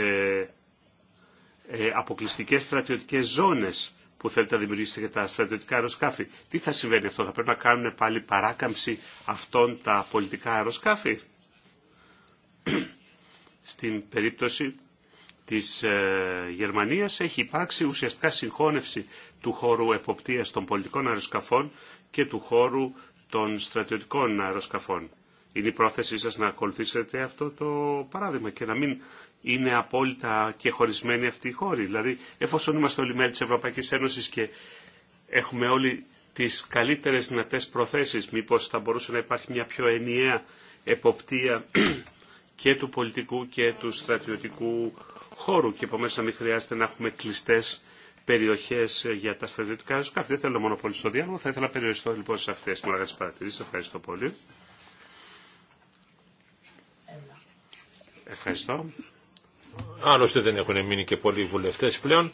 ε, αποκλειστικές στρατιωτικές ζώνες που θέλετε να δημιουργήσετε για τα στρατιωτικά αεροσκάφη. Τι θα συμβαίνει αυτό, θα πρέπει να κάνουν πάλι παράκαμψη αυτών τα πολιτικά αεροσκάφη. Στην περίπτωση της ε, Γερμανίας έχει υπάρξει ουσιαστικά συγχώνευση του χώρου εποπτείας των πολιτικών αεροσκαφών και του χώρου των στρατιωτικών αεροσκαφών. Είναι η πρόθεσή σας να ακολουθήσετε αυτό το παράδειγμα και να μην είναι απόλυτα και χωρισμένοι αυτοί οι χώροι. Δηλαδή, εφόσον είμαστε όλοι μέλη της Ευρωπαϊκής Ένωσης και έχουμε όλοι τις καλύτερες δυνατές προθέσεις, μήπως θα μπορούσε να υπάρχει μια πιο ενιαία εποπτεία και του πολιτικού και του στρατιωτικού χώρου και επομένως να μην χρειάζεται να έχουμε κλειστές περιοχές ε, για τα στρατιωτικά αεροσκάφη. Δεν θέλω μόνο πολύ στο διάλογο, θα ήθελα να περιοριστώ λοιπόν σε αυτές τις παρατηρήσει. παρατηρήσεις. Ευχαριστώ πολύ. Ευχαριστώ. Άλλωστε δεν έχουν μείνει και πολλοί βουλευτές πλέον.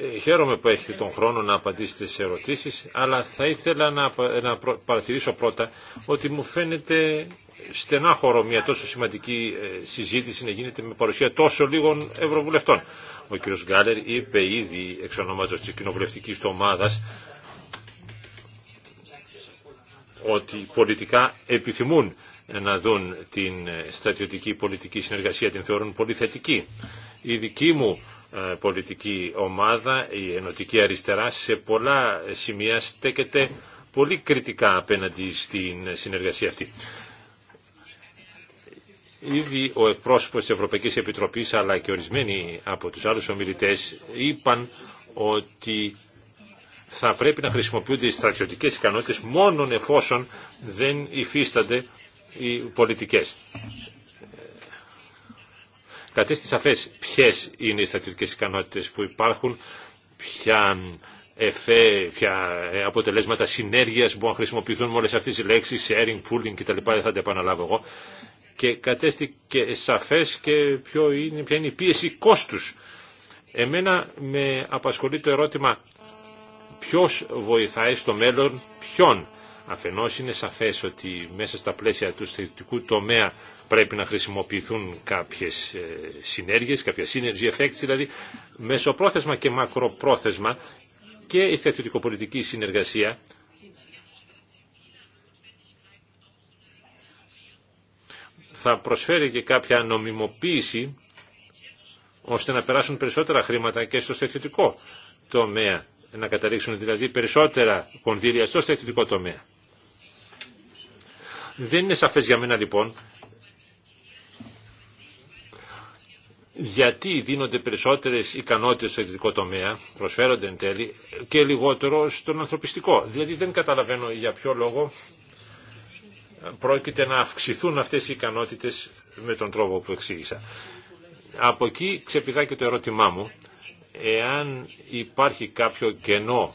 Ε, χαίρομαι που έχετε τον χρόνο να απαντήσετε σε ερωτήσεις, αλλά θα ήθελα να, να παρατηρήσω πρώτα ότι μου φαίνεται στενά χώρο μια τόσο σημαντική ε, συζήτηση να γίνεται με παρουσία τόσο λίγων ευρωβουλευτών. Ο κ. Γκάλερ είπε ήδη εξ ονόματος της κοινοβουλευτικής του ομάδας ότι πολιτικά επιθυμούν να δουν την ε, στρατιωτική πολιτική συνεργασία, την θεωρούν πολύ θετική. Η δική μου ε, πολιτική ομάδα, η Ενωτική Αριστερά, σε πολλά σημεία στέκεται πολύ κριτικά απέναντι στην συνεργασία αυτή. Ήδη ο εκπρόσωπος της Ευρωπαϊκής Επιτροπής αλλά και ορισμένοι από τους άλλους ομιλητές είπαν ότι θα πρέπει να χρησιμοποιούνται οι στρατιωτικές ικανότητες μόνον εφόσον δεν υφίστανται οι πολιτικές. Κατέστη σαφές ποιες είναι οι στρατιωτικές ικανότητες που υπάρχουν, ποια εφέ, ποια ε, αποτελέσματα συνέργειας μπορούν να χρησιμοποιηθούν με όλες αυτές τις λέξεις, sharing, pooling κτλ. Δεν θα τα επαναλάβω εγώ και κατέστηκε σαφές και ποιο είναι, ποια είναι η πίεση κόστους. Εμένα με απασχολεί το ερώτημα ποιος βοηθάει στο μέλλον ποιον. Αφενός είναι σαφές ότι μέσα στα πλαίσια του θετικού τομέα πρέπει να χρησιμοποιηθούν κάποιες ε, συνέργειες, κάποια synergy effects δηλαδή, μεσοπρόθεσμα και μακροπρόθεσμα και η στρατιωτικοπολιτική συνεργασία θα προσφέρει και κάποια νομιμοποίηση ώστε να περάσουν περισσότερα χρήματα και στο στρατιωτικό τομέα. Να καταλήξουν δηλαδή περισσότερα κονδύλια στο στρατιωτικό τομέα. Δεν είναι σαφές για μένα λοιπόν γιατί δίνονται περισσότερες ικανότητες στο εκδικό τομέα, προσφέρονται εν τέλει, και λιγότερο στον ανθρωπιστικό. Δηλαδή δεν καταλαβαίνω για ποιο λόγο πρόκειται να αυξηθούν αυτές οι ικανότητες με τον τρόπο που εξήγησα. Από εκεί ξεπηδά και το ερώτημά μου, εάν υπάρχει κάποιο κενό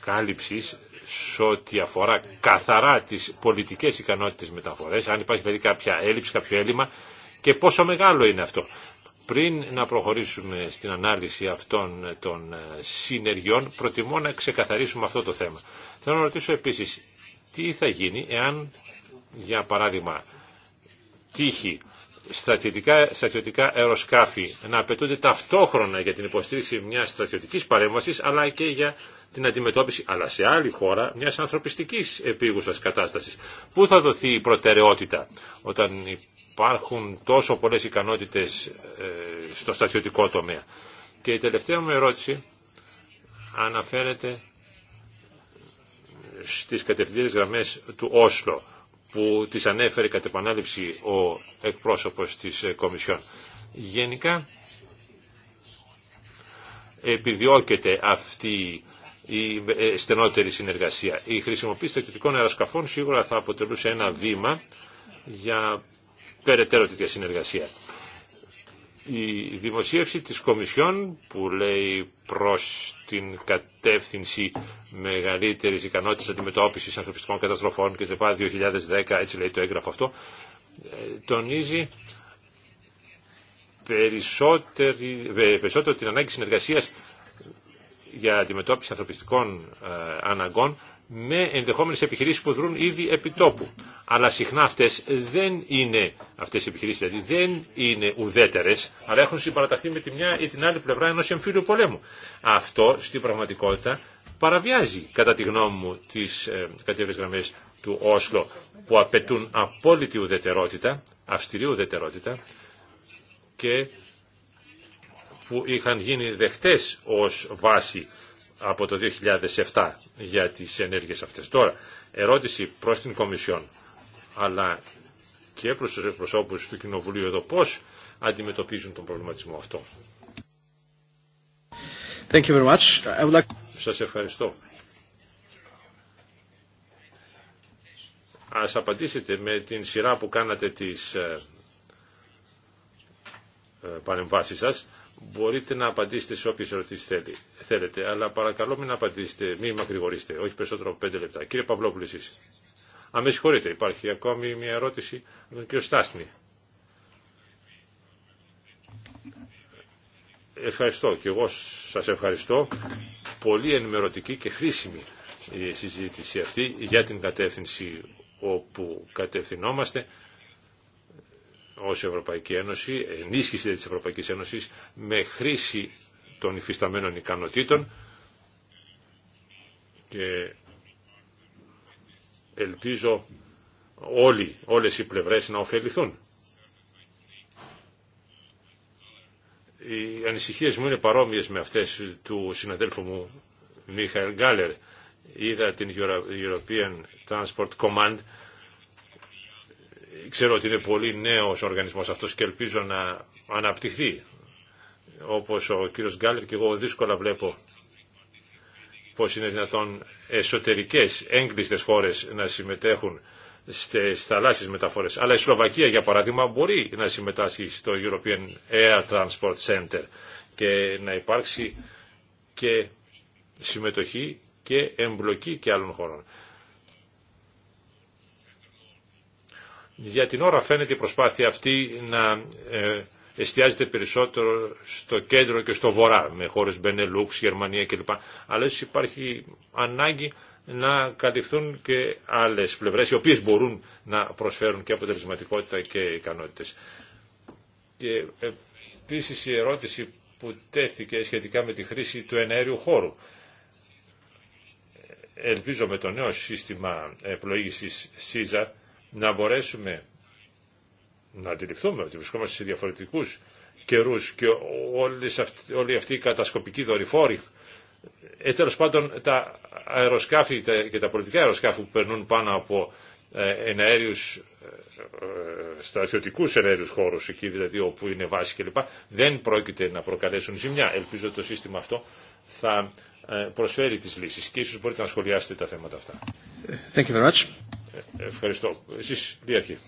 κάλυψης σε ό,τι αφορά καθαρά τις πολιτικές ικανότητες μεταφορές, αν υπάρχει δηλαδή κάποια έλλειψη, κάποιο έλλειμμα και πόσο μεγάλο είναι αυτό. Πριν να προχωρήσουμε στην ανάλυση αυτών των ε, συνεργειών, προτιμώ να ξεκαθαρίσουμε αυτό το θέμα. Θέλω να ρωτήσω επίσης, τι θα γίνει εάν για παράδειγμα, τύχη στρατιωτικά, στρατιωτικά αεροσκάφη να απαιτούνται ταυτόχρονα για την υποστήριξη μιας στρατιωτική παρέμβασης αλλά και για την αντιμετώπιση, αλλά σε άλλη χώρα, μιας ανθρωπιστικής επίγουσα κατάστασης. Πού θα δοθεί η προτεραιότητα όταν υπάρχουν τόσο πολλές ικανότητες ε, στο στρατιωτικό τομέα. Και η τελευταία μου ερώτηση αναφέρεται στις κατευθυντήρες γραμμές του Όσλο που τις ανέφερε κατ' επανάληψη ο εκπρόσωπος της ε, Κομισιόν. Γενικά επιδιώκεται αυτή η ε, στενότερη συνεργασία. Η χρησιμοποίηση τακτικών αεροσκαφών σίγουρα θα αποτελούσε ένα βήμα για περαιτέρω τέτοια συνεργασία η δημοσίευση της Κομισιόν που λέει προς την κατεύθυνση μεγαλύτερης ικανότητας αντιμετώπισης ανθρωπιστικών καταστροφών και το 2010, έτσι λέει το έγγραφο αυτό, ε, τονίζει ε, περισσότερο την ανάγκη συνεργασίας για αντιμετώπιση ανθρωπιστικών ε, αναγκών με ενδεχόμενες επιχειρήσεις που δρούν ήδη επιτόπου. Αλλά συχνά αυτές δεν είναι, αυτές οι επιχειρήσεις δηλαδή, δεν είναι ουδέτερες, αλλά έχουν συμπαραταχθεί με τη μια ή την άλλη πλευρά ενός εμφύλιου πολέμου. Αυτό στην πραγματικότητα παραβιάζει, κατά τη γνώμη μου, τις ε, γραμμές του Όσλο, που απαιτούν απόλυτη ουδετερότητα, αυστηρή ουδετερότητα, και που είχαν γίνει δεχτές ως βάση από το 2007 για τις ενέργειες αυτές. Τώρα, ερώτηση προς την Κομισιόν, αλλά και προς τους εκπροσώπους του Κοινοβουλίου εδώ πώς αντιμετωπίζουν τον προβληματισμό αυτό. Thank you Σας ευχαριστώ. Ας απαντήσετε με την σειρά που κάνατε τις ε, ε, παρεμβάσεις σας. Μπορείτε να απαντήσετε σε όποιε ερωτήσει θέλετε, αλλά παρακαλώ μην απαντήσετε, μην μακρηγορήσετε, όχι περισσότερο από πέντε λεπτά. Κύριε Παυλόπουλο, εσεί. Αν με συγχωρείτε, υπάρχει ακόμη μια ερώτηση από τον κύριο Στάσνη. Ευχαριστώ και εγώ σας ευχαριστώ. Πολύ ενημερωτική και χρήσιμη η συζήτηση αυτή για την κατεύθυνση όπου κατευθυνόμαστε ως Ευρωπαϊκή Ένωση, ενίσχυση της Ευρωπαϊκή Ένωσης με χρήση των υφισταμένων ικανοτήτων και ελπίζω όλοι, όλες οι πλευρές να ωφεληθούν. Οι ανησυχίες μου είναι παρόμοιες με αυτές του συναδέλφου μου Μίχαελ Γκάλερ. Είδα την European Transport Command Ξέρω ότι είναι πολύ νέος ο οργανισμός αυτός και ελπίζω να αναπτυχθεί. Όπως ο κύριος Γκάλερ και εγώ δύσκολα βλέπω πώς είναι δυνατόν εσωτερικές έγκλειστες χώρες να συμμετέχουν στις θαλάσσιες μεταφορές. Αλλά η Σλοβακία, για παράδειγμα, μπορεί να συμμετάσχει στο European Air Transport Center και να υπάρξει και συμμετοχή και εμπλοκή και άλλων χωρών. Για την ώρα φαίνεται η προσπάθεια αυτή να ε, εστιάζεται περισσότερο στο κέντρο και στο βορρά, με χώρες Μπενελούξ, Γερμανία κλπ. Αλλά υπάρχει ανάγκη να καλυφθούν και άλλες πλευρές, οι οποίες μπορούν να προσφέρουν και αποτελεσματικότητα και ικανότητες. Και επίσης η ερώτηση που τέθηκε σχετικά με τη χρήση του ενέργειου χώρου. Ελπίζω με το νέο σύστημα πλοήγησης ΣΥΖΑ να μπορέσουμε να αντιληφθούμε ότι βρισκόμαστε σε διαφορετικούς καιρούς και όλοι αυτοί οι κατασκοπικοί δορυφόροι ε, τέλος πάντων τα αεροσκάφη και τα πολιτικά αεροσκάφη που περνούν πάνω από ε, εναέριους ε, ε, στρατιωτικούς εναέριους χώρους εκεί δηλαδή όπου είναι βάση κλπ δεν πρόκειται να προκαλέσουν ζημιά ελπίζω ότι το σύστημα αυτό θα προσφέρει τις λύσεις και ίσως μπορείτε να σχολιάσετε τα θέματα αυτά Thank you Ευχαριστώ. Εσείς, Δίαρχη.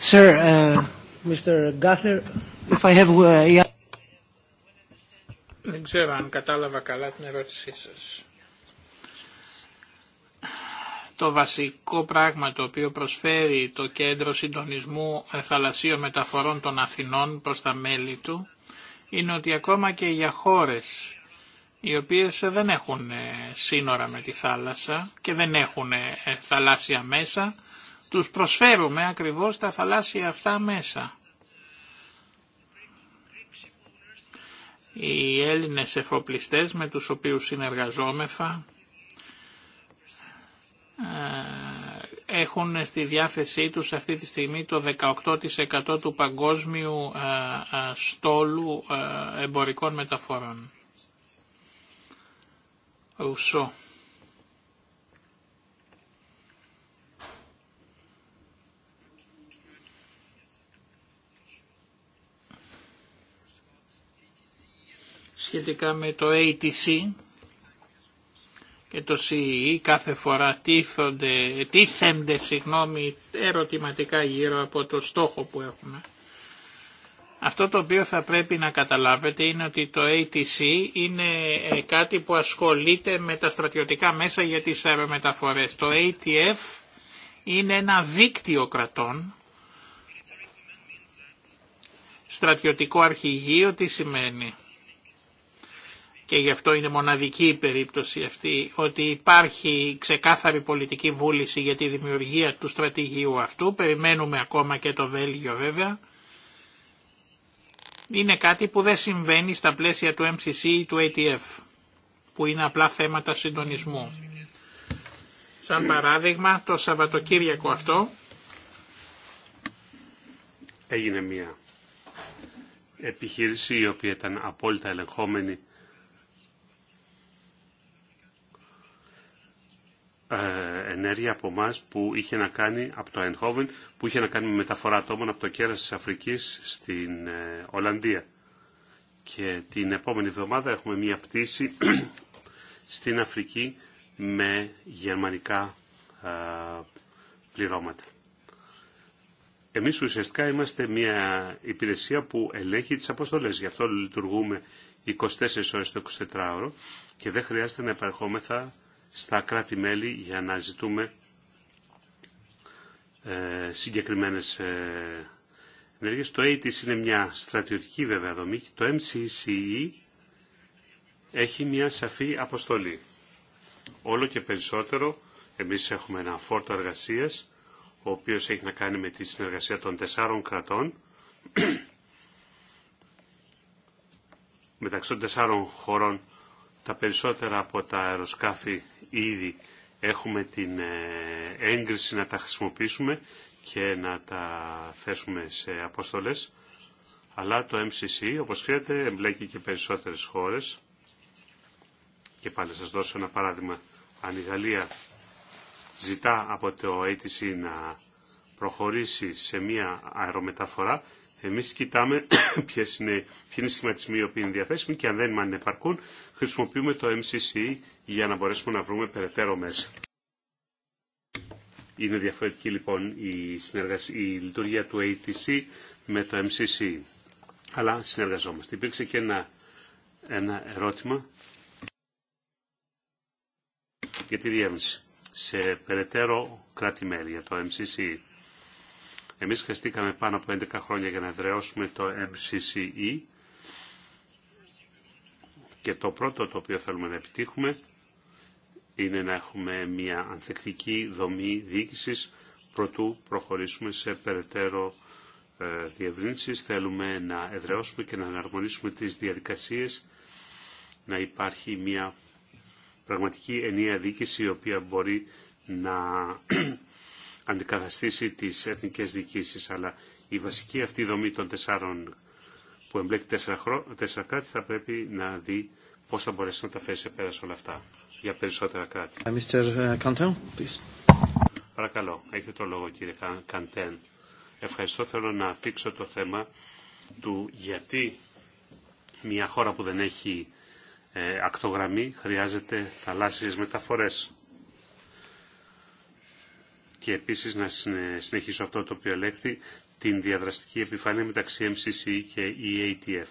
Sir, uh, Mr. if I have... Uh, Δεν ξέρω αν κατάλαβα καλά την ερώτησή σας. Το βασικό πράγμα το οποίο προσφέρει το Κέντρο Συντονισμού ε, Θαλασσίων Μεταφορών των Αθηνών προς τα μέλη του είναι ότι ακόμα και για χώρες οι οποίες ε, δεν έχουν ε, σύνορα με τη θάλασσα και δεν έχουν ε, θαλάσσια μέσα, τους προσφέρουμε ακριβώς τα θαλάσσια αυτά μέσα. Οι Έλληνες εφοπλιστές με τους οποίους συνεργαζόμεθα έχουν στη διάθεσή τους αυτή τη στιγμή το 18% του παγκόσμιου στόλου εμπορικών μεταφορών. Oh, Σχετικά με το ATC και το CEE κάθε φορά τίθονται, τίθενται συγγνώμη, ερωτηματικά γύρω από το στόχο που έχουμε. Αυτό το οποίο θα πρέπει να καταλάβετε είναι ότι το ATC είναι ε, κάτι που ασχολείται με τα στρατιωτικά μέσα για τις αερομεταφορές. Το ATF είναι ένα δίκτυο κρατών, στρατιωτικό αρχηγείο τι σημαίνει. Και γι' αυτό είναι μοναδική η περίπτωση αυτή, ότι υπάρχει ξεκάθαρη πολιτική βούληση για τη δημιουργία του στρατηγίου αυτού, περιμένουμε ακόμα και το Βέλγιο βέβαια, είναι κάτι που δεν συμβαίνει στα πλαίσια του MCC ή του ATF, που είναι απλά θέματα συντονισμού. Σαν παράδειγμα, το Σαββατοκύριακο αυτό έγινε μια επιχείρηση η οποία ήταν απόλυτα ελεγχόμενη Ε, ενέργεια από εμά που είχε να κάνει από το Eindhoven που είχε να κάνει με μεταφορά ατόμων από το κέρας της Αφρικής στην ε, Ολλανδία. Και την επόμενη εβδομάδα έχουμε μία πτήση στην Αφρική με γερμανικά ε, πληρώματα. Εμείς ουσιαστικά είμαστε μια υπηρεσία που ελέγχει τις αποστολές. Γι' αυτό λειτουργούμε 24 ώρες το 24ωρο και δεν χρειάζεται να επαρχόμεθα στα κράτη-μέλη για να ζητούμε ε, συγκεκριμένες ε, ενέργειες. Το ATIS είναι μια στρατιωτική βέβαια δομή και το MCCE έχει μια σαφή αποστολή. Όλο και περισσότερο εμείς έχουμε ένα φόρτο εργασίας ο οποίος έχει να κάνει με τη συνεργασία των τεσσάρων κρατών μεταξύ των τεσσάρων χωρών τα περισσότερα από τα αεροσκάφη ήδη έχουμε την ε, έγκριση να τα χρησιμοποιήσουμε και να τα θέσουμε σε αποστολές. Αλλά το MCC, όπως ξέρετε, εμπλέκει και περισσότερες χώρες. Και πάλι σας δώσω ένα παράδειγμα. Αν η Γαλλία ζητά από το ATC να προχωρήσει σε μία αερομεταφορά, εμείς κοιτάμε ποιες είναι, ποιοι είναι οι σχηματισμοί οι οποίοι είναι διαθέσιμοι και αν δεν είναι επαρκούν χρησιμοποιούμε το MCC για να μπορέσουμε να βρούμε περαιτέρω μέσα. Είναι διαφορετική λοιπόν η, λειτουργία του ATC με το MCC. Αλλά συνεργαζόμαστε. Υπήρξε και ένα, ερώτημα για τη διεύνηση σε περαιτέρω κράτη-μέλη για το MCC. Εμείς χρειαστήκαμε πάνω από 11 χρόνια για να εδραιώσουμε το MCCE και το πρώτο το οποίο θέλουμε να επιτύχουμε είναι να έχουμε μια ανθεκτική δομή διοίκησης προτού προχωρήσουμε σε περαιτέρω ε, διευρύνσεις. Θέλουμε να εδραιώσουμε και να αναρμονίσουμε τις διαδικασίες να υπάρχει μια πραγματική ενιαία διοίκηση η οποία μπορεί να αντικαταστήσει τις εθνικέ διοικήσει, Αλλά η βασική αυτή δομή των τεσσάρων που εμπλέκει τέσσερα, χρό... τέσσερα κράτη θα πρέπει να δει πώς θα μπορέσει να τα φέρει σε πέρα όλα αυτά για περισσότερα κράτη. Ε, Mr. Ε, Παρακαλώ, έχετε το λόγο κύριε Καντέν. Ευχαριστώ, θέλω να θίξω το θέμα του γιατί μια χώρα που δεν έχει ε, ακτογραμμή χρειάζεται θαλάσσιες μεταφορές και επίσης να συνεχίσω αυτό το οποίο ελέγχθη, την διαδραστική επιφάνεια μεταξύ MCC και EATF.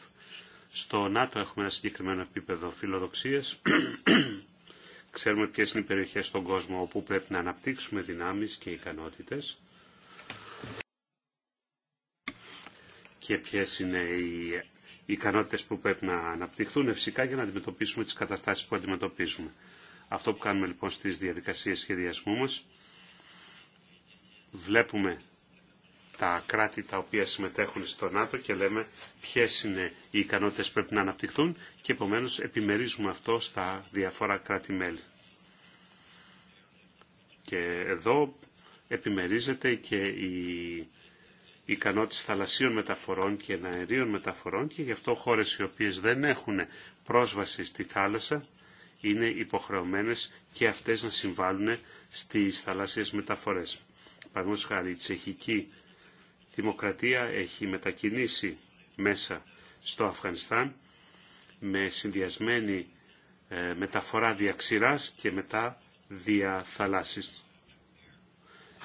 Στο ΝΑΤΟ έχουμε ένα συγκεκριμένο επίπεδο φιλοδοξίας. Ξέρουμε ποιες είναι οι περιοχές στον κόσμο όπου πρέπει να αναπτύξουμε δυνάμεις και ικανότητες. Και ποιες είναι οι ικανότητες που πρέπει να αναπτυχθούν φυσικά για να αντιμετωπίσουμε τις καταστάσεις που αντιμετωπίζουμε. Αυτό που κάνουμε λοιπόν στις διαδικασίες σχεδιασμού μας βλέπουμε τα κράτη τα οποία συμμετέχουν στο ΝΑΤΟ και λέμε ποιες είναι οι ικανότητες που πρέπει να αναπτυχθούν και επομένως επιμερίζουμε αυτό στα διάφορα κράτη-μέλη. Και εδώ επιμερίζεται και η ικανότητα θαλασσίων μεταφορών και αερίων μεταφορών και γι' αυτό χώρες οι οποίες δεν έχουν πρόσβαση στη θάλασσα είναι υποχρεωμένες και αυτές να συμβάλλουν στις θαλασσίες μεταφορές. Παραδείγματος χάρη η τσεχική δημοκρατία έχει μετακινήσει μέσα στο Αφγανιστάν με συνδυασμένη ε, μεταφορά διαξηράς και μετά δια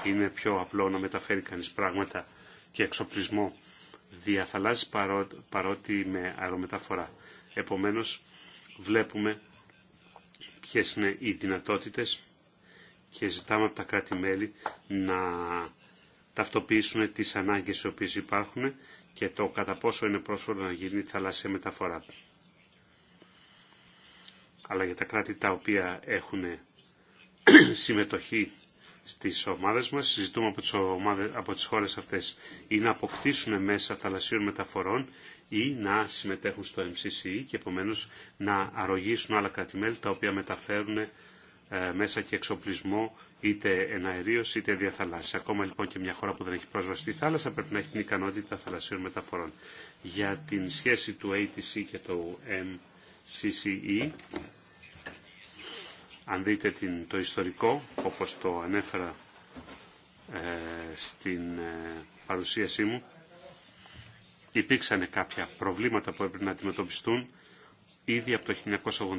Είναι πιο απλό να μεταφέρει κανείς πράγματα και εξοπλισμό δια θαλάσσης παρότι με αερομεταφορά. Επομένως βλέπουμε ποιες είναι οι δυνατότητες και ζητάμε από τα κράτη-μέλη να ταυτοποιήσουν τις ανάγκες οι οποίες υπάρχουν και το κατά πόσο είναι πρόσφορο να γίνει θαλάσσια μεταφορά. Αλλά για τα κράτη τα οποία έχουν συμμετοχή στις ομάδες μας, συζητούμε από τις, ομάδες, από τις χώρες αυτές ή να αποκτήσουν μέσα θαλασσίων μεταφορών ή να συμμετέχουν στο MCC e και επομένως να αρρωγήσουν άλλα κράτη-μέλη τα οποία μεταφέρουν ε, μέσα και εξοπλισμό είτε εναερίω είτε διαθαλάσσια. Ακόμα λοιπόν και μια χώρα που δεν έχει πρόσβαση στη θάλασσα πρέπει να έχει την ικανότητα θαλασσίων μεταφορών. Για την σχέση του ATC και του MCCE, αν δείτε το ιστορικό, όπως το ανέφερα ε, στην ε, παρουσίασή μου, υπήρξαν κάποια προβλήματα που έπρεπε να αντιμετωπιστούν Ήδη από το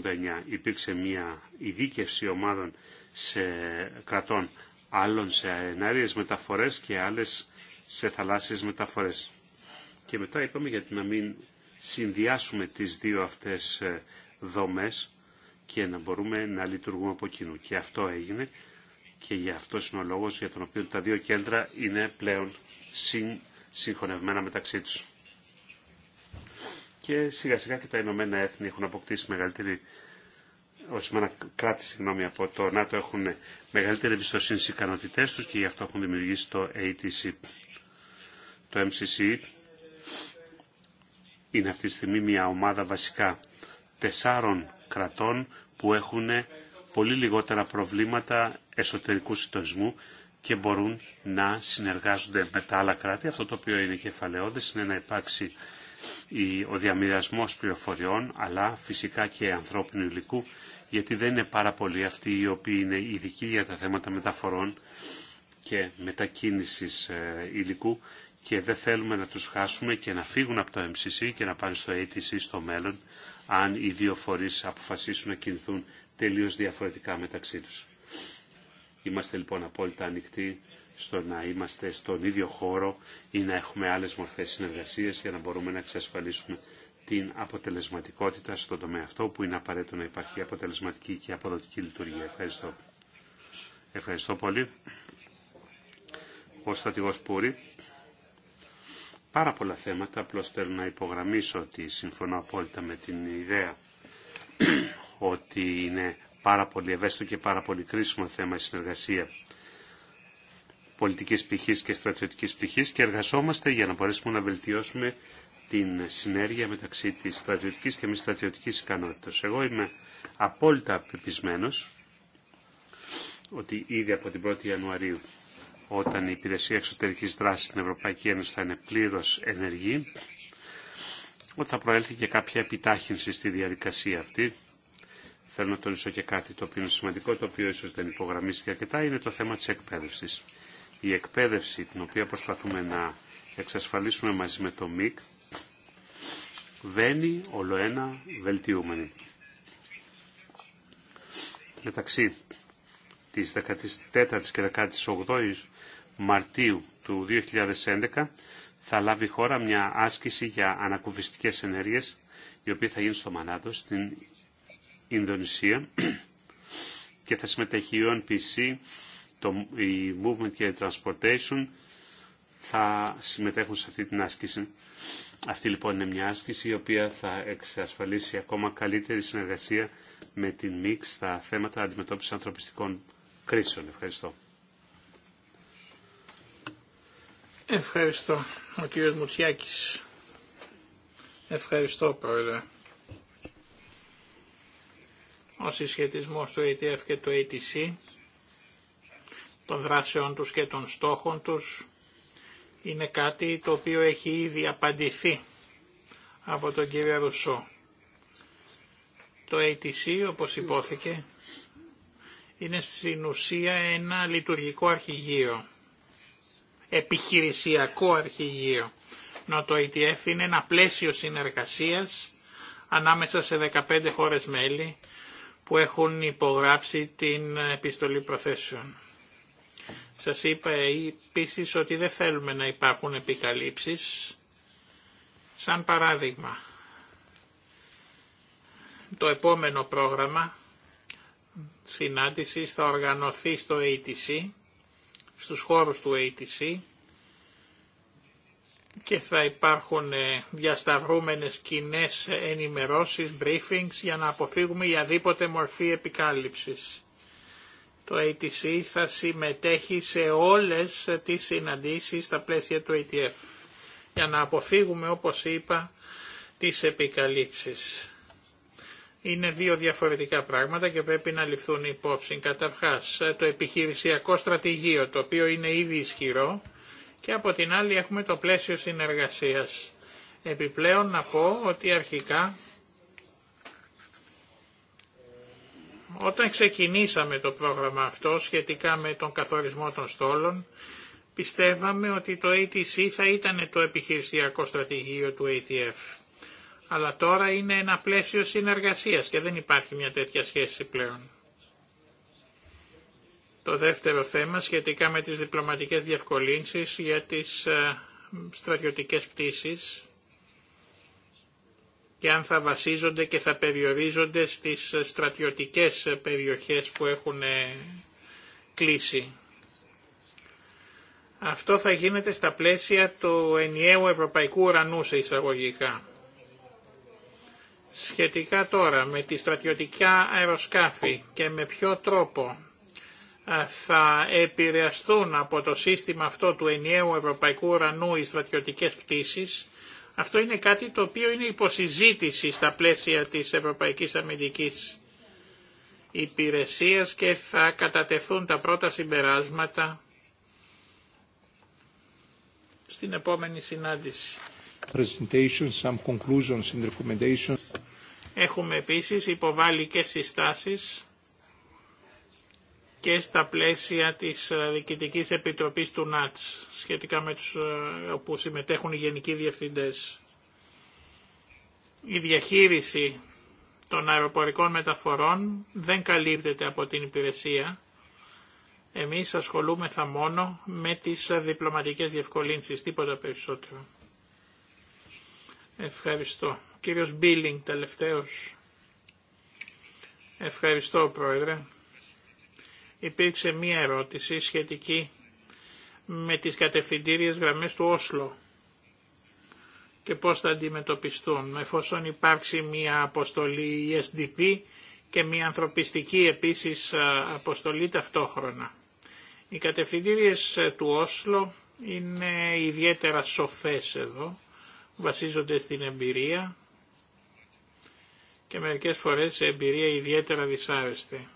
1989 υπήρξε μια ειδίκευση ομάδων σε κρατών άλλων σε αενάριες μεταφορές και άλλες σε θαλάσσιες μεταφορές. Και μετά είπαμε γιατί να μην συνδυάσουμε τις δύο αυτές ε, δομές και να μπορούμε να λειτουργούμε από κοινού. Και αυτό έγινε και γι' αυτό είναι ο λόγος για τον οποίο τα δύο κέντρα είναι πλέον συν, συγχωνευμένα μεταξύ τους και σιγά σιγά και τα Ηνωμένα Έθνη έχουν αποκτήσει μεγαλύτερη ορισμένα κράτη συγγνώμη, από το ΝΑΤΟ έχουν μεγαλύτερη εμπιστοσύνη στι ικανότητέ του και γι' αυτό έχουν δημιουργήσει το ATC. Το MCC είναι αυτή τη στιγμή μια ομάδα βασικά τεσσάρων κρατών που έχουν πολύ λιγότερα προβλήματα εσωτερικού συντονισμού και μπορούν να συνεργάζονται με τα άλλα κράτη. Αυτό το οποίο είναι κεφαλαιόδες είναι να υπάρξει ο διαμοιρασμός πληροφοριών, αλλά φυσικά και ανθρώπινου υλικού, γιατί δεν είναι πάρα πολλοί αυτοί οι οποίοι είναι ειδικοί για τα θέματα μεταφορών και μετακίνησης ε, υλικού και δεν θέλουμε να τους χάσουμε και να φύγουν από το MCC και να πάνε στο ATC στο μέλλον, αν οι δύο φορείς αποφασίσουν να κινηθούν τελείως διαφορετικά μεταξύ τους. Είμαστε λοιπόν απόλυτα ανοιχτοί στο να είμαστε στον ίδιο χώρο ή να έχουμε άλλες μορφές συνεργασίας για να μπορούμε να εξασφαλίσουμε την αποτελεσματικότητα στον τομέα αυτό που είναι απαραίτητο να υπάρχει αποτελεσματική και αποδοτική λειτουργία. Ευχαριστώ. Ευχαριστώ πολύ. Ο στρατηγός Πούρη. Πάρα πολλά θέματα, απλώς θέλω να υπογραμμίσω ότι συμφωνώ απόλυτα με την ιδέα ότι είναι πάρα πολύ ευαίσθητο και πάρα πολύ κρίσιμο θέμα η συνεργασία Πολιτική πτυχή και στρατιωτική πτυχή και εργαζόμαστε για να μπορέσουμε να βελτιώσουμε την συνέργεια μεταξύ τη στρατιωτική και μη στρατιωτική ικανότητα. Εγώ είμαι απόλυτα πεπισμένος ότι ήδη από την 1η Ιανουαρίου όταν η υπηρεσία εξωτερικής δράση στην Ευρωπαϊκή Ένωση θα είναι πλήρω ενεργή, ότι θα προέλθει και κάποια επιτάχυνση στη διαδικασία αυτή. Θέλω να τονίσω και κάτι το οποίο είναι σημαντικό, το οποίο ίσω δεν υπογραμμίστηκε αρκετά, είναι το θέμα τη εκπαίδευση η εκπαίδευση την οποία προσπαθούμε να εξασφαλίσουμε μαζί με το ΜΙΚ βαίνει όλο ένα βελτιούμενη. Μεταξύ της 14ης και 18ης Μαρτίου του 2011 θα λάβει η χώρα μια άσκηση για ανακουβιστικές ενέργειες η οποία θα γίνει στο Μανάτο στην Ινδονησία και θα συμμετέχει η UNPC, το, η Movement και η Transportation θα συμμετέχουν σε αυτή την άσκηση. Αυτή λοιπόν είναι μια άσκηση η οποία θα εξασφαλίσει ακόμα καλύτερη συνεργασία με την ΜΙΚ στα θέματα αντιμετώπισης ανθρωπιστικών κρίσεων. Ευχαριστώ. Ευχαριστώ. Ο κύριος Μουτσιάκης. Ευχαριστώ πρόεδρε. Ο συσχετισμός του ATF και του ATC των δράσεών τους και των στόχων τους είναι κάτι το οποίο έχει ήδη απαντηθεί από τον κύριο Ρουσό. Το ATC, όπως υπόθηκε, είναι στην ουσία ένα λειτουργικό αρχηγείο, επιχειρησιακό αρχηγείο, ενώ το ATF είναι ένα πλαίσιο συνεργασίας ανάμεσα σε 15 χώρες μέλη που έχουν υπογράψει την επιστολή προθέσεων. Σας είπα επίση ότι δεν θέλουμε να υπάρχουν επικαλύψεις. Σαν παράδειγμα, το επόμενο πρόγραμμα συνάντησης θα οργανωθεί στο ATC, στους χώρους του ATC και θα υπάρχουν ε, διασταυρούμενες κοινέ ενημερώσεις, briefings για να αποφύγουμε οποιαδήποτε μορφή επικάλυψης. Το ATC θα συμμετέχει σε όλες τις συναντήσεις στα πλαίσια του ATF για να αποφύγουμε όπως είπα τις επικαλύψεις. Είναι δύο διαφορετικά πράγματα και πρέπει να ληφθούν υπόψη. Καταρχάς το επιχειρησιακό στρατηγείο το οποίο είναι ήδη ισχυρό και από την άλλη έχουμε το πλαίσιο συνεργασίας. Επιπλέον να πω ότι αρχικά Όταν ξεκινήσαμε το πρόγραμμα αυτό σχετικά με τον καθορισμό των στόλων, πιστεύαμε ότι το ATC θα ήταν το επιχειρησιακό στρατηγείο του ATF. Αλλά τώρα είναι ένα πλαίσιο συνεργασίας και δεν υπάρχει μια τέτοια σχέση πλέον. Το δεύτερο θέμα σχετικά με τις διπλωματικές διευκολύνσεις για τις ε, στρατιωτικές πτήσεις και αν θα βασίζονται και θα περιορίζονται στις στρατιωτικές περιοχές που έχουν ε, κλείσει. Αυτό θα γίνεται στα πλαίσια του ενιαίου ευρωπαϊκού ουρανού σε εισαγωγικά. Σχετικά τώρα με τη στρατιωτικά αεροσκάφη και με ποιο τρόπο ε, θα επηρεαστούν από το σύστημα αυτό του ενιαίου ευρωπαϊκού ουρανού οι στρατιωτικές πτήσεις, αυτό είναι κάτι το οποίο είναι υποσυζήτηση στα πλαίσια της Ευρωπαϊκής Αμυντικής Υπηρεσίας και θα κατατεθούν τα πρώτα συμπεράσματα στην επόμενη συνάντηση. Έχουμε επίσης υποβάλει και συστάσεις και στα πλαίσια της ε, Διοικητικής Επιτροπής του ΝΑΤΣ, σχετικά με τους, ε, όπου συμμετέχουν οι γενικοί διευθυντές. Η διαχείριση των αεροπορικών μεταφορών δεν καλύπτεται από την υπηρεσία. Εμείς ασχολούμεθα μόνο με τις ε, διπλωματικές διευκολύνσεις, τίποτα περισσότερο. Ευχαριστώ. Κύριος Μπίλινγκ τελευταίος. Ευχαριστώ Πρόεδρε υπήρξε μία ερώτηση σχετική με τις κατευθυντήριες γραμμές του Όσλο και πώς θα αντιμετωπιστούν εφόσον υπάρξει μία αποστολή e SDP και μία ανθρωπιστική επίσης αποστολή ταυτόχρονα. Οι κατευθυντήριες ε, του Όσλο είναι ιδιαίτερα σοφές εδώ, βασίζονται στην εμπειρία και μερικές φορές εμπειρία ιδιαίτερα δυσάρεστη.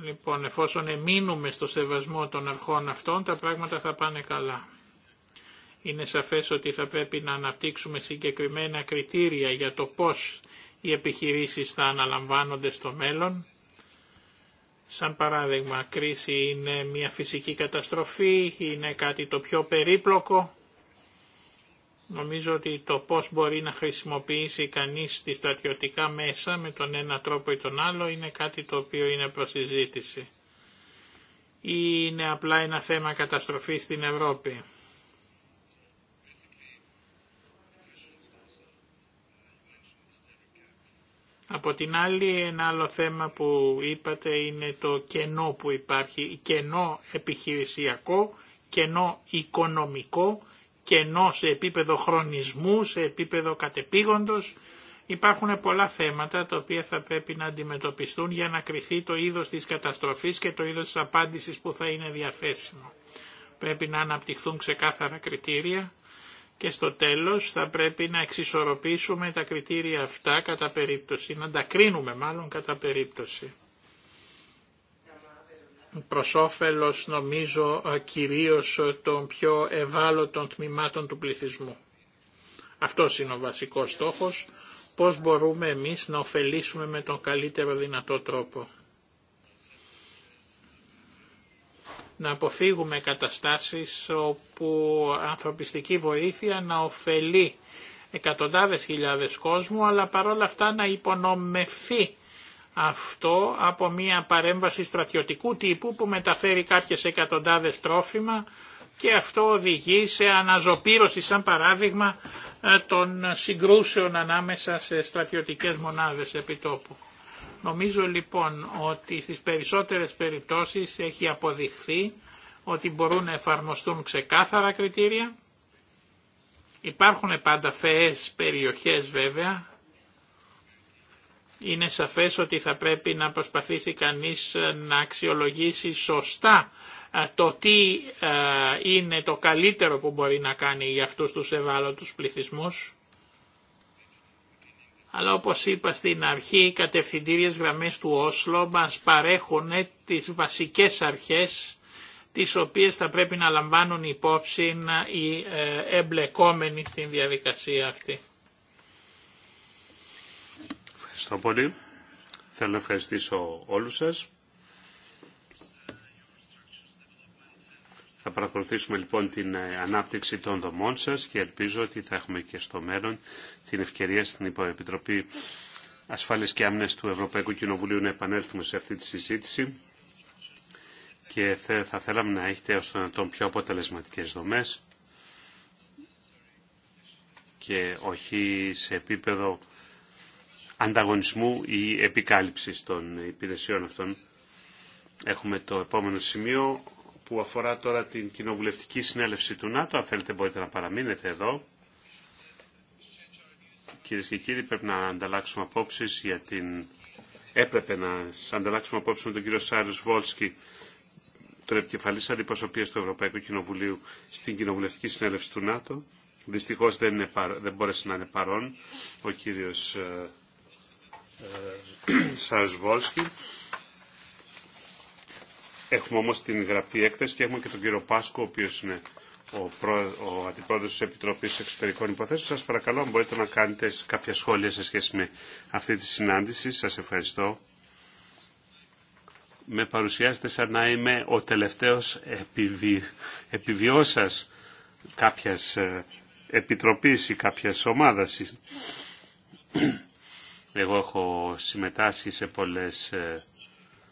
Λοιπόν, εφόσον εμείνουμε στο σεβασμό των αρχών αυτών, τα πράγματα θα πάνε καλά. Είναι σαφές ότι θα πρέπει να αναπτύξουμε συγκεκριμένα κριτήρια για το πώς οι επιχειρήσεις θα αναλαμβάνονται στο μέλλον. Σαν παράδειγμα, κρίση είναι μια φυσική καταστροφή, είναι κάτι το πιο περίπλοκο Νομίζω ότι το πώς μπορεί να χρησιμοποιήσει κανείς τη στρατιωτικά μέσα με τον ένα τρόπο ή τον άλλο είναι κάτι το οποίο είναι προσυζήτηση. Ή είναι απλά ένα θέμα καταστροφής στην Ευρώπη. Από την άλλη ένα άλλο θέμα που είπατε είναι το κενό που υπάρχει, κενό επιχειρησιακό, κενό οικονομικό κενό σε επίπεδο χρονισμού, σε επίπεδο κατεπήγοντος. Υπάρχουν πολλά θέματα τα οποία θα πρέπει να αντιμετωπιστούν για να κριθεί το είδος της καταστροφής και το είδος της απάντησης που θα είναι διαθέσιμο. Πρέπει να αναπτυχθούν ξεκάθαρα κριτήρια και στο τέλος θα πρέπει να εξισορροπήσουμε τα κριτήρια αυτά κατά περίπτωση, να τα κρίνουμε μάλλον κατά περίπτωση προς όφελος νομίζω ε, κυρίως ε, των πιο ευάλωτων τμήματων του πληθυσμού. Αυτό είναι ο βασικός στόχος, πώς μπορούμε εμείς να ωφελήσουμε με τον καλύτερο δυνατό τρόπο. Να αποφύγουμε καταστάσεις όπου ανθρωπιστική βοήθεια να ωφελεί εκατοντάδες χιλιάδες κόσμου, αλλά παρόλα αυτά να υπονομευθεί αυτό από μια παρέμβαση στρατιωτικού τύπου που μεταφέρει κάποιες εκατοντάδες τρόφιμα και αυτό οδηγεί σε αναζωπήρωση σαν παράδειγμα ε, των συγκρούσεων ανάμεσα σε στρατιωτικές μονάδες επιτόπου. Νομίζω λοιπόν ότι στις περισσότερες περιπτώσεις έχει αποδειχθεί ότι μπορούν να εφαρμοστούν ξεκάθαρα κριτήρια. Υπάρχουν πάντα φαιές περιοχές βέβαια, είναι σαφές ότι θα πρέπει να προσπαθήσει κανείς ε, να αξιολογήσει σωστά ε, το τι ε, είναι το καλύτερο που μπορεί να κάνει για αυτούς τους ευάλωτους πληθυσμούς. Αλλά όπως είπα στην αρχή, οι κατευθυντήριες γραμμές του Όσλο μας παρέχουν τις βασικές αρχές τις οποίες θα πρέπει να λαμβάνουν υπόψη οι εμπλεκόμενοι στην διαδικασία αυτή. Ευχαριστώ πολύ. Θέλω να ευχαριστήσω όλους σας. Θα παρακολουθήσουμε λοιπόν την ε, ανάπτυξη των δομών σας και ελπίζω ότι θα έχουμε και στο μέλλον την ευκαιρία στην Υποεπιτροπή Ασφάλειας και Άμυνας του Ευρωπαϊκού Κοινοβουλίου να επανέλθουμε σε αυτή τη συζήτηση και θα θέλαμε να έχετε ως τον πιο αποτελεσματικές δομές και όχι σε επίπεδο ανταγωνισμού ή επικάλυψης των υπηρεσιών αυτών. Έχουμε το επόμενο σημείο που αφορά τώρα την κοινοβουλευτική συνέλευση του ΝΑΤΟ. Αν θέλετε μπορείτε να παραμείνετε εδώ. Κυρίε και κύριοι, πρέπει να ανταλλάξουμε απόψει για την... Έπρεπε να ανταλλάξουμε απόψει με τον κύριο Σάριου Βόλσκι, τον επικεφαλή αντιπροσωπεία του Ευρωπαϊκού Κοινοβουλίου στην κοινοβουλευτική συνέλευση του ΝΑΤΟ. Δυστυχώ δεν, είναι, δεν μπόρεσε να είναι παρόν ο κύριο. Ε, ε, Σαρσβόλσκι. Έχουμε όμως την γραπτή έκθεση και έχουμε και τον κύριο Πάσκο, ο οποίος είναι ο, προ, ο αντιπρόεδρος της Επιτροπής Εξωτερικών Υποθέσεων. Σας παρακαλώ, αν μπορείτε να κάνετε κάποια σχόλια σε σχέση με αυτή τη συνάντηση. Σας ευχαριστώ. Με παρουσιάζετε σαν να είμαι ο τελευταίος επιβι... επιβιώσας κάποιας ε, επιτροπής ή κάποιας ομάδας εγώ έχω συμμετάσχει σε πολλές ε,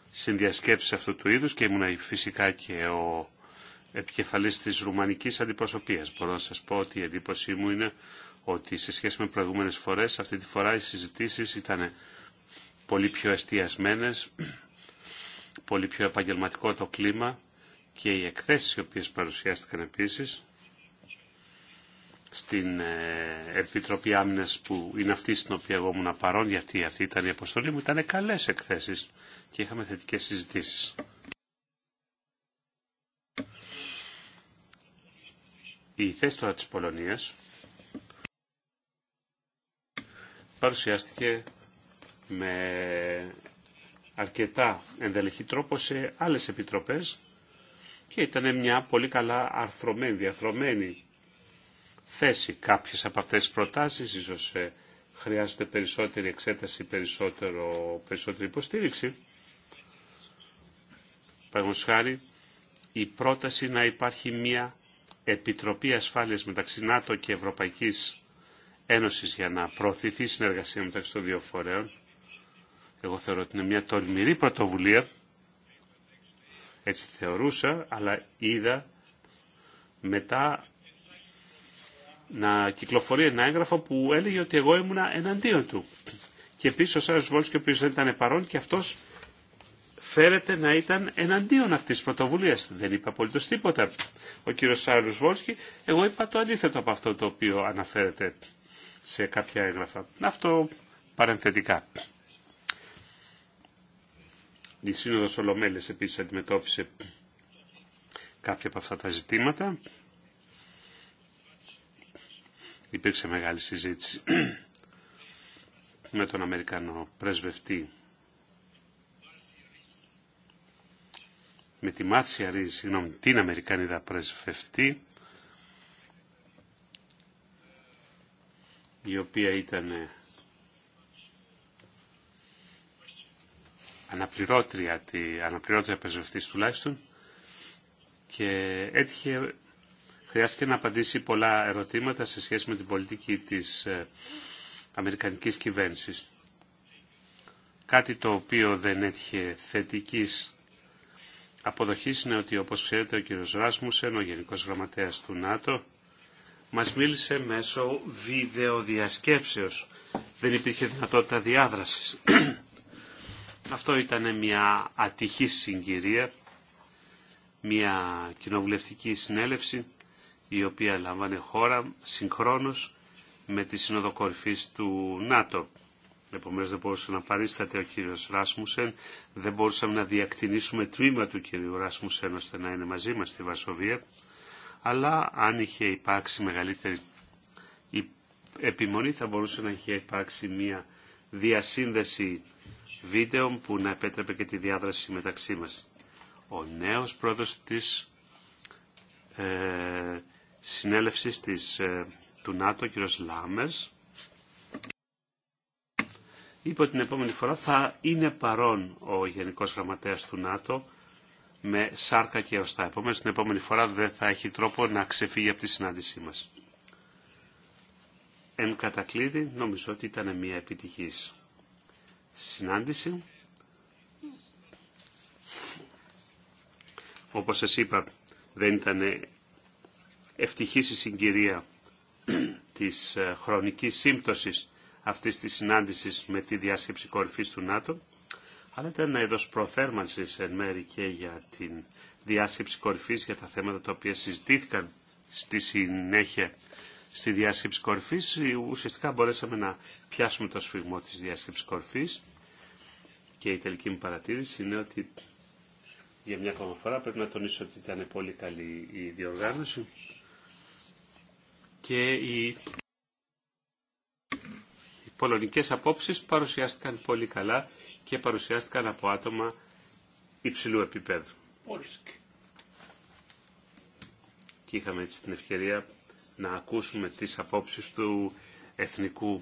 συνδιασκέψεις αυτού του είδους και ήμουν φυσικά και ο επικεφαλής της ρουμανικής αντιπροσωπείας. Μπορώ να σας πω ότι η εντύπωσή μου είναι ότι σε σχέση με προηγούμενες φορές αυτή τη φορά οι συζητήσεις ήταν πολύ πιο εστιασμένες, πολύ πιο επαγγελματικό το κλίμα και οι εκθέσεις οι οποίες παρουσιάστηκαν επίσης στην ε, Επιτροπή Άμυνας που είναι αυτή στην οποία εγώ ήμουν παρόν, γιατί αυτή ήταν η αποστολή μου, ήταν καλές εκθέσεις και είχαμε θετικές συζητήσεις. Η θέση τώρα της Πολωνίας παρουσιάστηκε με αρκετά ενδελεχή τρόπο σε άλλες επιτροπές και ήταν μια πολύ καλά αρθρωμένη, διαθρωμένη θέση. Κάποιες από αυτές τις προτάσεις ίσως ε, χρειάζεται περισσότερη εξέταση, περισσότερο, περισσότερη υποστήριξη. χάρη η πρόταση να υπάρχει μια Επιτροπή Ασφάλειας μεταξύ ΝΑΤΟ και Ευρωπαϊκής Ένωσης για να προωθηθεί η συνεργασία μεταξύ των δύο φορέων. Εγώ θεωρώ ότι είναι μια τολμηρή πρωτοβουλία. Έτσι θεωρούσα, αλλά είδα μετά να κυκλοφορεί ένα έγγραφο που έλεγε ότι εγώ ήμουνα εναντίον του. Και επίση ο Σάρο Βόλσκι, ο οποίο δεν ήταν παρόν και αυτό φέρεται να ήταν εναντίον αυτή τη πρωτοβουλία. Δεν είπε απολύτω τίποτα. Ο κύριο Σάρο Βόλσκι, εγώ είπα το αντίθετο από αυτό το οποίο αναφέρεται σε κάποια έγγραφα. Αυτό παρενθετικά. Η Σύνοδος Ολομέλης επίσης αντιμετώπισε κάποια από αυτά τα ζητήματα υπήρξε μεγάλη συζήτηση με τον Αμερικανό πρεσβευτή με τη Μάτσια Ρίζ, συγγνώμη, την Αμερικανίδα πρεσβευτή η οποία ήταν αναπληρώτρια, αναπληρώτρια πρεσβευτής τουλάχιστον και έτυχε χρειάστηκε να απαντήσει πολλά ερωτήματα σε σχέση με την πολιτική της ε, Αμερικανικής κυβέρνησης. Κάτι το οποίο δεν έτυχε θετικής αποδοχής είναι ότι όπως ξέρετε ο κ. Ράσμουσεν, ο Γενικός Γραμματέας του ΝΑΤΟ, μας μίλησε μέσω βιδεοδιασκέψεως. Δεν υπήρχε δυνατότητα διάδρασης. Αυτό ήταν μια ατυχή συγκυρία, μια κοινοβουλευτική συνέλευση η οποία λάμβανε χώρα συγχρόνως με τη Σύνοδο Κορυφής του ΝΑΤΟ. Επομένως δεν μπορούσε να παρίσταται ο κύριος Ράσμουσεν, δεν μπορούσαμε να διακτηνήσουμε τμήμα του κύριου Ράσμουσεν ώστε να είναι μαζί μας στη Βασοβία, αλλά αν είχε υπάρξει μεγαλύτερη επιμονή θα μπορούσε να είχε υπάρξει μια διασύνδεση βίντεο που να επέτρεπε και τη διάδραση μεταξύ μας. Ο νέος πρόεδρος της ε, συνέλευσης της, ε, του ΝΑΤΟ, κ. Λάμερς, είπε ότι την επόμενη φορά θα είναι παρόν ο Γενικός Γραμματέας του ΝΑΤΟ με σάρκα και οστά. Επομένως την επόμενη φορά δεν θα έχει τρόπο να ξεφύγει από τη συνάντησή μας. Εν κατακλείδη νομίζω ότι ήταν μια επιτυχής συνάντηση. Όπως σας είπα δεν ήταν ευτυχής η συγκυρία της ε, χρονικής σύμπτωσης αυτής της συνάντησης με τη διάσκεψη κορυφής του ΝΑΤΟ, αλλά ήταν ένα είδος προθέρμανσης εν μέρη και για τη διάσκεψη κορυφής για τα θέματα τα οποία συζητήθηκαν στη συνέχεια στη διάσκεψη κορυφής. Ε, ουσιαστικά μπορέσαμε να πιάσουμε το σφιγμό της διάσκεψης κορυφής και η τελική μου παρατήρηση είναι ότι για μια ακόμα φορά πρέπει να τονίσω ότι ήταν πολύ καλή η διοργάνωση και οι πολωνικές απόψεις παρουσιάστηκαν πολύ καλά και παρουσιάστηκαν από άτομα υψηλού επίπεδου. Και είχαμε έτσι την ευκαιρία να ακούσουμε τις απόψεις του Εθνικού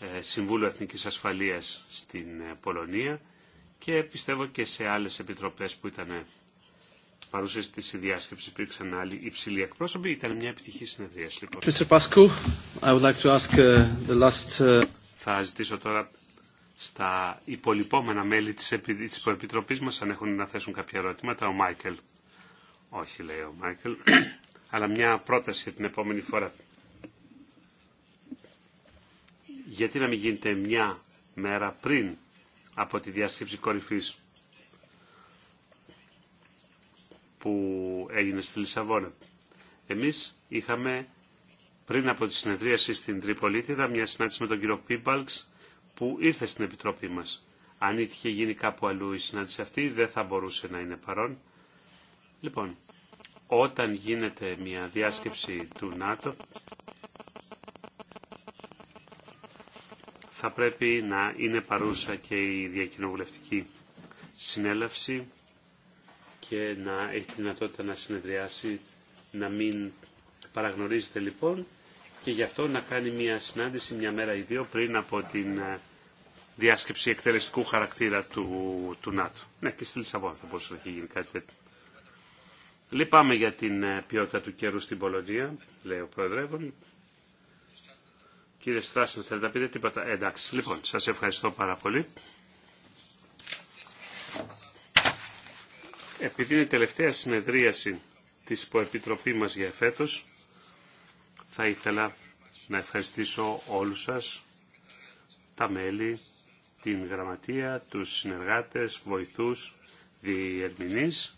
ε, Συμβούλου Εθνικής Ασφαλείας στην ε, Πολωνία και πιστεύω και σε άλλες επιτροπές που ήταν παρουσίαση τη συνδιάσκεψη υπήρξαν άλλοι υψηλοί εκπρόσωποι. Ήταν μια επιτυχή συνεδρία λοιπόν. Mr. Pascu, I would like to ask uh, the last... Uh, Θα ζητήσω τώρα στα υπολοιπόμενα μέλη της, Επι... Επιτροπής μας αν έχουν να θέσουν κάποια ερώτηματα. Ο Μάικελ. Όχι λέει ο Μάικελ. Αλλά μια πρόταση την επόμενη φορά. Γιατί να μην γίνεται μια μέρα πριν από τη διάσκεψη κορυφής που έγινε στη Λισαβόνα. Εμείς είχαμε πριν από τη συνεδρίαση στην Τριπολίτιδα μια συνάντηση με τον κύριο Πίμπαλξ που ήρθε στην Επιτροπή μας. Αν είχε γίνει κάπου αλλού η συνάντηση αυτή δεν θα μπορούσε να είναι παρόν. Λοιπόν, όταν γίνεται μια διάσκεψη του ΝΑΤΟ θα πρέπει να είναι παρούσα και η διακοινοβουλευτική συνέλευση και να έχει τη δυνατότητα να συνεδριάσει, να μην παραγνωρίζεται λοιπόν και γι' αυτό να κάνει μια συνάντηση μια μέρα ή δύο πριν από την ε, διάσκεψη εκτελεστικού χαρακτήρα του, ΝΑΤΟ. Ναι, και στη Λισαβόνα θα μπορούσε να έχει γίνει κάτι τέτοιο. Λυπάμαι για την ε, ποιότητα του καιρού στην Πολωνία, λέει ο Προεδρεύων. Κύριε Στράσεν, θέλετε να πείτε τίποτα. Ε, εντάξει, λοιπόν, σας ευχαριστώ πάρα πολύ. Επειδή είναι η τελευταία συνεδρίαση της υποεπιτροπή μας για φέτος, θα ήθελα να ευχαριστήσω όλους σας, τα μέλη, την γραμματεία, τους συνεργάτες, βοηθούς, διερμηνείς